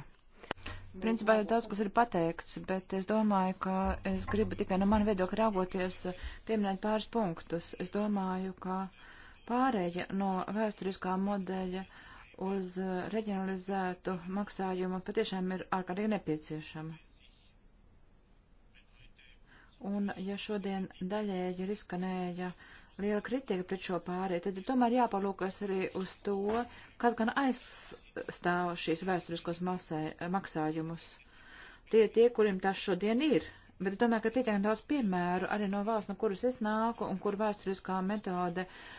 Principā jau daudz, kas ir pateikts, bet es domāju, ka es gribu tikai no mani viedokļa raugoties pieminēt pāris punktus. Es domāju, ka pārēja no vēsturiskā modeļa uh, uz eh, reģionalizētu maksājumu patiešām ir ārkārtīgi nepieciešama. Un ja šodien daļēji ir izskanēja liela kritika pret šo pārēju, tad tomēr jāpalūkas arī uz to, kas gan aizstāv šīs vēsturiskos masē, maksājumus. Tie tie, kuriem tas šodien ir. Bet es domāju, ka pietiekami daudz piemēru arī no valsts, no kuras es nāku un kur vēsturiskā metode uh,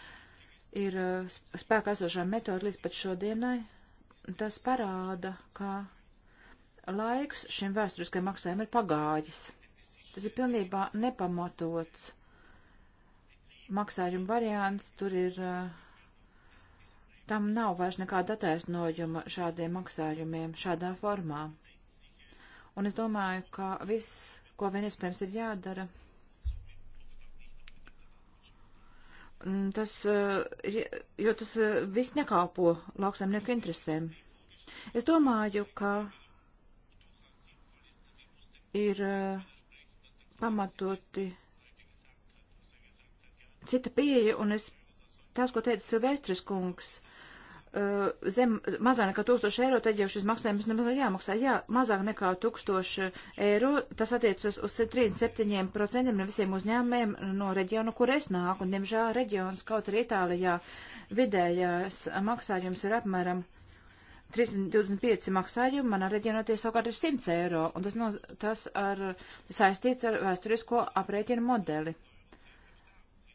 ir uh, spēkā esošā metode līdz pat šodienai, tas parāda, ka laiks šim vēsturiskajam maksājumam ir pagājis. Tas ir pilnībā nepamatots maksājuma variants, tur ir, uh, tam nav vairs nekāda attaisnojuma šādiem maksājumiem šādā formā. Un es domāju, ka viss, ko vien iespējams ir jādara, Mm, tas, eh, jo tas eh, viss nekāpo lauksaimnieku interesēm. Es domāju, ka ir eh, pamatoti cita pieeja, un es tās, ko teica Silvestris kungs, uh, Uh, zem, mazāk nekā 1000 eiro, tad jau šis maksājums nemaz nav jāmaksā. Jā, mazāk nekā 1000 eiro, tas attiecas uz 37% no visiem uzņēmumiem no reģiona, kur es nāku. Un, diemžēl, reģions kaut arī Itālijā vidējās maksājums ir apmēram 325 maksājumi, manā reģionā tie savukārt ir 100 eiro, un tas, no, tas ar, saistīts ar vēsturisko aprēķinu modeli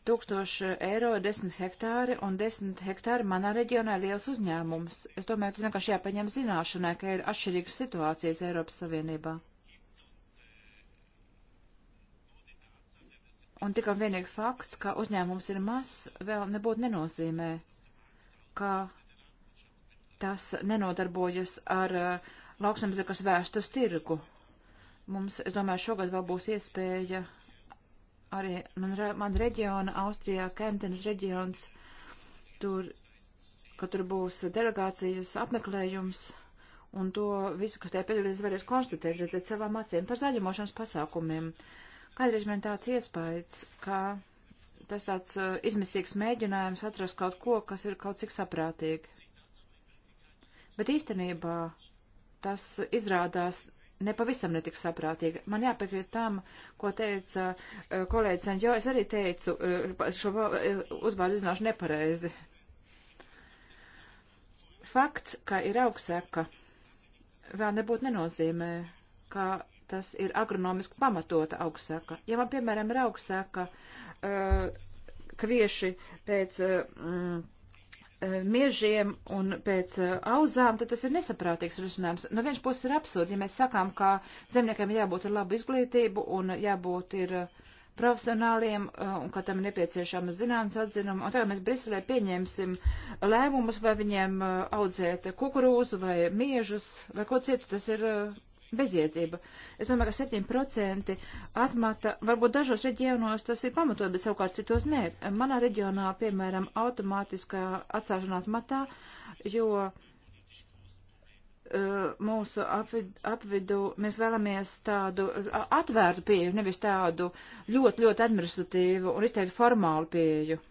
tūkstoši eiro ir desmit hektāri, un desmit hektāri manā reģionā ir liels uzņēmums. Es domāju, tas vienkārši jāpaņem zināšanai, ka ir atšķirīgas situācijas Eiropas Savienībā. Un tikai vienīgi fakts, ka uzņēmums ir mazs, vēl nebūtu nenozīmē, ka tas nenodarbojas ar uh, lauksamzekas vērstu tirgu. Mums, es domāju, šogad vēl būs iespēja uh, arī man, man reģiona, Austrijā, Kentenas reģions, tur, ka tur būs delegācijas apmeklējums, un to visu, kas tajā piedalīsies, varēs konstatēt, redzēt savām acīm par zaļumošanas pasākumiem. Kādreiz man tāds iespējas, ka tas tāds uh, izmisīgs mēģinājums atrast kaut ko, kas ir kaut cik saprātīgi. Bet īstenībā tas izrādās nepavisam netik saprātīga. Man jāpiekrīt tam, ko teica eh, kolēģis Anģo. Es arī teicu, eh, šo eh, uzvārdu zināšu nepareizi. Fakts, ka ir augseka, vēl nebūtu nenozīmē, ka tas ir agronomiski pamatota augseka. Ja man, piemēram, ir augseka kvieši pēc. Mm, Eh, miežiem un pēc eh, auzām, tad tas ir nesaprātīgs risinājums. No vienas puses ir absurdi, ja mēs sakām, ka zemniekiem jābūt ar labu izglītību un jābūt ir eh, profesionāliem un ka tam ir nepieciešama zinātnes atzinuma. Un tagad mēs Briselē pieņemsim lēmumus, vai viņiem audzēt kukurūzu vai miežus vai ko citu. Tas ir bezjēdzība. Es domāju, ka 7% atmata, varbūt dažos reģionos tas ir pamatot, bet savukārt citos nē. Manā reģionā, piemēram, automātiskā atstāšana atmatā, jo uh, mūsu apvid, apvidu mēs vēlamies tādu uh, atvērtu pieeju, nevis tādu ļoti, ļoti administratīvu un izteikti formālu pieeju.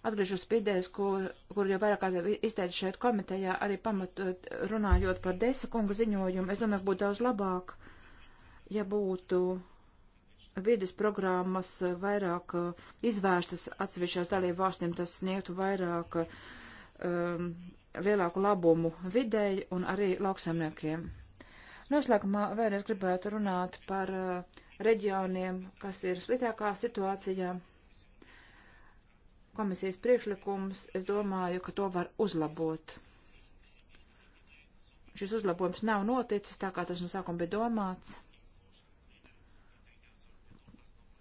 Atgriežos pie idejas, kur, kur jau vairāk kārt izteicu šeit komitejā, arī pamatot eh, runājot par desa kunga ziņojumu. Es domāju, būtu daudz labāk, ja būtu vides programmas eh, vairāk eh, izvērstas atsevišķās dalību valstīm, tas sniegtu vairāk um, lielāku labumu videi un arī lauksaimniekiem. Noslēgumā vēlreiz gribētu runāt par uh, reģioniem, kas ir sliktākā situācijā komisijas priekšlikums, es domāju, ka to var uzlabot. Šis uzlabojums nav noticis tā, kā tas no sākuma bija domāts.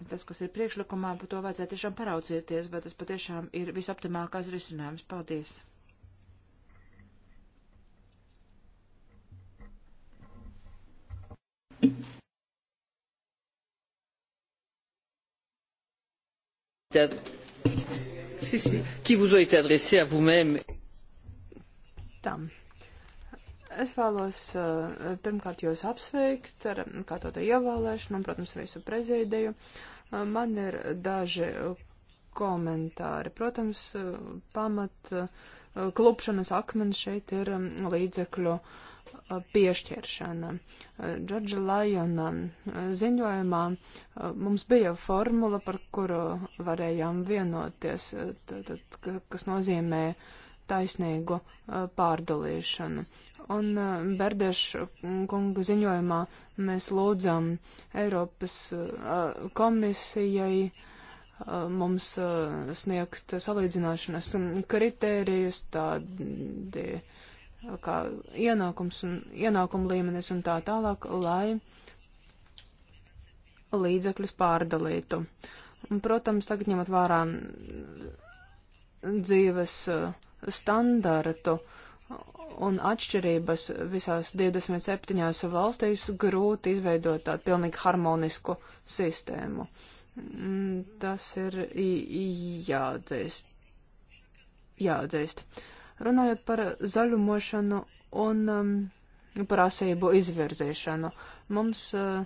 Tas, kas ir priekšlikumā, par to vajadzētu tiešām paraudzīties, vai tas patiešām ir visoptimālākais risinājums. Paldies! tad si, si, qui vous ont été adressées à vous-même. Tam. Es vēlos eh, pirmkārt jūs apsveikt ar kārtoto ievēlēšanu un, protams, visu prezēdēju. Eh, man ir daži komentāri. Protams, eh, pamat klupšanas akmens šeit ir mm, līdzekļu uh, piešķiršana. Džordža Lajona eh, ziņojumā eh, mums bija formula, par kuru varējām vienoties, tad, eh, tad, kas nozīmē taisnīgu pārdalīšanu. Un Berdeša mm, kunga ziņojumā mēs lūdzam Eiropas komisijai mums sniegt salīdzināšanas kritērijus, tādi kā ienākums un ienākuma līmenis un tā tālāk, lai līdzekļus pārdalītu. Un, protams, tagad ņemot vērā dzīves uh, standartu un atšķirības visās 27 valstīs, grūti izveidot tādu pilnīgi harmonisku sistēmu. Mm, tas ir jādzēst. jādzēst. Runājot par zaļumošanu un um, prasību izvirzīšanu, mums uh,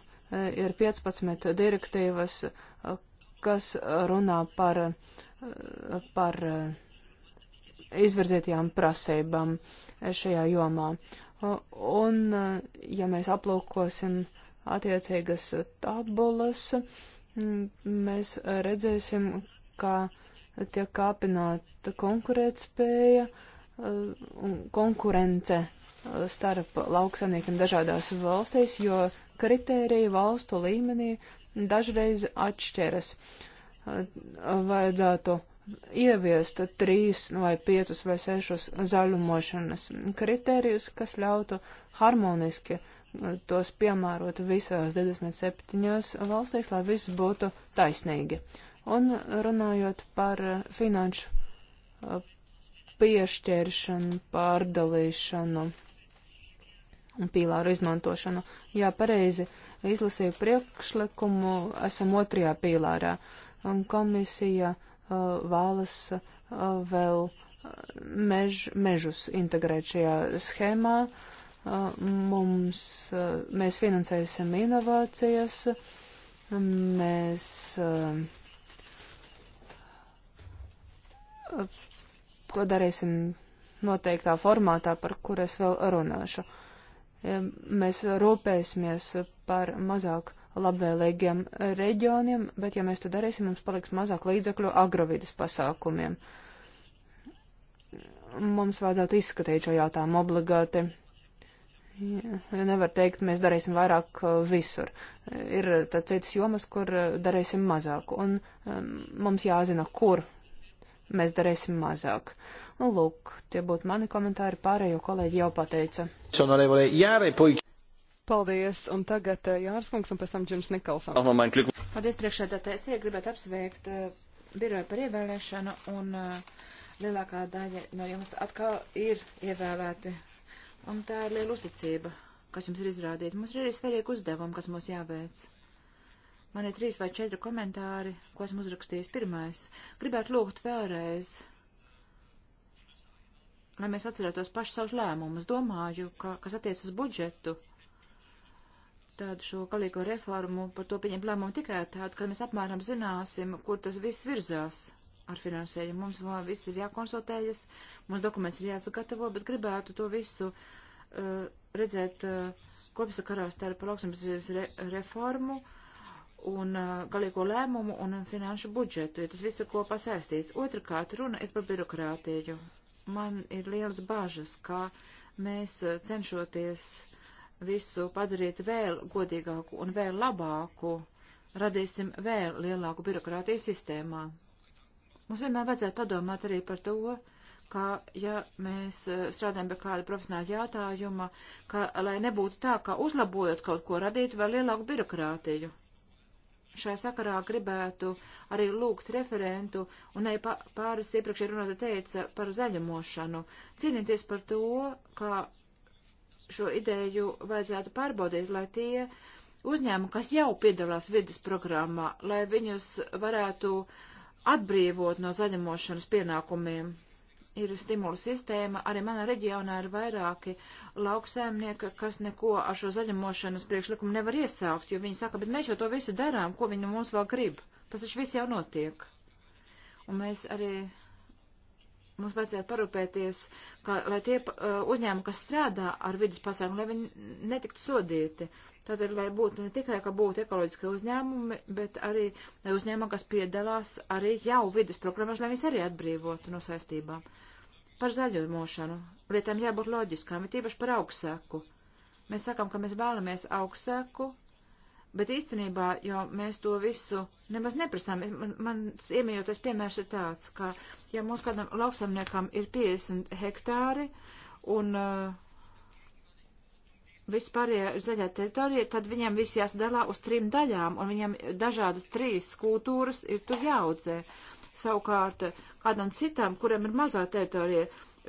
ir 15 direktīvas, uh, kas runā par, uh, par uh, izvirzītajām prasībām šajā jomā. Uh, un, uh, ja mēs aplūkosim attiecīgas tabulas, mēs redzēsim, ka tiek kāpināta konkurētspēja, uh, Uh, un konkurence uh, starp lauksaimniekiem dažādās valstīs, jo kritērija valstu līmenī dažreiz atšķiras. Uh, vajadzētu ieviest trīs vai piecus vai sešus zaļumošanas kritērijus, kas ļautu harmoniski tos piemērot visās 27 valstīs, lai viss būtu taisnīgi. Un runājot par finanšu piešķiršanu, pārdalīšanu un pīlāru izmantošanu. Jā, pareizi, izlasīju priekšlikumu, esam otrajā pīlārā. Un komisija uh, vēlas uh, vēl uh, mež, mežus integrēt šajā schēmā. Uh, mums, uh, mēs finansēsim inovācijas, mēs uh, to darīsim noteiktā formātā, par kur es vēl runāšu. Mēs rūpēsimies par mazāk labvēlīgiem reģioniem, bet ja mēs to darīsim, mums paliks mazāk līdzekļu agrovidas pasākumiem. Mums vajadzētu izskatīt šo jautājumu obligāti. Ja nevar teikt, mēs darīsim vairāk uh, visur. Ir tad citas jomas, kur uh, darīsim mazāk, un um, mums jāzina, kur mēs darīsim mazāk. Lūk, tie būtu mani komentāri, pārējo kolēģi jau pateica. Paldies, un tagad eh, Jārs Kungs un pēc tam Džims Nikolsons. Paldies priekšsēdētājs, ja gribētu apsveikt uh, biroju par ievēlēšanu, un uh, lielākā daļa no jums atkal ir ievēlēti. Un tā ir liela uzticība, kas jums ir izrādīta. Mums ir arī svarīgi uzdevumi, kas mums jāveic. Man ir trīs vai četri komentāri, ko esmu uzrakstījis. Pirmais. Gribētu lūgt vēlreiz, lai mēs atcerētos paši savus lēmumus. Domāju, ka, kas attiec uz budžetu, tādu šo kalīgo reformu, par to pieņemt lēmumu tikai tādu, kad mēs apmēram zināsim, kur tas viss virzās ar finansējumu. Mums viss ir jākonsultējas, mums dokuments ir jāsagatavo, bet gribētu to visu uh, redzēt uh, kopsakarā starp lauksimsības re reformu, un uh, galīgo lēmumu un finanšu budžetu, jo tas viss ir kopā saistīts. Otrakārt, runa ir par birokrātiju. Man ir lielas bažas, kā mēs uh, cenšoties visu padarīt vēl godīgāku un vēl labāku, radīsim vēl lielāku birokrātiju sistēmā. Mums vienmēr vajadzētu padomāt arī par to, ka, ja mēs uh, strādājam pie kāda profesionāla jātājuma, ka, lai nebūtu tā, ka uzlabojot kaut ko radītu vēl lielāku birokrātiju. Šajā sakarā gribētu arī lūgt referentu, un arī pāris iepriekšēji runāta teica par zaļumošanu. Cīnīties par to, ka šo ideju vajadzētu pārbaudīt, lai tie uzņēmumi, kas jau piedalās vidas programmā, lai viņus varētu atbrīvot no zaļumošanas pienākumiem ir stimulu sistēma. Arī manā reģionā ir vairāki lauksēmnieki, kas neko ar šo zaļumošanas priekšlikumu nevar iesākt, jo viņi saka, bet mēs jau to visu darām, ko viņi mums vēl grib. Tas taču viss jau notiek. Un mēs arī. Mums vajadzētu parūpēties, ka, lai tie uh, uzņēmumi, kas strādā ar vidas pasākumu, lai viņi netiktu sodīti. Uh, Tātad, lai būtu ne tikai, ka būtu ekoloģiski uzņēmumi, bet arī uzņēmumi, kas piedalās arī jau vidas programmās, lai viņas arī atbrīvotu no saistībām. Par zaļumošanu. Lietām jābūt loģiskām, ir tīpaši par augstsēku. Mēs sakam, ka mēs vēlamies augstsēku, Bet īstenībā, jo mēs to visu nemaz neprasām, man, mans iemīļotais piemērs ir tāds, ka, ja mums kādam lauksamniekam ir 50 hektāri un uh, vispārējā zaļā teritorija, tad viņiem viss jāsadalā uz trim daļām, un viņiem dažādas trīs kultūras ir tur jāaudzē. Savukārt, kādam citam, kuram ir mazā teritorija,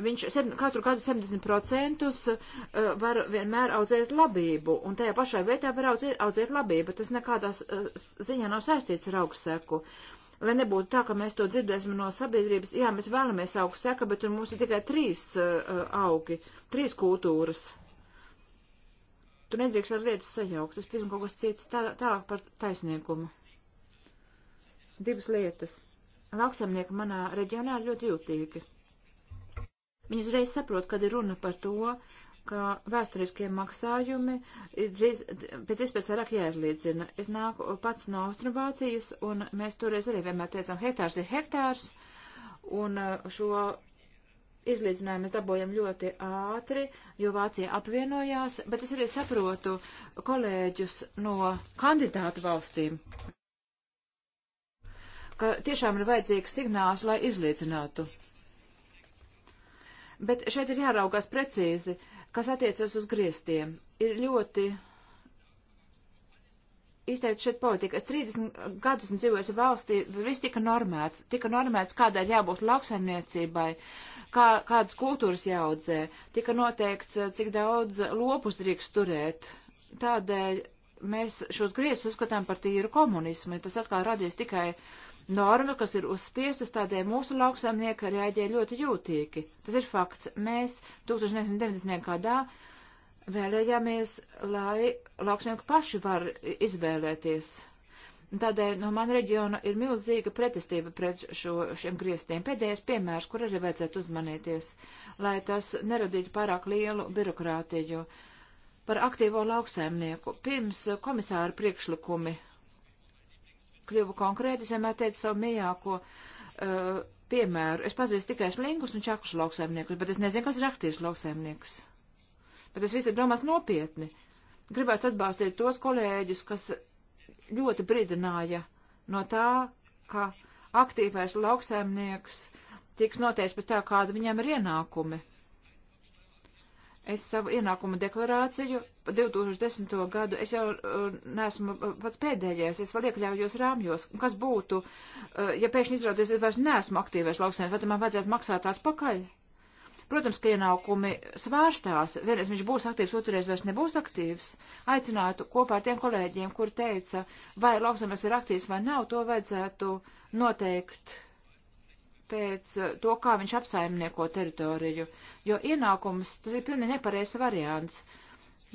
viņš sem, katru gadu 70% uh, eh, var vienmēr audzēt labību, un tajā pašā vietā var audzēt, audzēt labību. Tas nekādās uh, eh, ziņā nav saistīts ar augstseku. Lai nebūtu tā, ka mēs to dzirdēsim no sabiedrības, jā, mēs vēlamies augstseku, bet tur mums ir tikai trīs uh, augi, trīs kultūras. Uh, Tu nedrīkst ar lietas sajaukt, tas ir kaut kas cits tā, tālāk par taisnīgumu. Divas lietas. Lauksaimnieki manā reģionā ir ļoti jūtīgi. Viņi uzreiz saprot, kad ir runa par to, ka vēsturiskie maksājumi drīz, pēc iespējas vairāk jāizlīdzina. Es nāku pats no Austrumvācijas, un mēs toreiz arī vienmēr teicām, hektārs ir hektārs, un uh, šo izlīdzinājumu mēs dabūjam ļoti ātri, jo Vācija apvienojās, bet es arī saprotu kolēģus no kandidātu valstīm, ka tiešām ir vajadzīgs signāls, lai izlīdzinātu. Bet šeit ir jāraugās precīzi, kas attiecas uz griestiem. Ir ļoti izteikt šeit politiku. Es 30 gadus dzīvoju valstī, viss tika normēts. Tika normēts, kādai jābūt lauksaimniecībai, kā, kādas kultūras jāaudzē. Tika noteikts, eh, cik daudz lopus drīkst turēt. Tādēļ mēs šos griezus uzskatām par tīru komunismu. Tas atkal radies tikai norma, kas ir uzspiestas, tādēļ mūsu lauksaimnieki reaģē ļoti jūtīgi. Tas ir fakts. Mēs 1990. gadā vēlējāmies, lai lauksnieki paši var izvēlēties. Tādēļ no man reģiona ir milzīga pretestība pret šo, šiem griestiem. Pēdējais piemērs, kur arī vajadzētu uzmanīties, lai tas neradītu pārāk lielu birokrātiju par aktīvo lauksēmnieku. Pirms komisāra priekšlikumi kļuvu konkrēti, es vienmēr teicu savu mījāko uh, piemēru. Es pazīstu tikai slinkus un čakus lauksēmniekus, bet es nezinu, kas ir aktīvs lauksēmnieks bet tas viss ir domāts nopietni. Gribētu atbalstīt tos kolēģus, kas ļoti brīdināja no tā, ka aktīvais lauksēmnieks tiks noteikts pēc tā, kāda viņam ir ienākumi. Es savu ienākumu deklarāciju par 2010. gadu, es jau uh, neesmu uh, pats pēdējais, es vēl iekļaujos rāmjos. Kas būtu, uh, ja pēkšņi izraudies, es vairs neesmu aktīvais lauksēmnieks, vai man vajadzētu maksāt atpakaļ? Uh, Protams, ka ienākumi svārstās. Vienreiz viņš būs aktīvs, otrreiz vairs nebūs aktīvs. Aicinātu kopā ar tiem kolēģiem, kuri teica, vai lauksamies ir aktīvs vai nav, to vajadzētu noteikt pēc eh, to, kā viņš apsaimnieko teritoriju, jo ienākums, tas ir pilnīgi nepareizs variants,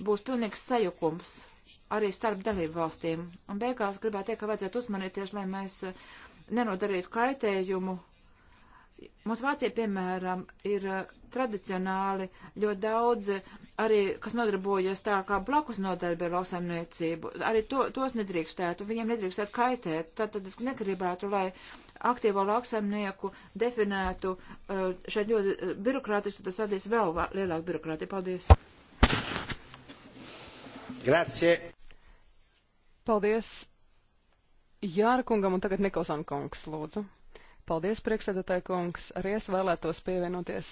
būs pilnīgs sajukums arī starp dalību valstīm. Un beigās gribētu teikt, ka vajadzētu uzmanīties, lai mēs eh, nenodarītu kaitējumu Mums Vācija, piemēram, ir eh, tradicionāli ļoti daudz eh, arī, kas nodarbojas tā kā blakus nodarbi ar lauksaimniecību. Arī to, tos nedrīkstētu, viņiem nedrīkstētu kaitēt. Tātad es negribētu, lai aktīvo lauksaimnieku definētu eh, šeit ļoti birokrātiski, tas radīs vēl lielāku birokrātiju. Paldies! Grazie! Paldies Jārkungam un tagad Nikolson kungs, lūdzu. Paldies, priekšsēdētāji kungs. Arī es vēlētos pievienoties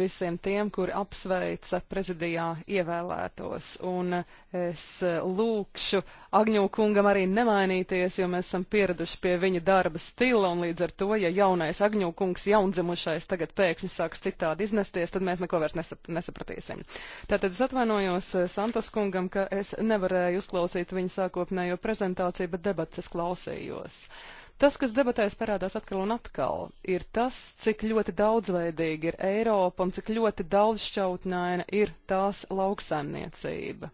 visiem tiem, kuri apsveica prezidijā ievēlētos. Un es eh, lūkšu Agņū kungam arī nemainīties, jo mēs esam pieraduši pie viņa darba stila, un līdz ar to, ja jaunais Agņū kungs jaundzimušais tagad pēkšņi sāks citādi iznesties, tad mēs neko vairs nesap nesapratīsim. Tātad es atvainojos eh, Santos kungam, ka es nevarēju uzklausīt viņa sākotnējo prezentāciju, bet debats es klausījos. Uh, Tas, kas debatēs parādās atkal un atkal, ir tas, cik ļoti daudzveidīga ir Eiropa un cik ļoti daudzšķautnaina ir tās lauksaimniecība.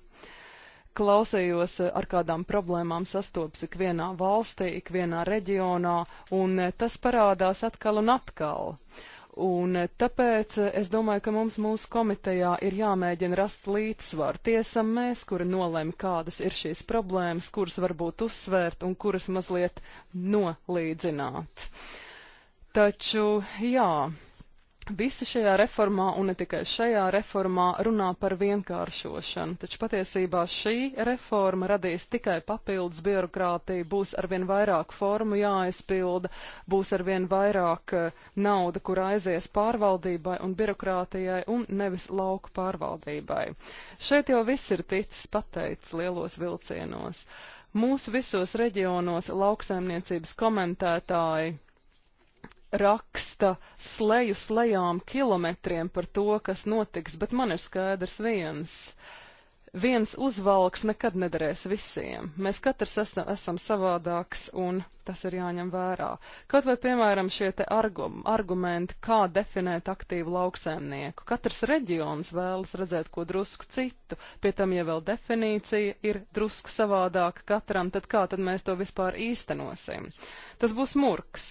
Klausējos, eh, ar kādām problēmām sastopas ik vienā valstī, ik vienā reģionā, un eh, tas parādās atkal un atkal. Uh, Un tāpēc eh, es domāju, ka mums mūsu komitejā ir jāmēģina rast līdzsvaru. Tiesam mēs, kuri nolēma, kādas ir šīs problēmas, kuras varbūt uzsvērt un kuras mazliet nolīdzināt. Taču, jā, Visi šajā reformā, un ne tikai šajā reformā, runā par vienkāršošanu, taču patiesībā šī reforma radīs tikai papildus birokrātiju, būs arvien vairāk formu jāaizpilda, būs arvien vairāk eh, nauda, kur aizies pārvaldībai un birokrātijai, un nevis lauku pārvaldībai. Šeit jau viss ir ticis pateikts lielos vilcienos. Mūsu visos reģionos lauksaimniecības komentētāji raksta sleju slejām kilometriem par to, kas notiks, bet man ir skaidrs viens. Viens uzvalks nekad nederēs visiem. Mēs katrs esam, esam savādāks un tas ir jāņem vērā. Kaut vai, piemēram, šie te argum, argumenti, kā definēt aktīvu lauksēmnieku. Katrs reģions vēlas redzēt ko drusku citu, pie tam, ja vēl definīcija ir drusku savādāka katram, tad kā tad mēs to vispār īstenosim? Tas būs murks.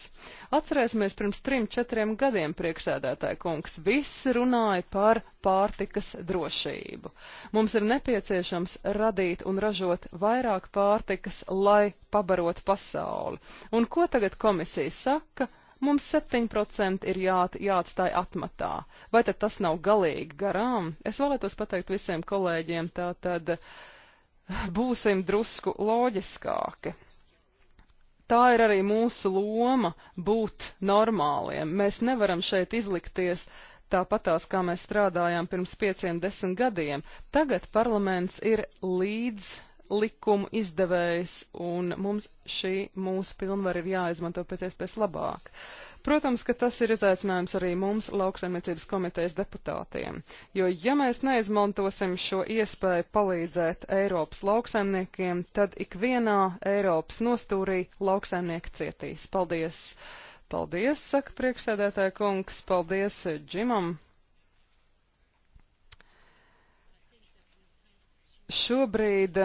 Atcerēsimies pirms trim, četriem gadiem priekšsēdētāja kungs. Visi runāja par pārtikas drošību. Mums ir nepieciešams radīt un ražot vairāk pārtikas, lai pabarot pasauli. Un ko tagad komisija saka? Mums 7% ir jā, jāatstāj atmatā. Vai tad tas nav galīgi garām? Es vēlētos pateikt visiem kolēģiem, tā tad būsim drusku loģiskāki tā ir arī mūsu loma būt normāliem. Mēs nevaram šeit izlikties tāpatās, kā mēs strādājām pirms pieciem, desmit gadiem. Tagad parlaments ir līdz likumu izdevējs, un mums šī mūsu pilnvar ir jāizmanto pēc iespējas labāk. Protams, ka tas ir izaicinājums arī mums, lauksaimniecības komitejas deputātiem, jo ja mēs neizmantosim šo iespēju palīdzēt Eiropas lauksaimniekiem, tad ikvienā Eiropas nostūrī lauksaimnieki cietīs. Paldies! Paldies, saka priekšsēdētāja kungs, paldies Džimam! Šobrīd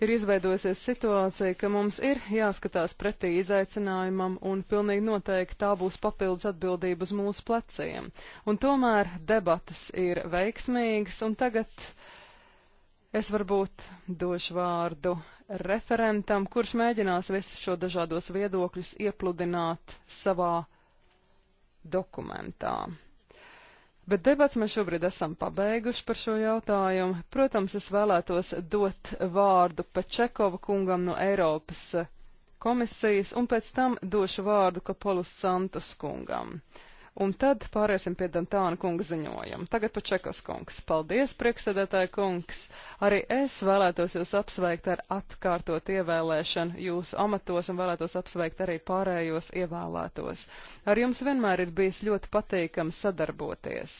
ir izveidojusies situācija, ka mums ir jāskatās pretī izaicinājumam, un pilnīgi noteikti tā būs papildus atbildība uz mūsu pleciem. Un tomēr debatas ir veiksmīgas, un tagad es varbūt došu vārdu referentam, kurš mēģinās visus šo dažādos viedokļus iepludināt savā dokumentā. Bet debats mēs šobrīd esam pabeiguši par šo jautājumu. Protams, es vēlētos dot vārdu Pačekova kungam no Eiropas komisijas, un pēc tam došu vārdu Kapolus Santos kungam. Un tad pāriesim pie Dantāna kunga ziņojuma. Tagad pa Čekas kungs. Paldies, priekšsēdētāja kungs. Arī es vēlētos jūs apsveikt ar atkārtot ievēlēšanu jūsu amatos un vēlētos apsveikt arī pārējos ievēlētos. Ar jums vienmēr ir bijis ļoti patīkami sadarboties.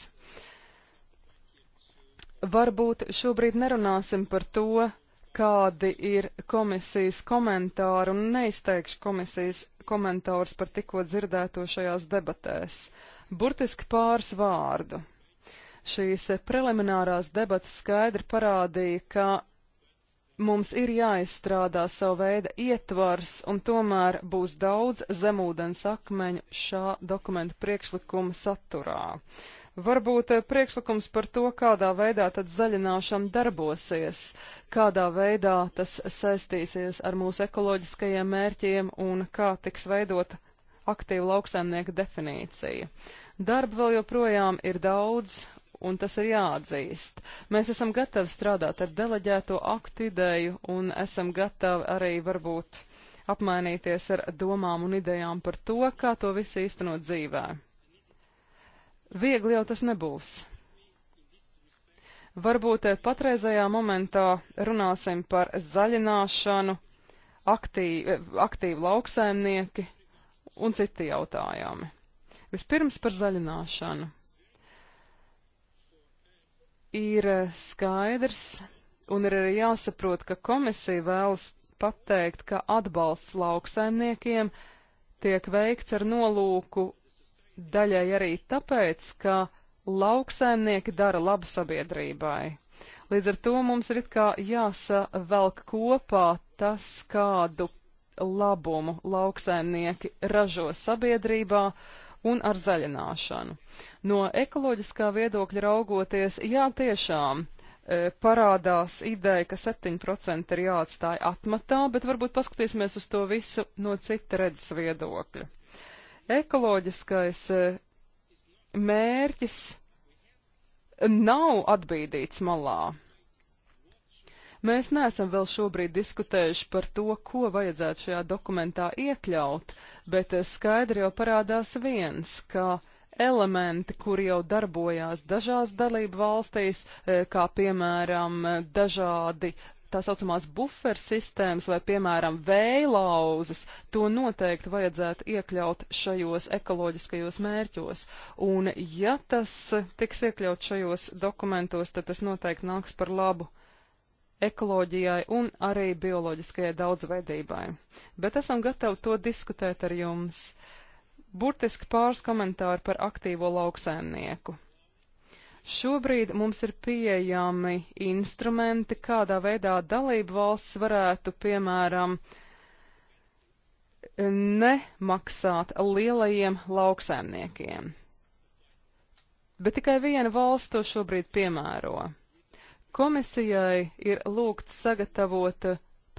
Varbūt šobrīd nerunāsim par to, kādi ir komisijas komentāri un neizteikšu komisijas komentārus par tikko dzirdēto šajās debatēs. Burtiski pāris vārdu. Šīs preliminārās debatas skaidri parādīja, ka mums ir jāizstrādā savu veidu ietvars, un tomēr būs daudz zemūdens akmeņu šā dokumenta priekšlikuma saturā. Varbūt priekšlikums par to, kādā veidā tad zaļināšana darbosies, kādā veidā tas saistīsies ar mūsu ekoloģiskajiem mērķiem un kā tiks veidota aktīva lauksaimnieka definīcija. Darba vēl joprojām ir daudz, un tas ir jāatzīst. Mēs esam gatavi strādāt ar deleģēto aktu ideju un esam gatavi arī varbūt apmainīties ar domām un idejām par to, kā to visu īstenot dzīvē. Viegli jau tas nebūs. Varbūt eh, patreizajā momentā runāsim par zaļināšanu, aktīvi, eh, aktīvi lauksaimnieki, un citi jautājumi. Vispirms par zaļināšanu. Ir eh, skaidrs un ir arī jāsaprot, ka komisija vēlas pateikt, ka atbalsts lauksaimniekiem tiek veikts ar nolūku daļai arī tāpēc, ka lauksaimnieki dara labu sabiedrībai. Līdz ar to mums ir it kā jāsavelk kopā tas, kādu labumu lauksaimnieki ražo sabiedrībā un ar zaļināšanu. No ekoloģiskā viedokļa raugoties, jā, tiešām e, parādās ideja, ka 7% ir jāatstāj atmatā, bet varbūt paskatīsimies uz to visu no cita redzes viedokļa. Ekoloģiskais e, mērķis nav atbīdīts malā. Mēs neesam vēl šobrīd diskutējuši par to, ko vajadzētu šajā dokumentā iekļaut, bet skaidri jau parādās viens, ka elementi, kuri jau darbojās dažās dalību valstīs, e, kā piemēram e, dažādi tā saucamās buferu sistēmas vai, piemēram, vējlauzes, to noteikti vajadzētu iekļaut šajos ekoloģiskajos mērķos. Un ja tas tiks iekļaut šajos dokumentos, tad tas noteikti nāks par labu ekoloģijai un arī bioloģiskajai daudzveidībai. Bet esam gatavi to diskutēt ar jums. Burtiski pāris komentāri par aktīvo lauksēmnieku. Šobrīd mums ir pieejami instrumenti, kādā veidā dalību valsts varētu, piemēram, nemaksāt lielajiem lauksēmniekiem. Bet tikai viena valsts to šobrīd piemēro. Komisijai ir lūgts sagatavot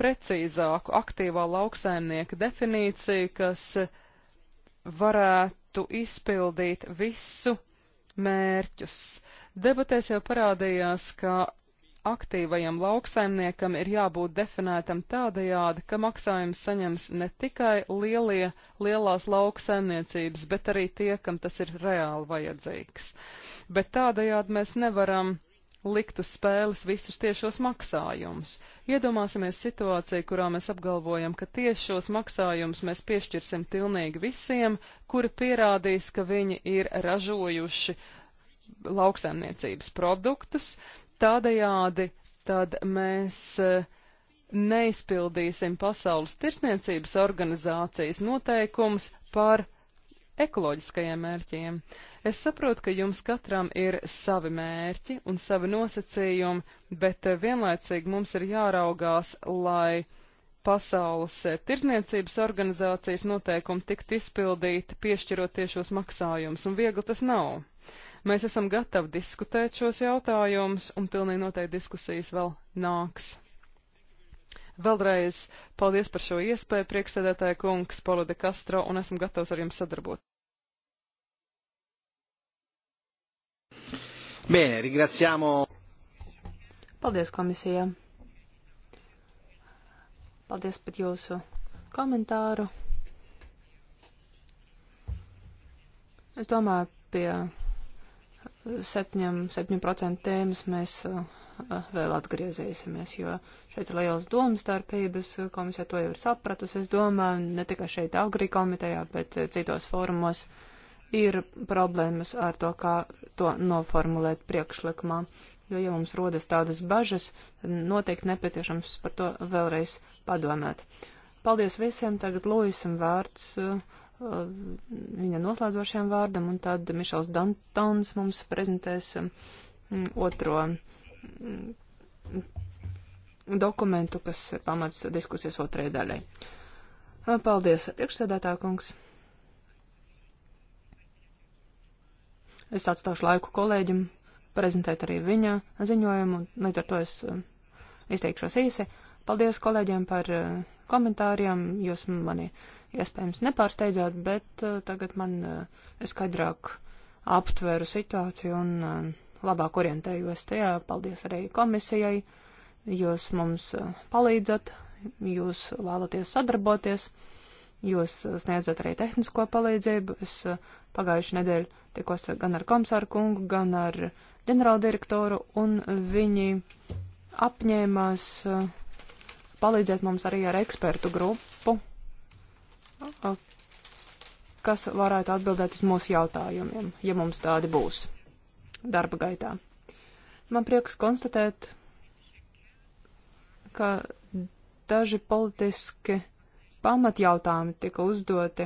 precīzāku aktīvā lauksaimnieka definīciju, kas varētu izpildīt visu mērķus. Debatēs jau parādījās, ka aktīvajam lauksaimniekam ir jābūt definētam tādajādi, ka maksājums saņems ne tikai lielie, lielās lauksaimniecības, bet arī tie, kam tas ir reāli vajadzīgs. Bet tādajādi mēs nevaram likt uz spēles visus tiešos maksājumus. Iedomāsimies situāciju, kurā mēs apgalvojam, ka tiešos maksājumus mēs piešķirsim pilnīgi visiem, kuri pierādīs, ka viņi ir ražojuši lauksaimniecības produktus. Tādējādi tad mēs eh, neizpildīsim Pasaules tirsniecības organizācijas noteikums par ekoloģiskajiem mērķiem. Es saprotu, ka jums katram ir savi mērķi un savi nosacījumi, bet eh, vienlaicīgi mums ir jāraugās, lai Pasaules eh, tirzniecības organizācijas noteikumi tiktu izpildīti, piešķirot tiešos maksājumus, un viegli tas nav. Mēs esam gatavi diskutēt šos jautājumus, un pilnīgi noteikti diskusijas vēl nāks. Vēlreiz paldies par šo iespēju, priekšsēdētāja kungs, Paulo de Castro, un esmu gatavs ar jums sadarbot. Bene, ringraziamo. Paldies komisijā. Paldies par jūsu komentāru. Es domāju, pie 7% tēmas mēs eh, vēl atgriezīsimies, jo šeit ir liels domstarpības, komisija to jau ir sapratusi, es domāju, ne tikai šeit Agri komitejā, bet eh, citos fórumos. Uh, ir problēmas ar to, kā to noformulēt priekšlikumā. Jo, ja mums rodas tādas bažas, noteikti nepieciešams par to vēlreiz padomāt. Paldies visiem, tagad Lūisam vārds, uh, viņa noslēdzošajam vārdam, un tad Mišels Dantons mums prezentēs um, otro mm, dokumentu, kas pamats diskusijas otrajai daļai. Uh, paldies, priekšsēdētā kungs! Es atstāšu laiku kolēģim prezentēt arī viņa ziņojumu, līdz ar to es uh, izteikšos īsi. Paldies kolēģiem par uh, komentāriem, jūs mani iespējams nepārsteidzāt, bet uh, tagad man skaidrāk aptveru situāciju un labāk orientējos tajā. Paldies arī komisijai, jūs mums palīdzat, jūs vēlaties sadarboties. Jūs uh, sniedzat arī tehnisko palīdzību. Es uh, pagājuši nedēļu tikos gan ar komisāru kungu, gan ar ģenerāldirektoru, un viņi apņēmās uh, palīdzēt mums arī ar ekspertu grupu, kas varētu atbildēt uz mūsu jautājumiem, ja mums tādi būs darba gaitā. Man prieks konstatēt, ka daži politiski pamatjautājumi tika uzdoti,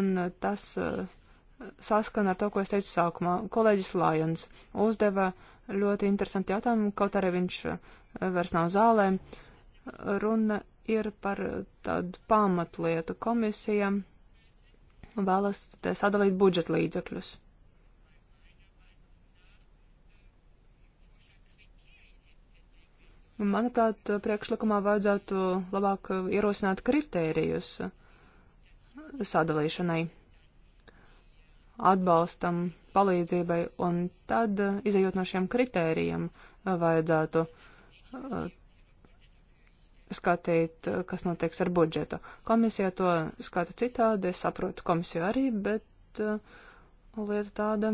un uh, tas uh, saskana ar to, ko es teicu sākumā. Kolēģis Lajons uzdeva ļoti interesanti jautājumu, kaut arī viņš uh, vairs nav zālē. Runa ir par tādu pamatlietu komisijam vēlas sadalīt budžeta līdzekļus. Manuprāt, priekšlikumā vajadzētu labāk uh, ierosināt kritērijus sadalīšanai, atbalstam, palīdzībai, un tad, uh, izējot no šiem kritērijiem, uh, vajadzētu skatīt, kas notieks ar budžetu. Komisija to skata citādi, es saprotu komisiju arī, bet lieta tāda,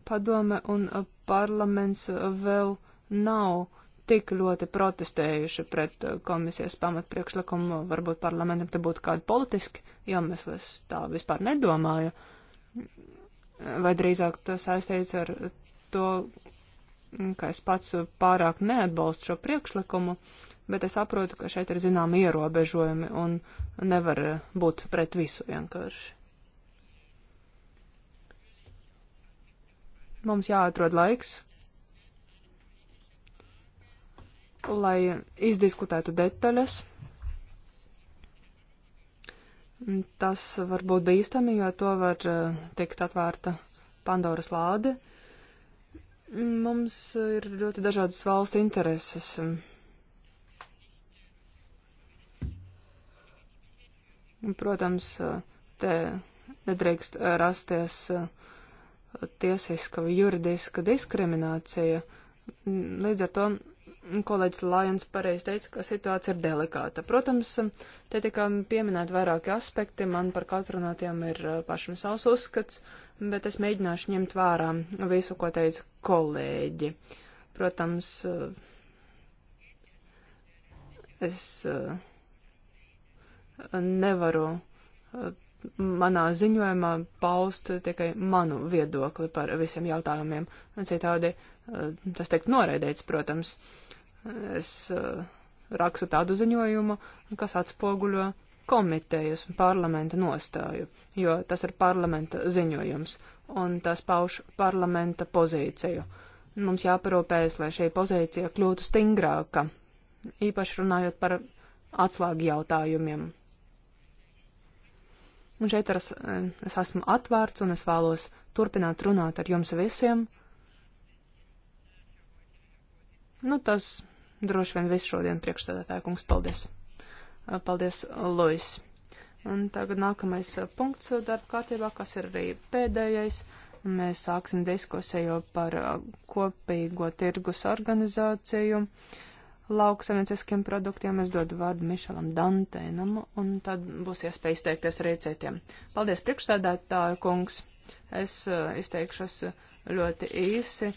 padome un uh, parlaments uh, vēl nav tik ļoti protestējuši pret uh, komisijas pamatpriekšlikumu. Varbūt parlamentam te būtu kādi politiski iemesli, es tā vispār nedomāju. Vai drīzāk tas aizteic ar to, ka es pats pārāk neatbalstu šo priekšlikumu, bet es saprotu, ka šeit ir zināmi ierobežojumi un nevar būt pret visu vienkārši. Mums jāatrod laiks, lai izdiskutētu detaļas. Tas varbūt bīstami, jo to var eh, tikt atvērta Pandoras lāde. Mums ir ļoti dažādas valsts intereses. Protams, te nedrīkst eh, rasties uh, tiesiska vai juridiska diskriminācija. Līdz ar to kolēģis Lajons pareizi teica, ka situācija ir delikāta. Protams, te tika pieminēti vairāki aspekti, man par katru no tiem ir eh, pašam savs uzskats, bet es mēģināšu ņemt vērā visu, ko teica kolēģi. Protams, eh, es eh, nevaru manā ziņojumā paust tikai manu viedokli par visiem jautājumiem. Citādi eh, tas tiek noraidīts, protams. Es eh, rakstu tādu ziņojumu, kas atspoguļo komitejas un parlamenta nostāju, jo tas ir parlamenta ziņojums un tas pauž parlamenta pozīciju. Mums jāparūpējas, lai šī pozīcija kļūtu stingrāka, īpaši runājot par atslēgu jautājumiem Un šeit es, eh, es esmu atvērts un es vēlos turpināt runāt ar jums visiem. Nu, tas droši vien viss šodien priekšstādātāja kungs. Paldies! Eh, paldies, Lois! Un tagad nākamais eh, punkts darba kārtībā, kas ir arī pēdējais. Mēs sāksim diskusiju par kopīgo tirgus organizāciju. Uh, lauksamnieciskiem produktiem. Es dodu vārdu Mišelam Dantēnam, un tad būs iespēja izteikties arī citiem. Paldies, priekšsēdētāju kungs! Es uh, izteikšos ļoti īsi.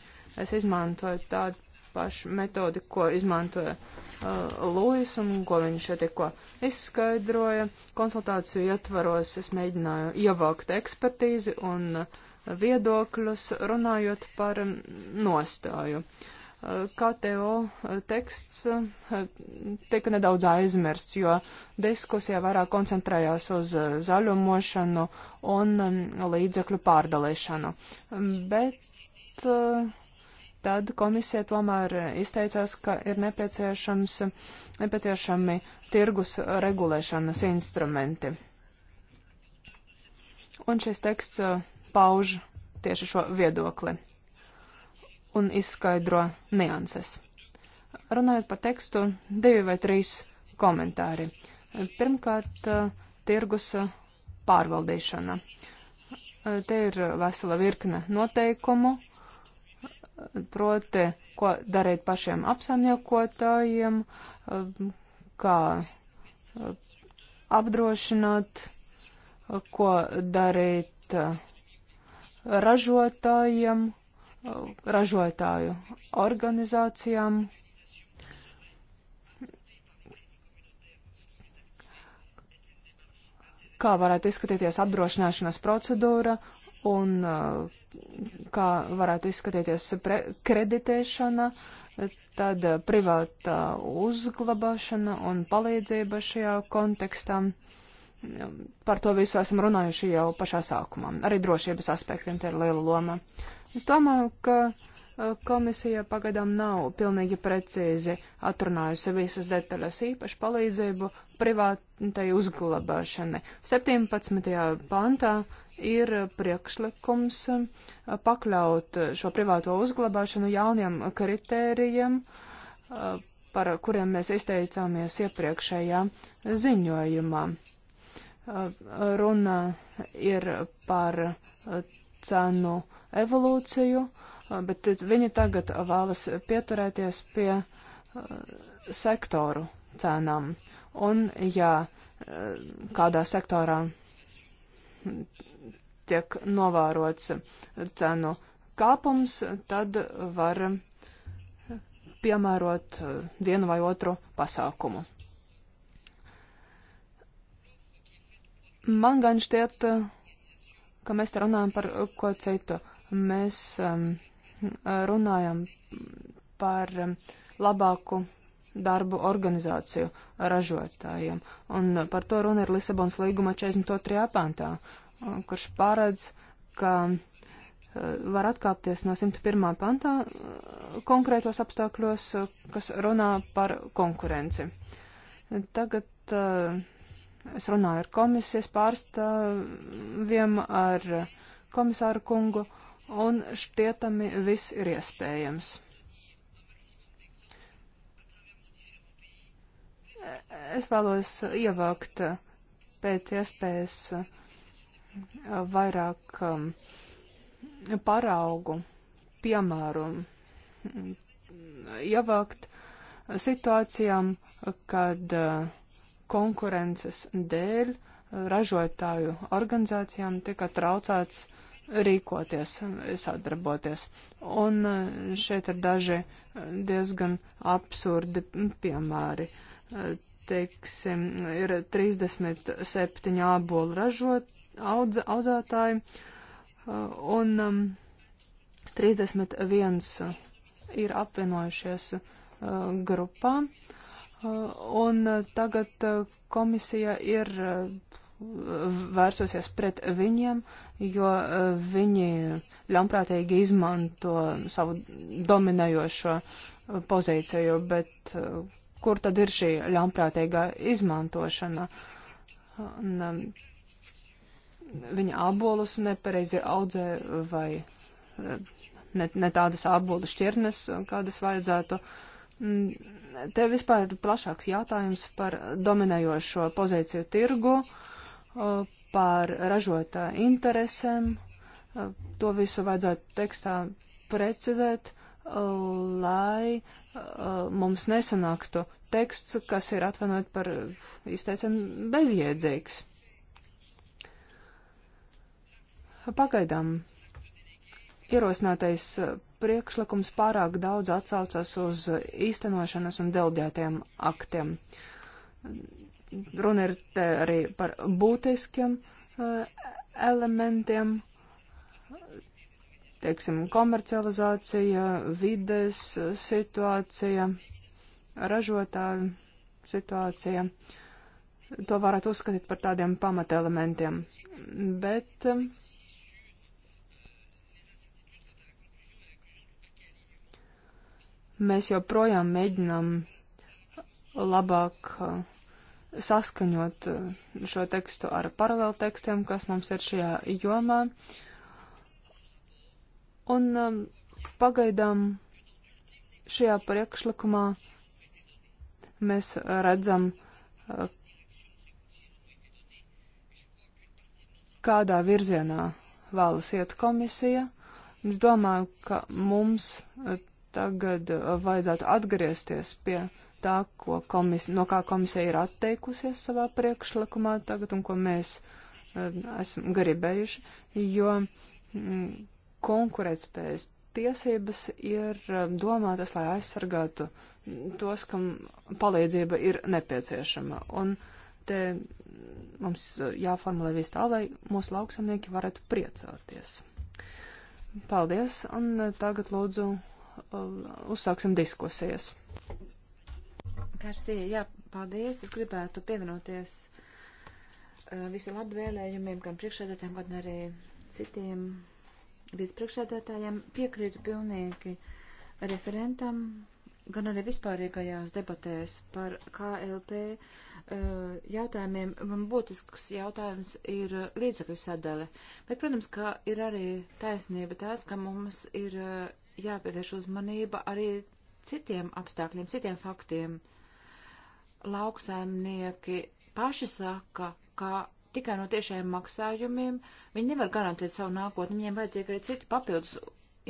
Es izmantoju tādu pašu metodi, ko izmantoja uh, Lūis un ko viņš šeit tikko izskaidroja. Konsultāciju ietvaros es mēģināju ievākt ekspertīzi un eh, viedokļus runājot par mm, nostāju. Uh, KTO teksts eh, tika nedaudz aizmirsts, jo diskusija vairāk koncentrējās uz eh, zaļumošanu un eh, līdzekļu pārdalīšanu. Bet tad komisija tomēr izteicās, ka ir nepieciešams, nepieciešami tirgus regulēšanas instrumenti. Un šis teksts pauž tieši šo viedokli un izskaidro nianses. Runājot par tekstu, divi vai trīs komentāri. Pirmkārt, tirgus pārvaldīšana. Te ir vesela virkne noteikumu, proti, ko darīt pašiem apsaimniekotājiem, kā apdrošināt, ko darīt ražotājiem, ražotāju organizācijām. Kā varētu izskatīties apdrošināšanas procedūra un uh, kā varētu izskatīties kreditēšana, tad uh, privātā uzglabāšana un palīdzība šajā kontekstā. Par to visu esam runājuši jau pašā sākumā. Arī drošības aspektiem te ir liela loma. Uh, Es domāju, ka e, komisija pagaidām nav pilnīgi precīzi atrunājusi visas detaļas īpaši palīdzību privātai uzglabāšanai. 17. pantā ir priekšlikums e, pakļaut šo privāto uzglabāšanu jauniem kritērijiem, e, par kuriem mēs izteicāmies iepriekšējā ziņojumā. Runa ir par cenu evolūciju, bet viņi tagad vēlas pieturēties pie eh, sektoru cenām. Un, ja eh, kādā sektorā tiek novērots cenu kāpums, tad var piemērot vienu vai otru pasākumu. Man gan šķiet, ka mēs te runājam par ko citu mēs um, runājam par um, labāku darbu organizāciju ražotājiem. Un par to runa ir Lisabonas līguma 42. pantā, um, kurš paredz, ka um, var atkāpties no 101. pantā um, konkrētos apstākļos, kas runā par konkurenci. Tagad uh, es runāju ar komisijas pārstāvjiem, ar komisāru kungu. Uh, un šķietami viss ir iespējams. Es vēlos ievākt pēc iespējas vairāk um, paraugu, piemēru, um, ievākt situācijām, kad uh, konkurences dēļ ražotāju organizācijām tika traucēts rīkoties un sadarboties. Un eh, šeit ir daži eh, diezgan absurdi piemēri. Eh, teiksim, ir 37 ābolu ražot, audz, audzētāji un 31 um, ir apvienojušies grupā. Un tagad komisija ir vērsosies pret viņiem, jo e, viņi ļaunprātīgi izmanto savu dominējošo e, pozīciju, bet e, kur tad ir šī ļaunprātīgā izmantošana? Un, viņa abolus nepareizi audzē vai ne, ne tādas abolu šķirnes, kādas vajadzētu. Te vispār ir plašāks jautājums par dominējošo pozīciju tirgu. Uh, par ražotāju interesēm. To visu vajadzētu tekstā precizēt, lai uh, mums nesanāktu teksts, kas ir atvainojot par uh, izteicienu bezjēdzīgs. Pagaidām ierosinātais uh, priekšlikums pārāk daudz atsaucas uz īstenošanas un delģētiem aktiem. Runa ir arī par būtiskiem eh, elementiem, teiksim, komercializācija, vides eh, situācija, ražotāju situācija. To varētu uzskatīt par tādiem pamatelementiem. Bet eh, mēs joprojām mēģinām labāk uh, saskaņot eh, šo tekstu ar paralēlu tekstiem, kas mums ir šajā jomā. Un um, pagaidām šajā priekšlikumā mēs redzam, eh, kādā virzienā vēlas iet komisija. Es domāju, ka mums tagad vajadzētu atgriezties pie uh, tā, ko komis, no kā komisija ir atteikusies savā priekšlikumā tagad un ko mēs eh, esam gribējuši, jo mm, konkurētspējas tiesības ir eh, domātas, lai aizsargātu tos, kam palīdzība ir nepieciešama. Un te mums jāformulē viss tā, lai mūsu lauksamnieki varētu priecāties. Paldies, un tagad lūdzu eh, uzsāksim diskusijas. Karsija, jā, paldies. Es gribētu pievienoties uh, eh, visu labu vēlējumiem, gan priekšsēdētājiem, gan arī citiem līdzpriekšsēdētājiem. Piekrītu pilnīgi referentam, gan arī vispārīgajās debatēs par KLP uh, eh, jautājumiem. Man būtisks jautājums ir līdzekļu sadale. Bet, protams, ka ir arī taisnība tās, ka mums ir uh, jāpievērš uzmanība arī citiem apstākļiem, citiem faktiem. Uh, lauksaimnieki paši saka, ka tikai no tiešajiem maksājumiem viņi nevar garantēt savu nākotni, viņiem vajadzīgi arī citi papildus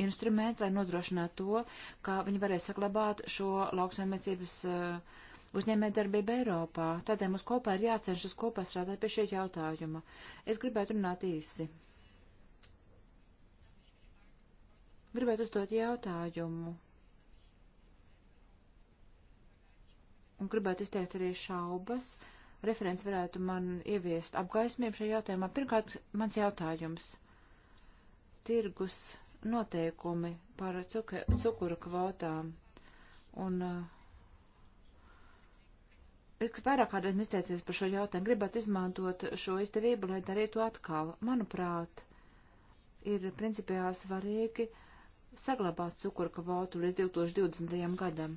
instrumenti, lai nodrošinātu to, ka viņi varēs saglabāt šo lauksaimniecības uh, uzņēmējdarbību Eiropā. Tādēļ mums kopā ir jācenšas kopā strādāt pie šī jautājuma. Es gribētu runāt īsi. Gribētu uzdot jautājumu un gribētu izteikt arī šaubas. Referents varētu man ieviest apgaismību šajā jautājumā. Pirmkārt, mans jautājums. Tirgus noteikumi par cuka, cukura kvotām un uh, Es vairāk kādreiz izteicies par šo jautājumu, gribētu izmantot šo izdevību, lai darītu atkal. Manuprāt, ir principiāli svarīgi saglabāt cukuru kvotu līdz 2020. gadam.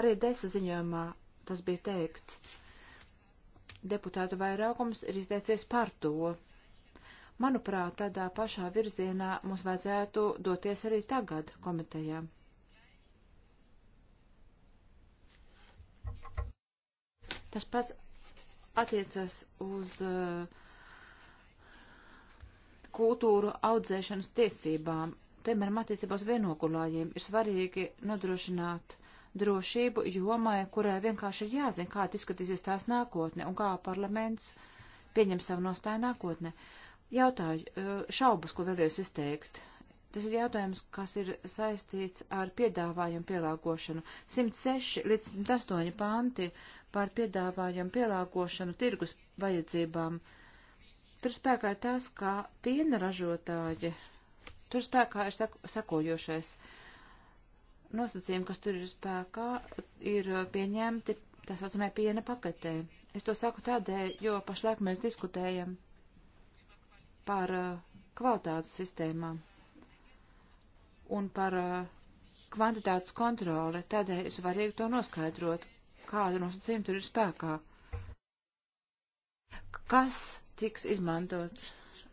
Arī desa ziņojumā tas bija teikts. Deputātu vairākums ir izteicies par to. Manuprāt, tādā pašā virzienā mums vajadzētu doties arī tagad komitejā. Tas pats attiecas uz uh, kultūru audzēšanas tiesībām. Piemēram, attiecībā uz vienokulājiem ir svarīgi nodrošināt drošību jomai, kurai vienkārši ir jāzina, kā izskatīsies tās nākotne un kā parlaments pieņem savu nostāju nākotne. Jautāju, eh, šaubas, ko vēlējos izteikt. Tas ir jautājums, kas ir saistīts ar piedāvājumu pielāgošanu. 106 līdz 108 panti par piedāvājumu pielāgošanu tirgus vajadzībām. Tur spēkā ir tas, ka piena ražotāji, tur spēkā ir sak sakojošais. Uh, nosacījumi, kas tur ir spēkā, ir pieņemti tā saucamē piena paketē. Es to saku tādēļ, jo pašlaik mēs diskutējam par uh, kvalitātes sistēmām un par uh, kvantitātes kontroli. Tādēļ ir svarīgi to noskaidrot, kāda nosacījuma tur ir spēkā. Kas tiks izmantots?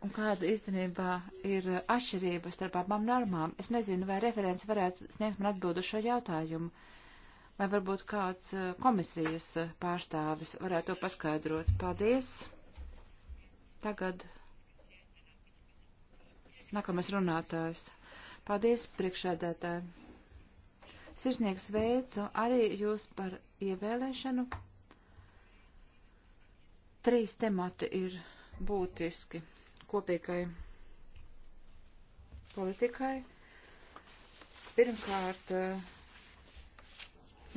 un kāda īstenībā ir atšķirība starp abām normām. Es nezinu, vai referents varētu sniegt man atbildu šo jautājumu, vai varbūt kāds eh, komisijas eh, pārstāvis varētu to paskaidrot. Paldies! Tagad nākamais runātājs. Paldies, priekšēdētāji! Sirsnieks veicu arī jūs par ievēlēšanu. Trīs temati ir būtiski kopīgai politikai. Pirmkārt, eh,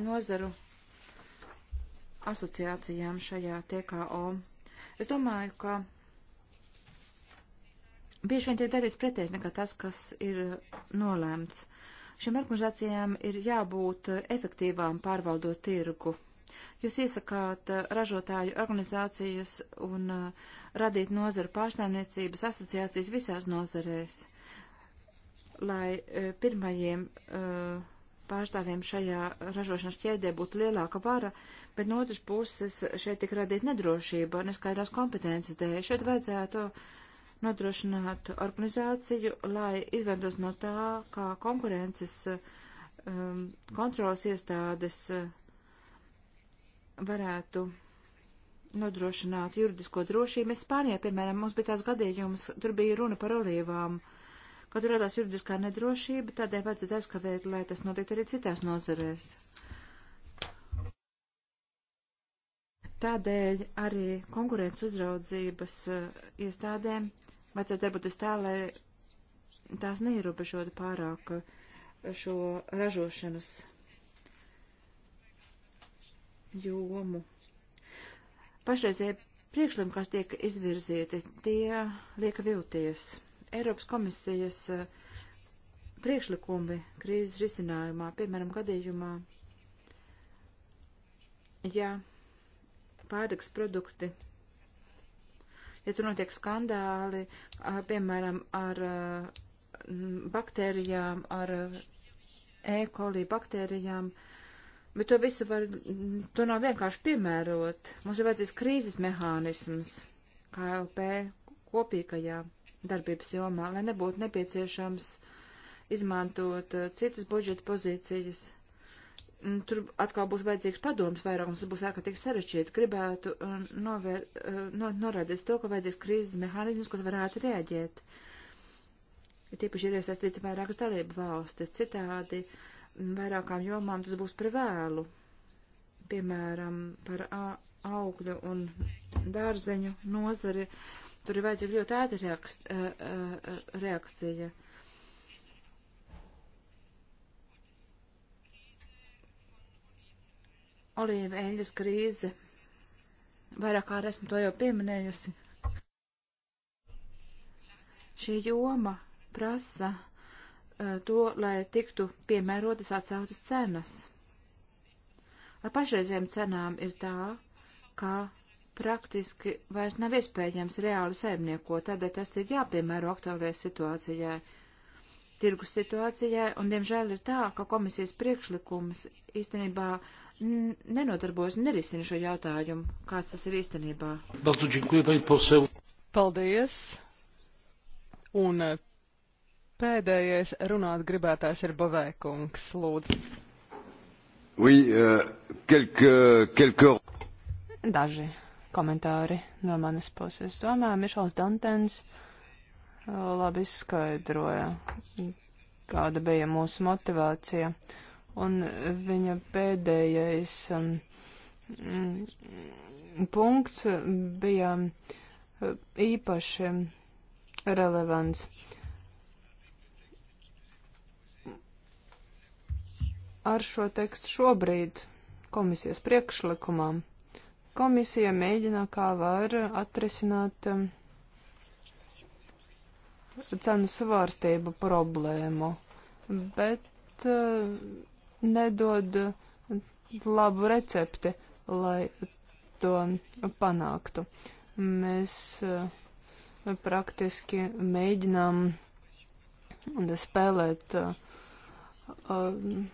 nozaru asociācijām šajā TKO. Es domāju, ka bieži vien tiek darīts pretējs nekā tas, kas ir eh, nolēmts. Šīm organizācijām ir jābūt eh, efektīvām pārvaldot tirgu Jūs iesakāt eh, ražotāju organizācijas un eh, radīt nozaru pārstāvniecības asociācijas visās nozarēs, lai eh, pirmajiem pārstāvjiem šajā ražošanas ķēdē būtu lielāka vara, bet no otras puses šeit tik radīt nedrošība, neskaidrās kompetences dēļ. Šeit vajadzētu nodrošināt organizāciju, lai izveidos no tā, kā konkurences um, kontrolas iestādes uh, varētu nodrošināt juridisko drošību. Spānijā, piemēram, mums bija tās gadījums, tur bija runa par olīvām, ka tur radās juridiskā nedrošība, tādēļ vajadzētu aizkavēt, lai tas notiktu arī citās nozarēs. Tādēļ arī konkurences uzraudzības uh, iestādēm vajadzētu darboties tā, lai tās neierobežotu pārāk eh, šo ražošanas jomu. Pašreizie priekšlikumi, kas tiek izvirzīti, tie lieka vilties. Eiropas komisijas eh, priekšlikumi krīzes risinājumā, piemēram, gadījumā, ja pārtiks produkti, ja tur notiek skandāli, eh, piemēram, ar eh, baktērijām, ar E. coli baktērijām, uh, Bet to visu var, to nav vienkārši piemērot. Mums ir vajadzīgs krīzes mehānisms KLP kopīgajā darbības jomā, lai nebūtu nepieciešams izmantot uh, citas budžeta pozīcijas. Tur atkal būs vajadzīgs padoms vairākums, tas būs ārkārtīgi sarežģīti. Gribētu uh, novēr, uh, no, norādīt to, ka vajadzīgs krīzes mehānisms, kas varētu rēģēt. Tiepaši ir iesaistīts vairākas dalību valstis. Citādi vairākām jomām tas būs par vēlu. Piemēram, par augļu un dārzeņu nozari. Tur ir vajadzīga ļoti ātra reakc reakcija. Olīva eļļas krīze. Vairāk kā esmu to jau pieminējusi. Šī joma prasa Eh, to, lai tiktu piemērotas atsautas cenas. Ar pašreizējām cenām ir tā, ka praktiski vairs nav iespējams reāli saimnieko, tādēļ tas ir jāpiemēro aktuālajai situācijai, tirgus situācijai, un diemžēl ir tā, ka komisijas priekšlikums īstenībā nenodarbojas, nerisina šo jautājumu, kāds tas ir īstenībā. Paldies! Un eh, Pēdējais runāt gribētājs ir Bovēkungs, lūdzu. Oui, uh, quelque, quelque... Daži komentāri no manas puses. Domāju, Mišels Dantens uh, labi izskaidroja, kāda bija mūsu motivācija. Un viņa pēdējais um, mm, punkts bija uh, īpaši relevants. ar šo tekstu šobrīd komisijas priekšlikumā. Komisija mēģina kā var atrisināt um, cenu svārstību problēmu, bet uh, nedod labu recepti, lai to panāktu. Mēs uh, praktiski mēģinām spēlēt uh, um,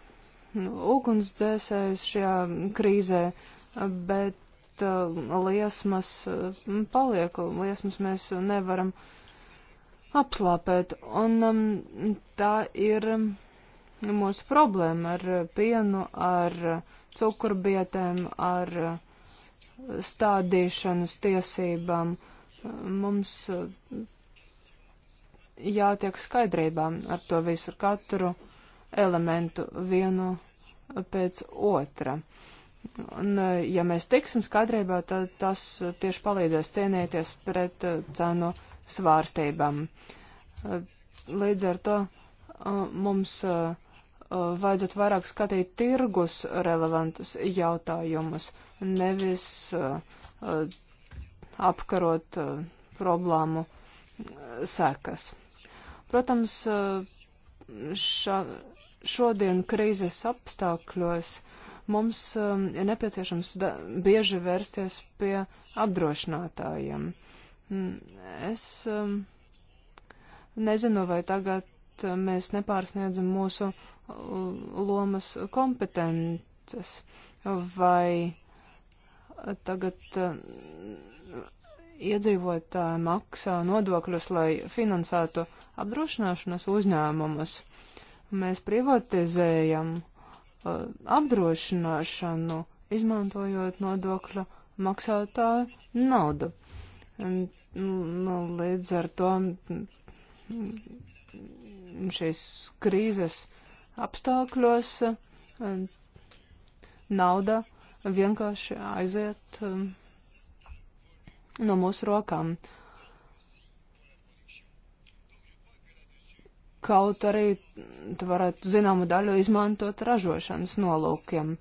ugunsdzēsējus šajā krīzē, bet uh, liesmas uh, paliek, liesmas mēs nevaram apslāpēt. Un um, tā ir mūsu problēma ar pienu, ar cukurbietēm, ar stādīšanas tiesībām. Mums uh, jātiek skaidrībām ar to visu katru elementu vienu pēc otra. Un, eh, ja mēs tiksim skatrībā, tad tas tieši palīdzēs cienīties pret eh, cenu svārstībām. Eh, līdz ar to mums vajadzētu vairāk skatīt tirgus relevantus jautājumus, nevis apkarot problēmu sekas. Protams, šā, šodien krīzes apstākļos mums um, ir nepieciešams da, bieži vērsties pie apdrošinātājiem. Mm, es um, nezinu, vai tagad uh, mēs nepārsniedzam mūsu uh, lomas kompetences, vai tagad uh, iedzīvotāji maksā nodokļus, lai finansētu apdrošināšanas uzņēmumus. Mēs privatizējam uh, apdrošināšanu, izmantojot nodokļu maksātāju naudu. Un, nu, līdz ar to mm, šīs krīzes apstākļos uh, nauda vienkārši aiziet. Uh, no mūsu rokām. Kaut arī varētu zināmu daļu izmantot ražošanas nolūkiem.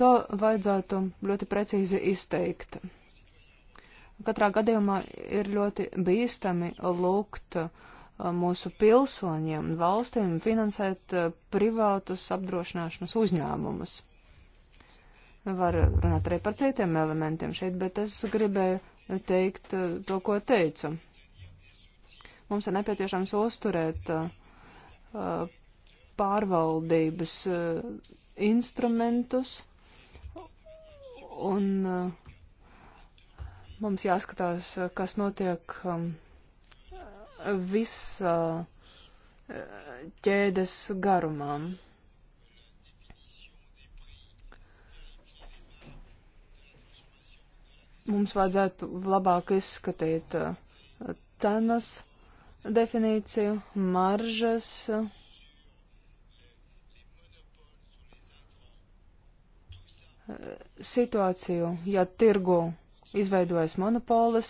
To vajadzētu ļoti precīzi izteikt. Katrā gadījumā ir ļoti bīstami lūgt uh, mūsu pilsoņiem un valstīm finansēt uh, privātus apdrošināšanas uzņēmumus. Var runāt arī par citiem elementiem šeit, bet es gribēju teikt eh, to, ko teicu. Mums ir nepieciešams uzturēt eh, pārvaldības eh, instrumentus un mums jāskatās, kas notiek visā ķēdes garumā. mums vajadzētu labāk izskatīt uh, cenas definīciju, maržas. Uh, situāciju, ja tirgu izveidojas monopolis,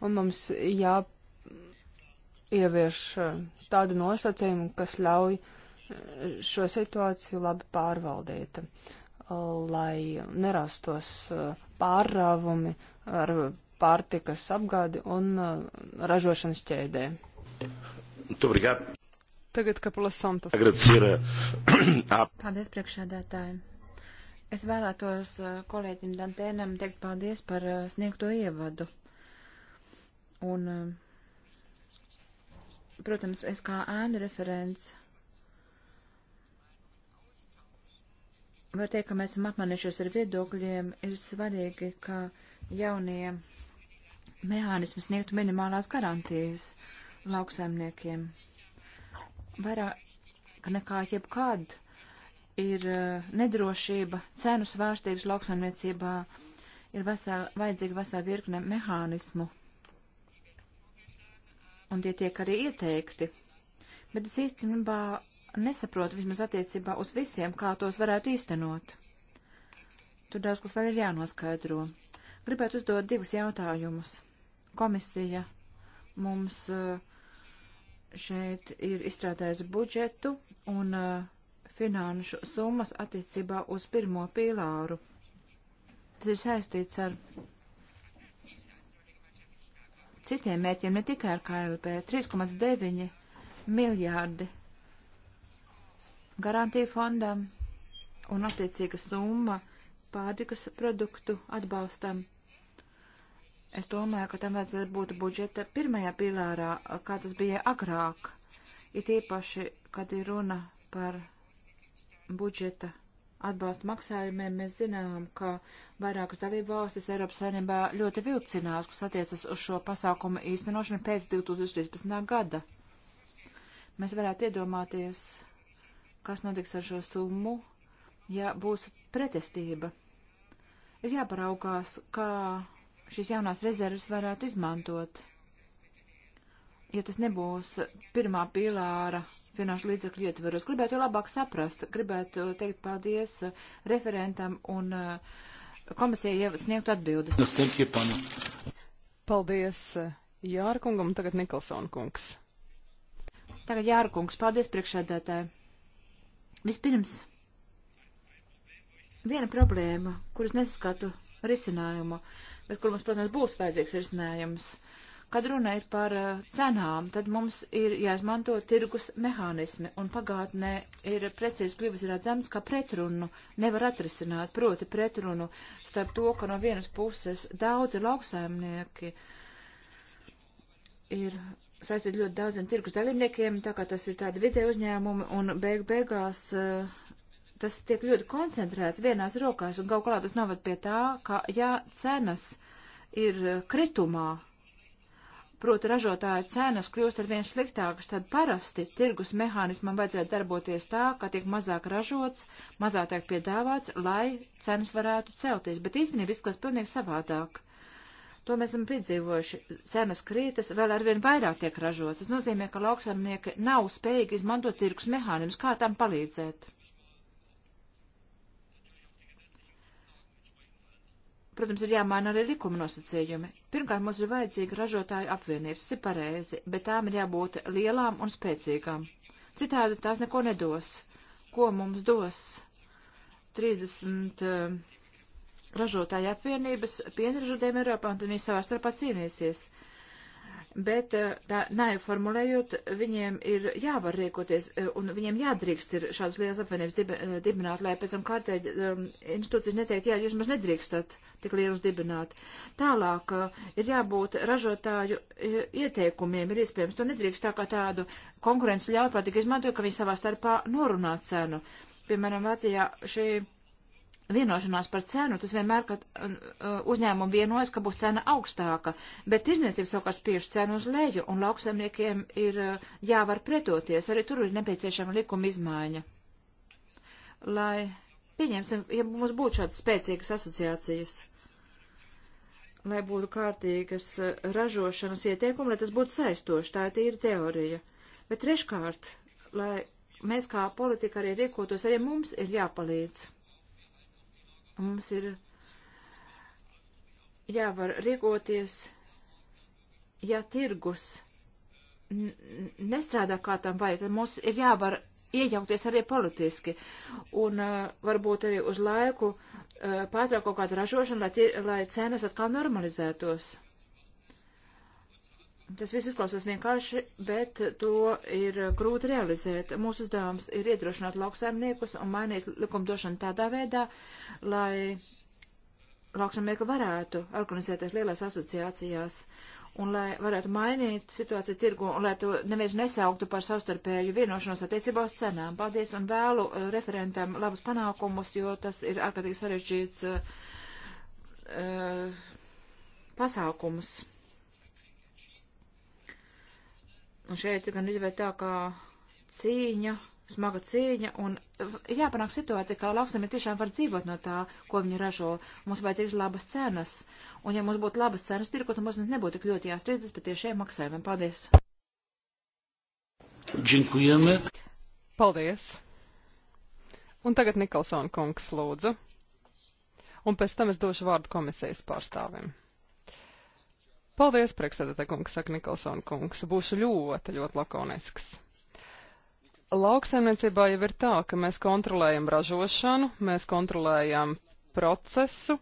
un mums jāievieš uh, tādu nosacījumu, kas ļauj uh, šo situāciju labi pārvaldīt, lai nerastos uh, pārrāvumi ar pārtikas apgādi un uh, ražošanas ķēdē. Obrigado. Tagad Kapula Santos. Paldies priekšādātājiem. Es vēlētos uh, kolēģim Dantēnam teikt paldies par sniegto ievadu. Un, protams, es kā ēnu referents var teikt, ka mēs esam apmanījušies ar viedokļiem, ir svarīgi, ka jaunie mehānismi sniegtu minimālās garantijas lauksaimniekiem. Vairāk nekā jebkad ir eh, nedrošība, cenu svārstības lauksaimniecībā, ir vesā, vajadzīga vesā virkne mehānismu, un tie tiek arī ieteikti. Bet es īstenībā nesaprotu vismaz attiecībā uz visiem, kā tos varētu īstenot. Tur daudz kas vēl ir jānoskaidro. Gribētu uzdot divus jautājumus. Komisija mums eh, šeit ir izstrādājusi budžetu un eh, finanšu summas attiecībā uz pirmo pīlāru. Tas ir saistīts ar citiem mērķiem, ne tikai ar KLP. 3,9 miljārdi garantiju fondam un attiecīga summa pārtikas produktu atbalstam. Es domāju, ka tam vajadzētu būt budžeta pirmajā pilārā, kā tas bija agrāk, it īpaši, kad ir runa par budžeta atbalstu maksājumiem. Mēs zinām, ka vairākas dalībvalstis Eiropas saimnībā ļoti vilcinās, kas attiecas uz šo pasākumu īstenošanu pēc 2013. gada. Mēs varētu iedomāties kas notiks ar šo summu, ja būs pretestība. Ir jāparaukās, kā šīs jaunās rezerves varētu izmantot. Ja tas nebūs pirmā pīlāra finanšu līdzekļu ietveros, gribētu jau labāk saprast, gribētu teikt paldies referentam un uh, komisijai jau sniegt atbildes. Nu, paldies uh, Jārkungam, tagad Nikolsona kungs. Tagad Jārkungs, paldies priekšsēdētāji. Vispirms, viena problēma, kuras nesaskatu risinājumu, bet kur mums, protams, būs vajadzīgs risinājums. Kad runa ir par cenām, tad mums ir jāizmanto tirgus mehānismi, un pagātnē ir precīzi kļuvis redzams, ka pretrunu nevar atrisināt, proti pretrunu starp to, ka no vienas puses daudzi lauksaimnieki ir saistīti ļoti daudziem tirgus dalībniekiem, tā kā tas ir tādi vidē uzņēmumi, un beig beigās uh, tas tiek ļoti koncentrēts vienās rokās, un kaut kādā tas noved pie tā, ka, ja cenas ir eh, kritumā, proti ražotāja cenas kļūst ar vien sliktākas, tad parasti tirgus mehānismam vajadzētu darboties tā, ka tiek mazāk ražots, mazāk tiek piedāvāts, lai cenas varētu celties, bet īstenībā izskatās pilnīgi savādāk. To mēs esam piedzīvojuši. Cenas krītas vēl arvien vairāk tiek ražots. Tas nozīmē, ka lauksaimnieki nav spējīgi izmantot tirgus mehānismus, kā tam palīdzēt. Protams, ir jāmaina arī likuma nosacījumi. Pirmkārt, mums ir vajadzīga ražotāju apvienības, tas ir pareizi, bet tām ir jābūt lielām un spēcīgām. Citādi tās neko nedos. Ko mums dos 30 ražotāja apvienības pienražotiem Eiropā, un tad viņi savā starpā cīnīsies. Bet eh, tā neformulējot, viņiem ir jāvar rīkoties, eh, un viņiem jādrīkst ir šādas lielas apvienības dib, eh, dibināt, lai pēc tam kārtēji um, institūcijas neteikt, jā, jūs maz nedrīkstat tik lielus dibināt. Tālāk ir jābūt ražotāju ieteikumiem, ir iespējams, to nedrīkst tā kā tādu konkurences ļaunprātīgi izmantot, ka viņi savā starpā norunā cenu. Piemēram, Vācijā šī. Šī vienošanās par cenu, tas vienmēr, kad uh, uzņēmumi vienojas, ka būs cena augstāka, bet tirzniecība savukārt spiež cenu uz leju, un lauksaimniekiem ir uh, jāvar pretoties. Arī tur ir nepieciešama likuma izmaiņa. Lai, pieņemsim, ja mums būtu šādas spēcīgas asociācijas, lai būtu kārtīgas uh, ražošanas ieteikumi, lai tas būtu saistoši, tā ir tīra teorija. Bet treškārt, lai mēs kā politika arī rīkotos, arī mums ir jāpalīdz Mums ir jāvar rīkoties, ja tirgus nestrādā kā tam vajag, tad mums ir jāvar iejaukties arī politiski un uh, varbūt arī uz laiku uh, pārtraukt kaut kādu ražošanu, lai, tie, lai cenas atkal normalizētos. Tas viss izklausās vienkārši, bet to ir grūti realizēt. Mūsu uzdevums ir iedrošināt lauksaimniekus un mainīt likumdošanu tādā veidā, lai lauksaimnieki varētu organizēties lielās asociācijās un lai varētu mainīt situāciju tirgu un lai to neviens nesauktu par savstarpēju vienošanos attiecībā uz cenām. Paldies un vēlu uh, referentam labus panākumus, jo tas ir ārkārtīgi sarežģīts uh, uh pasākums. Un šeit gan izvērt tā kā cīņa, smaga cīņa, un jāpanāk situācija, ka lauksami tiešām var dzīvot no tā, ko viņi ražo. Mums vajadzīgs labas cenas. Un ja mums būtu labas cenas tirgu, tad mums nebūtu tik ļoti jāstrīdzas par tiešiem maksājumiem. Paldies! Dziękujemy. Paldies. Un tagad Nikolsona kungs lūdzu. Un pēc tam es došu vārdu komisijas pārstāvim. Paldies, priekšsēdētāj kungs, saka Nikolsona kungs. Būšu ļoti, ļoti lakonisks. Lauksaimniecībā jau ir tā, ka mēs kontrolējam ražošanu, mēs kontrolējam procesu,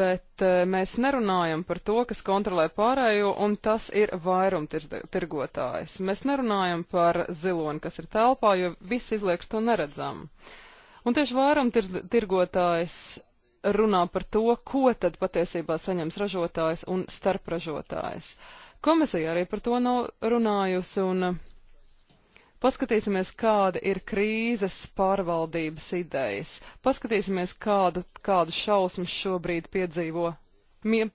bet e, mēs nerunājam par to, kas kontrolē pārējo, un tas ir vairumtirgotājs. Mēs nerunājam par ziloni, kas ir telpā, jo viss izlieks to neredzam. Un tieši vairumtirgotājs runā par to, ko tad patiesībā saņems ražotājs un starpražotājs. Komisija arī par to nav runājusi un eh, paskatīsimies, kāda ir krīzes pārvaldības idejas. Paskatīsimies, kādu, kādu šausmu šobrīd piedzīvo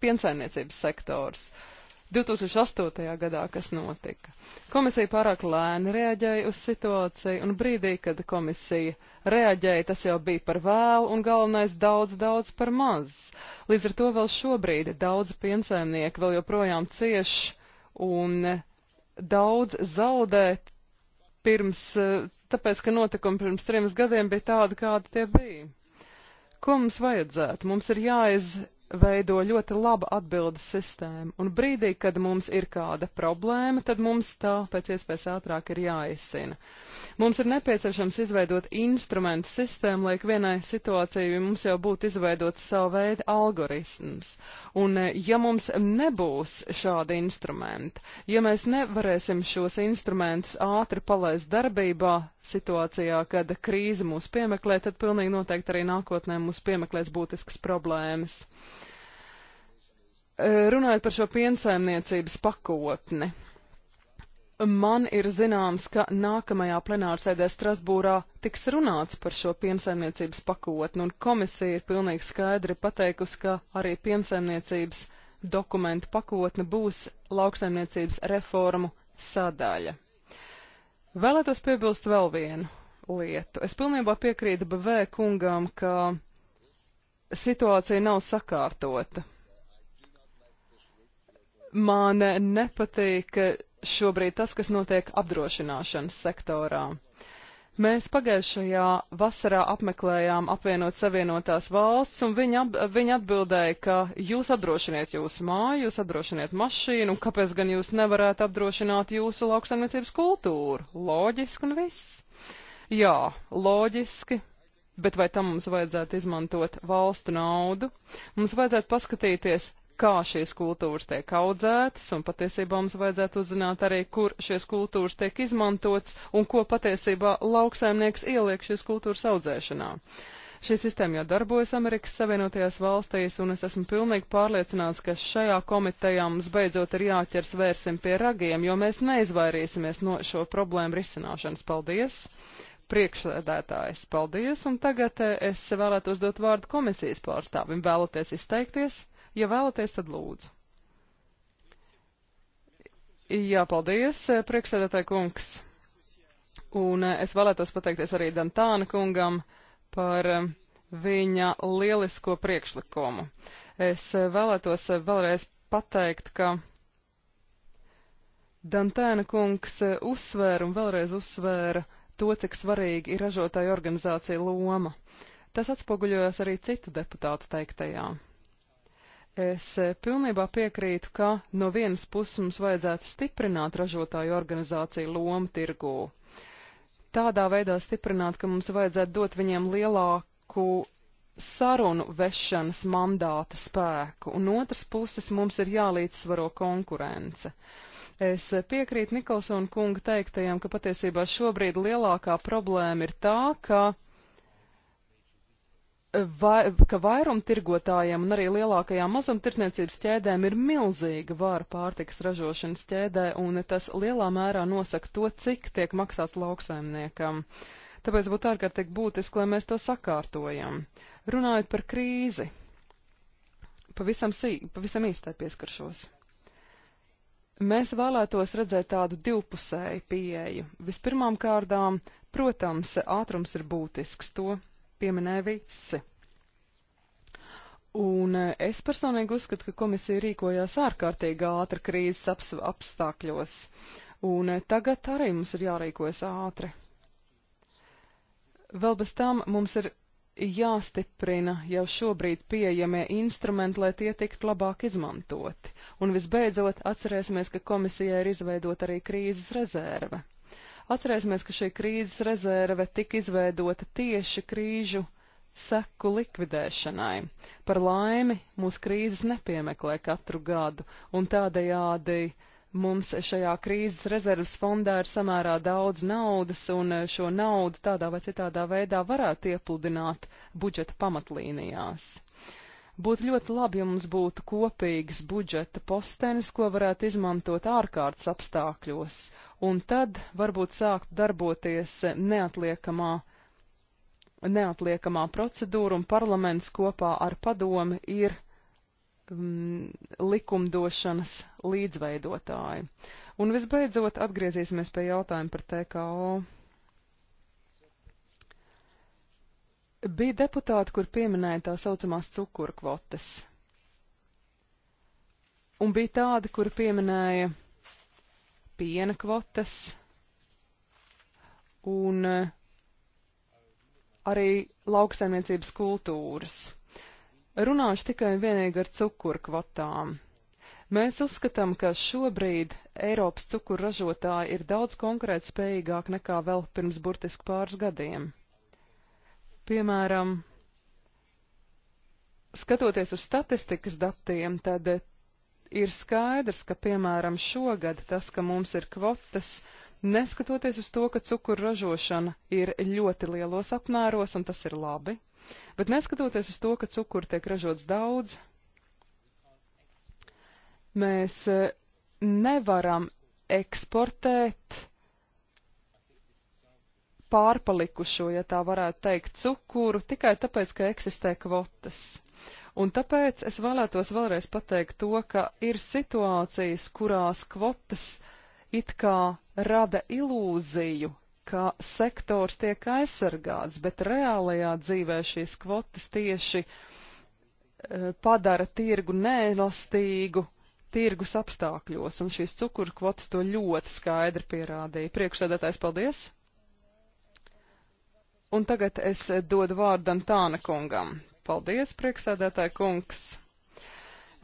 piensaimniecības sektors. Uh, 2008. gadā, kas notika. Komisija pārāk lēni reaģēja uz situāciju, un brīdī, kad komisija reaģēja, tas jau bija par vēlu, un galvenais daudz, daudz par maz. Līdz ar to vēl šobrīd daudz piensaimnieku vēl joprojām cieš, un daudz zaudēt pirms, tāpēc, ka notikumi pirms trim gadiem bija tādi, kādi tie bija. Ko mums vajadzētu? Mums ir jāiz jāveido ļoti laba atbildes sistēma, un brīdī, kad mums ir kāda problēma, tad mums tā pēc iespējas ātrāk ir jāizsina. Mums ir nepieciešams izveidot instrumentu sistēmu, lai vienai situācijai mums jau būtu izveidots savu veidu algoritms. Un e, ja mums nebūs šādi instrumenti, ja mēs nevarēsim šos instrumentus ātri palaist darbībā situācijā, kad krīze mūs piemeklē, tad pilnīgi noteikti arī nākotnē mūs piemeklēs būtiskas problēmas. Runājot par šo piensaimniecības pakotni, man ir zināms, ka nākamajā plenārsēdē Strasbūrā tiks runāts par šo piensaimniecības pakotni, un komisija ir pilnīgi skaidri pateikusi, ka arī piensaimniecības dokumentu pakotne būs lauksaimniecības reformu sadaļa. Vēlētos piebilst vēl vienu lietu. Es pilnībā piekrītu BV kungam, ka situācija nav sakārtota. Man nepatīk šobrīd tas, kas notiek apdrošināšanas sektorā. Mēs pagājušajā vasarā apmeklējām apvienot savienotās valsts, un viņi, ap, viņi atbildēja, ka jūs apdrošiniet jūsu māju, jūs apdrošiniet mašīnu, un kāpēc gan jūs nevarētu apdrošināt jūsu lauksaimniecības kultūru? Loģiski un viss. Jā, loģiski, bet vai tam mums vajadzētu izmantot valstu naudu? Mums vajadzētu paskatīties, kā šīs kultūras tiek audzētas, un patiesībā mums vajadzētu uzzināt arī, kur šīs kultūras tiek izmantotas un ko patiesībā lauksaimnieks ieliek šīs kultūras audzēšanā. Šī sistēma jau darbojas Amerikas Savienotajās valstīs, un es esmu pilnīgi pārliecināts, ka šajā komitejā mums beidzot ir jāķers vērsim pie ragiem, jo mēs neizvairīsimies no šo problēmu risināšanas. Paldies! priekšsēdētājs. Paldies, un tagad eh, es vēlētos dot vārdu komisijas pārstāvim. Vēlaties izteikties? Ja vēlaties, tad lūdzu. Jā, paldies, eh, priekšsēdētāji kungs. Un eh, es vēlētos pateikties arī Dantāna kungam par viņa lielisko priekšlikumu. Es vēlētos vēlreiz pateikt, ka Dantēna kungs uzsvēra un vēlreiz uzsvēra uh, to, cik svarīgi ir ražotāja organizācija loma. Tas atspoguļojas arī citu deputātu teiktajā. Es e, pilnībā piekrītu, ka no vienas puses mums vajadzētu stiprināt ražotāju organizāciju lomu tirgū. Tādā veidā stiprināt, ka mums vajadzētu dot viņiem lielāku sarunu vešanas mandāta spēku, un otras puses mums ir jālīdzsvaro konkurence. Uh, Es piekrītu Nikolsona kunga teiktajam, ka patiesībā šobrīd lielākā problēma ir tā, ka, vai, ka vairumtirgotājiem un arī lielākajām mazumtirdzniecības ķēdēm ir milzīga vāra pārtikas ražošanas ķēdē, un tas lielā mērā nosaka to, cik tiek maksāts lauksaimniekam. Tāpēc būtu ārkārtīgi būtiski, lai mēs to sakārtojam. Runājot par krīzi, pavisam, sī, pavisam īstai pieskaršos. Mēs vēlētos redzēt tādu divpusēju pieeju. Vispirmām kārdām, protams, ātrums ir būtisks, to pieminēja visi. Un eh, es personīgi uzskatu, ka komisija rīkojās ārkārtīgi ātri krīzes aps apstākļos, un eh, tagad arī mums ir jārīkojas ātri. Vēl bez tam mums ir jāstiprina jau šobrīd pieejamie instrumenti, lai tie tiktu labāk izmantoti. Un visbeidzot, atcerēsimies, ka komisijai ir izveidota arī krīzes rezerve. Atcerēsimies, ka šī krīzes rezerve tika izveidota tieši krīžu seku likvidēšanai. Par laimi mūs krīzes nepiemeklē katru gadu, un tādējādi Mums šajā krīzes rezerves fondā ir samērā daudz naudas, un eh, šo naudu tādā vai citādā veidā varētu iepludināt budžeta pamatlīnijās. Būtu ļoti labi, ja mums būtu kopīgs budžeta postenis, ko varētu izmantot ārkārtas apstākļos, un tad varbūt sākt darboties neatliekamā neatliekamā procedūra un parlaments kopā ar padomi ir um, likumdošanas līdzveidotāji. Un visbeidzot, atgriezīsimies pie jautājuma par TKO. Bija deputāti, kur pieminēja tā saucamās cukurkvotas. Un bija tādi, kur pieminēja piena kvotas. Un eh, arī lauksaimniecības kultūras. Runāšu tikai un vienīgi ar cukurkvatām. Mēs uzskatām, ka šobrīd Eiropas cukurražotāji ir daudz konkurētspējīgāk nekā vēl pirms burtiski pāris gadiem. Piemēram, skatoties uz statistikas datiem, tad ir skaidrs, ka, piemēram, šogad tas, ka mums ir kvotas, neskatoties uz to, ka cukuru ražošana ir ļoti lielos apmēros, un tas ir labi, Bet neskatoties uz to, ka cukuru tiek ražots daudz, mēs e, nevaram eksportēt pārpalikušo, ja tā varētu teikt, cukuru tikai tāpēc, ka eksistē kvotas. Un tāpēc es vēlētos vēlreiz pateikt to, ka ir situācijas, kurās kvotas it kā rada ilūziju, ka sektors tiek aizsargāts, bet reālajā dzīvē šīs kvotas tieši eh, padara tirgu neelastīgu tirgus apstākļos, un šīs cukuru kvotas to ļoti skaidri pierādīja. Priekšsēdētājs, paldies! Un tagad es dodu vārdam Tāna kungam. Paldies, priekšsēdētāja kungs!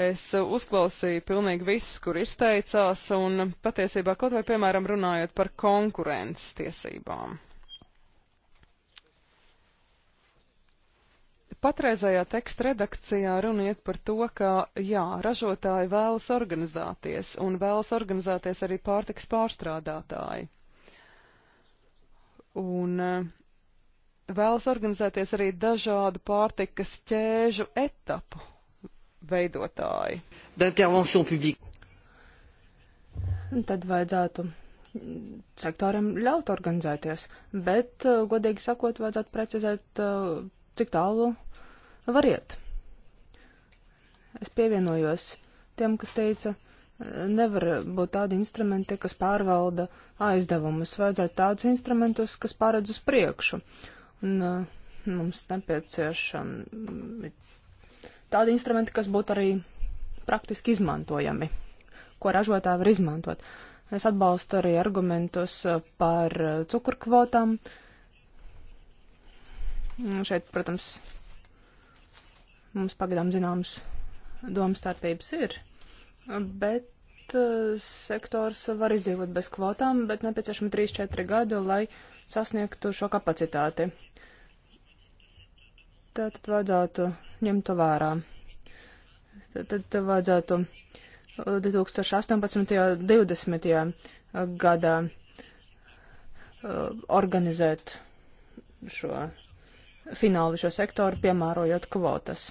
Es eh, uzklausīju pilnīgi visus, kur izteicās, un eh, patiesībā kaut vai, piemēram, runājot par konkurences tiesībām. Patreizējā teksta redakcijā runiet par to, ka, jā, ražotāji vēlas organizēties, un vēlas organizēties arī pārtiks pārstrādātāji. Un eh, vēlas organizēties arī dažādu pārtikas ķēžu etapu veidotāji. Tad vajadzētu sektoram ļaut organizēties, bet, eh, godīgi sakot, vajadzētu precizēt, eh, cik tālu var iet. Es pievienojos tiem, kas teica, eh, nevar būt tādi instrumenti, kas pārvalda aizdevumus. Vajadzētu tādus instrumentus, kas pāredz uz priekšu. Un, mums nepieciešami tādi instrumenti, kas būtu arī praktiski izmantojami, ko ražotāji var izmantot. Es atbalstu arī argumentus uh, par uh, cukurkvotām. Mm, šeit, protams, mums pagadām zināms domstarpības ir, bet uh, sektors var izdzīvot bez kvotām, bet nepieciešami 3-4 gadi, lai sasniegtu šo kapacitāti. Tātad vajadzētu ņemt to vērā. Tad vajadzētu 2018. un 2020. gadā uh, organizēt šo finālu šo sektoru, piemērojot kvotas.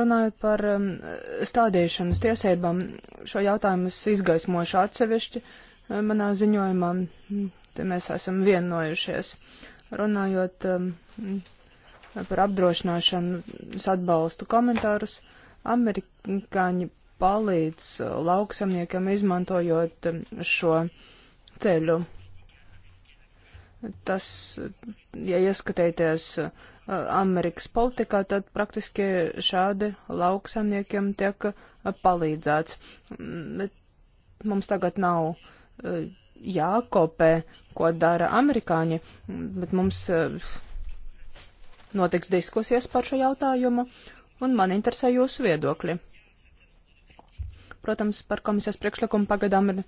Runājot par um, stādīšanas tiesībām, šo jautājumu es izgaismošu atsevišķi uh, manā ziņojumā, Te mēs esam vienojušies. Runājot um, par apdrošināšanu, es atbalstu komentārus. Amerikāņi palīdz lauksamniekam izmantojot um, šo ceļu. Tas, ja ieskatieties uh, Amerikas politikā, tad praktiski šādi lauksamniekiem tiek uh, palīdzēts. Mm, bet mums tagad nav uh, jākopē ko dara amerikāņi, bet mums eh, notiks diskusijas par šo jautājumu, un man interesē jūsu viedokļi. Protams, par komisijas priekšlikumu pagadām ir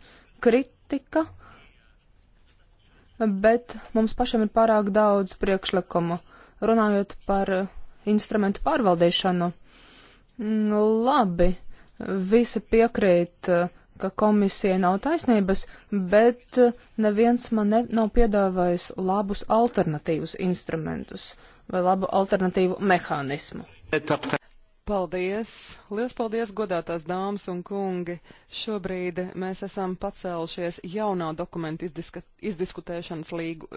kritika, bet mums pašiem ir pārāk daudz priekšlikumu. Runājot par eh, instrumentu pārvaldīšanu, mm, labi, visi piekrīt uh, ka komisija nav taisnības, bet eh, neviens man ne, nav piedāvājis labus alternatīvus instrumentus vai labu alternatīvu mehānismu. Paldies! Lielas paldies, godātās dāmas un kungi! Šobrīd mēs esam pacēlušies jaunā dokumentu izdiska, izdiskutēšanas līgu,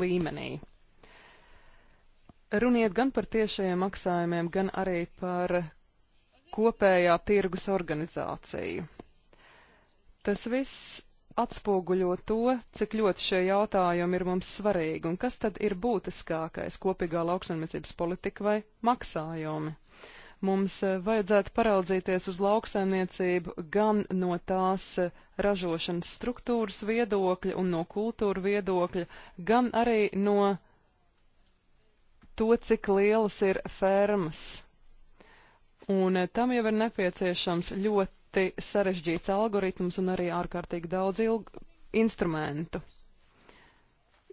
līmenī. Runiet gan par tiešajiem maksājumiem, gan arī par kopējā tirgus organizāciju. Tas viss atspoguļo to, cik ļoti šie jautājumi ir mums svarīgi un kas tad ir būtiskākais kopīgā lauksaimniecības politika vai maksājumi. Mums eh, vajadzētu paraudzīties uz lauksaimniecību gan no tās eh, ražošanas struktūras viedokļa un no kultūra viedokļa, gan arī no to, cik lielas ir fermas. Un eh, tam jau ir nepieciešams ļoti ļoti sarežģīts algoritms un arī ārkārtīgi daudz ilgu instrumentu.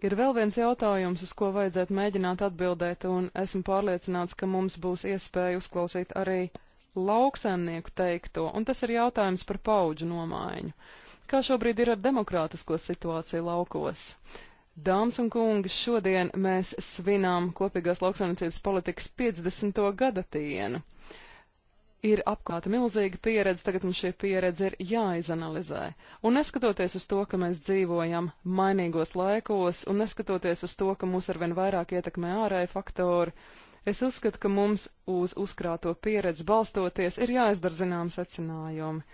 Ir vēl viens jautājums, uz ko vajadzētu mēģināt atbildēt, un esmu pārliecināts, ka mums būs iespēja uzklausīt arī lauksaimnieku teikto, un tas ir jautājums par paudžu nomaiņu. Kā šobrīd ir ar demokrātisko situāciju laukos? Dāmas un kungi, šodien mēs svinām kopīgās lauksaimniecības politikas 50. gadatienu ir apkārt milzīga pieredze, tagad mums šī pieredze ir jāizanalizē. Un neskatoties uz to, ka mēs dzīvojam mainīgos laikos, un neskatoties uz to, ka mūs arvien vairāk ietekmē ārēji faktori, es uzskatu, ka mums uz uzkrāto pieredzi balstoties ir jāizdara zinām secinājumi.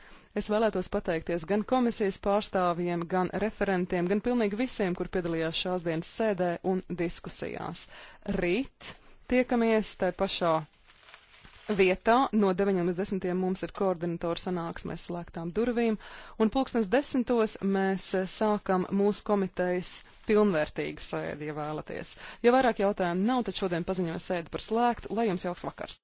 Es vēlētos pateikties gan komisijas pārstāvjiem, gan referentiem, gan pilnīgi visiem, kur piedalījās šās dienas sēdē un diskusijās. Rīt tiekamies tajā pašā vietā. No 9 līdz 10 mums ir koordinatora sanāksmēs slēgtām durvīm, un pulkstens desmitos mēs eh, sākam mūsu komitejas pilnvērtīgu sēdi, ja vēlaties. Ja vairāk jautājumu nav, tad šodien paziņoju sēdi par slēgtu, lai jums jauks vakars!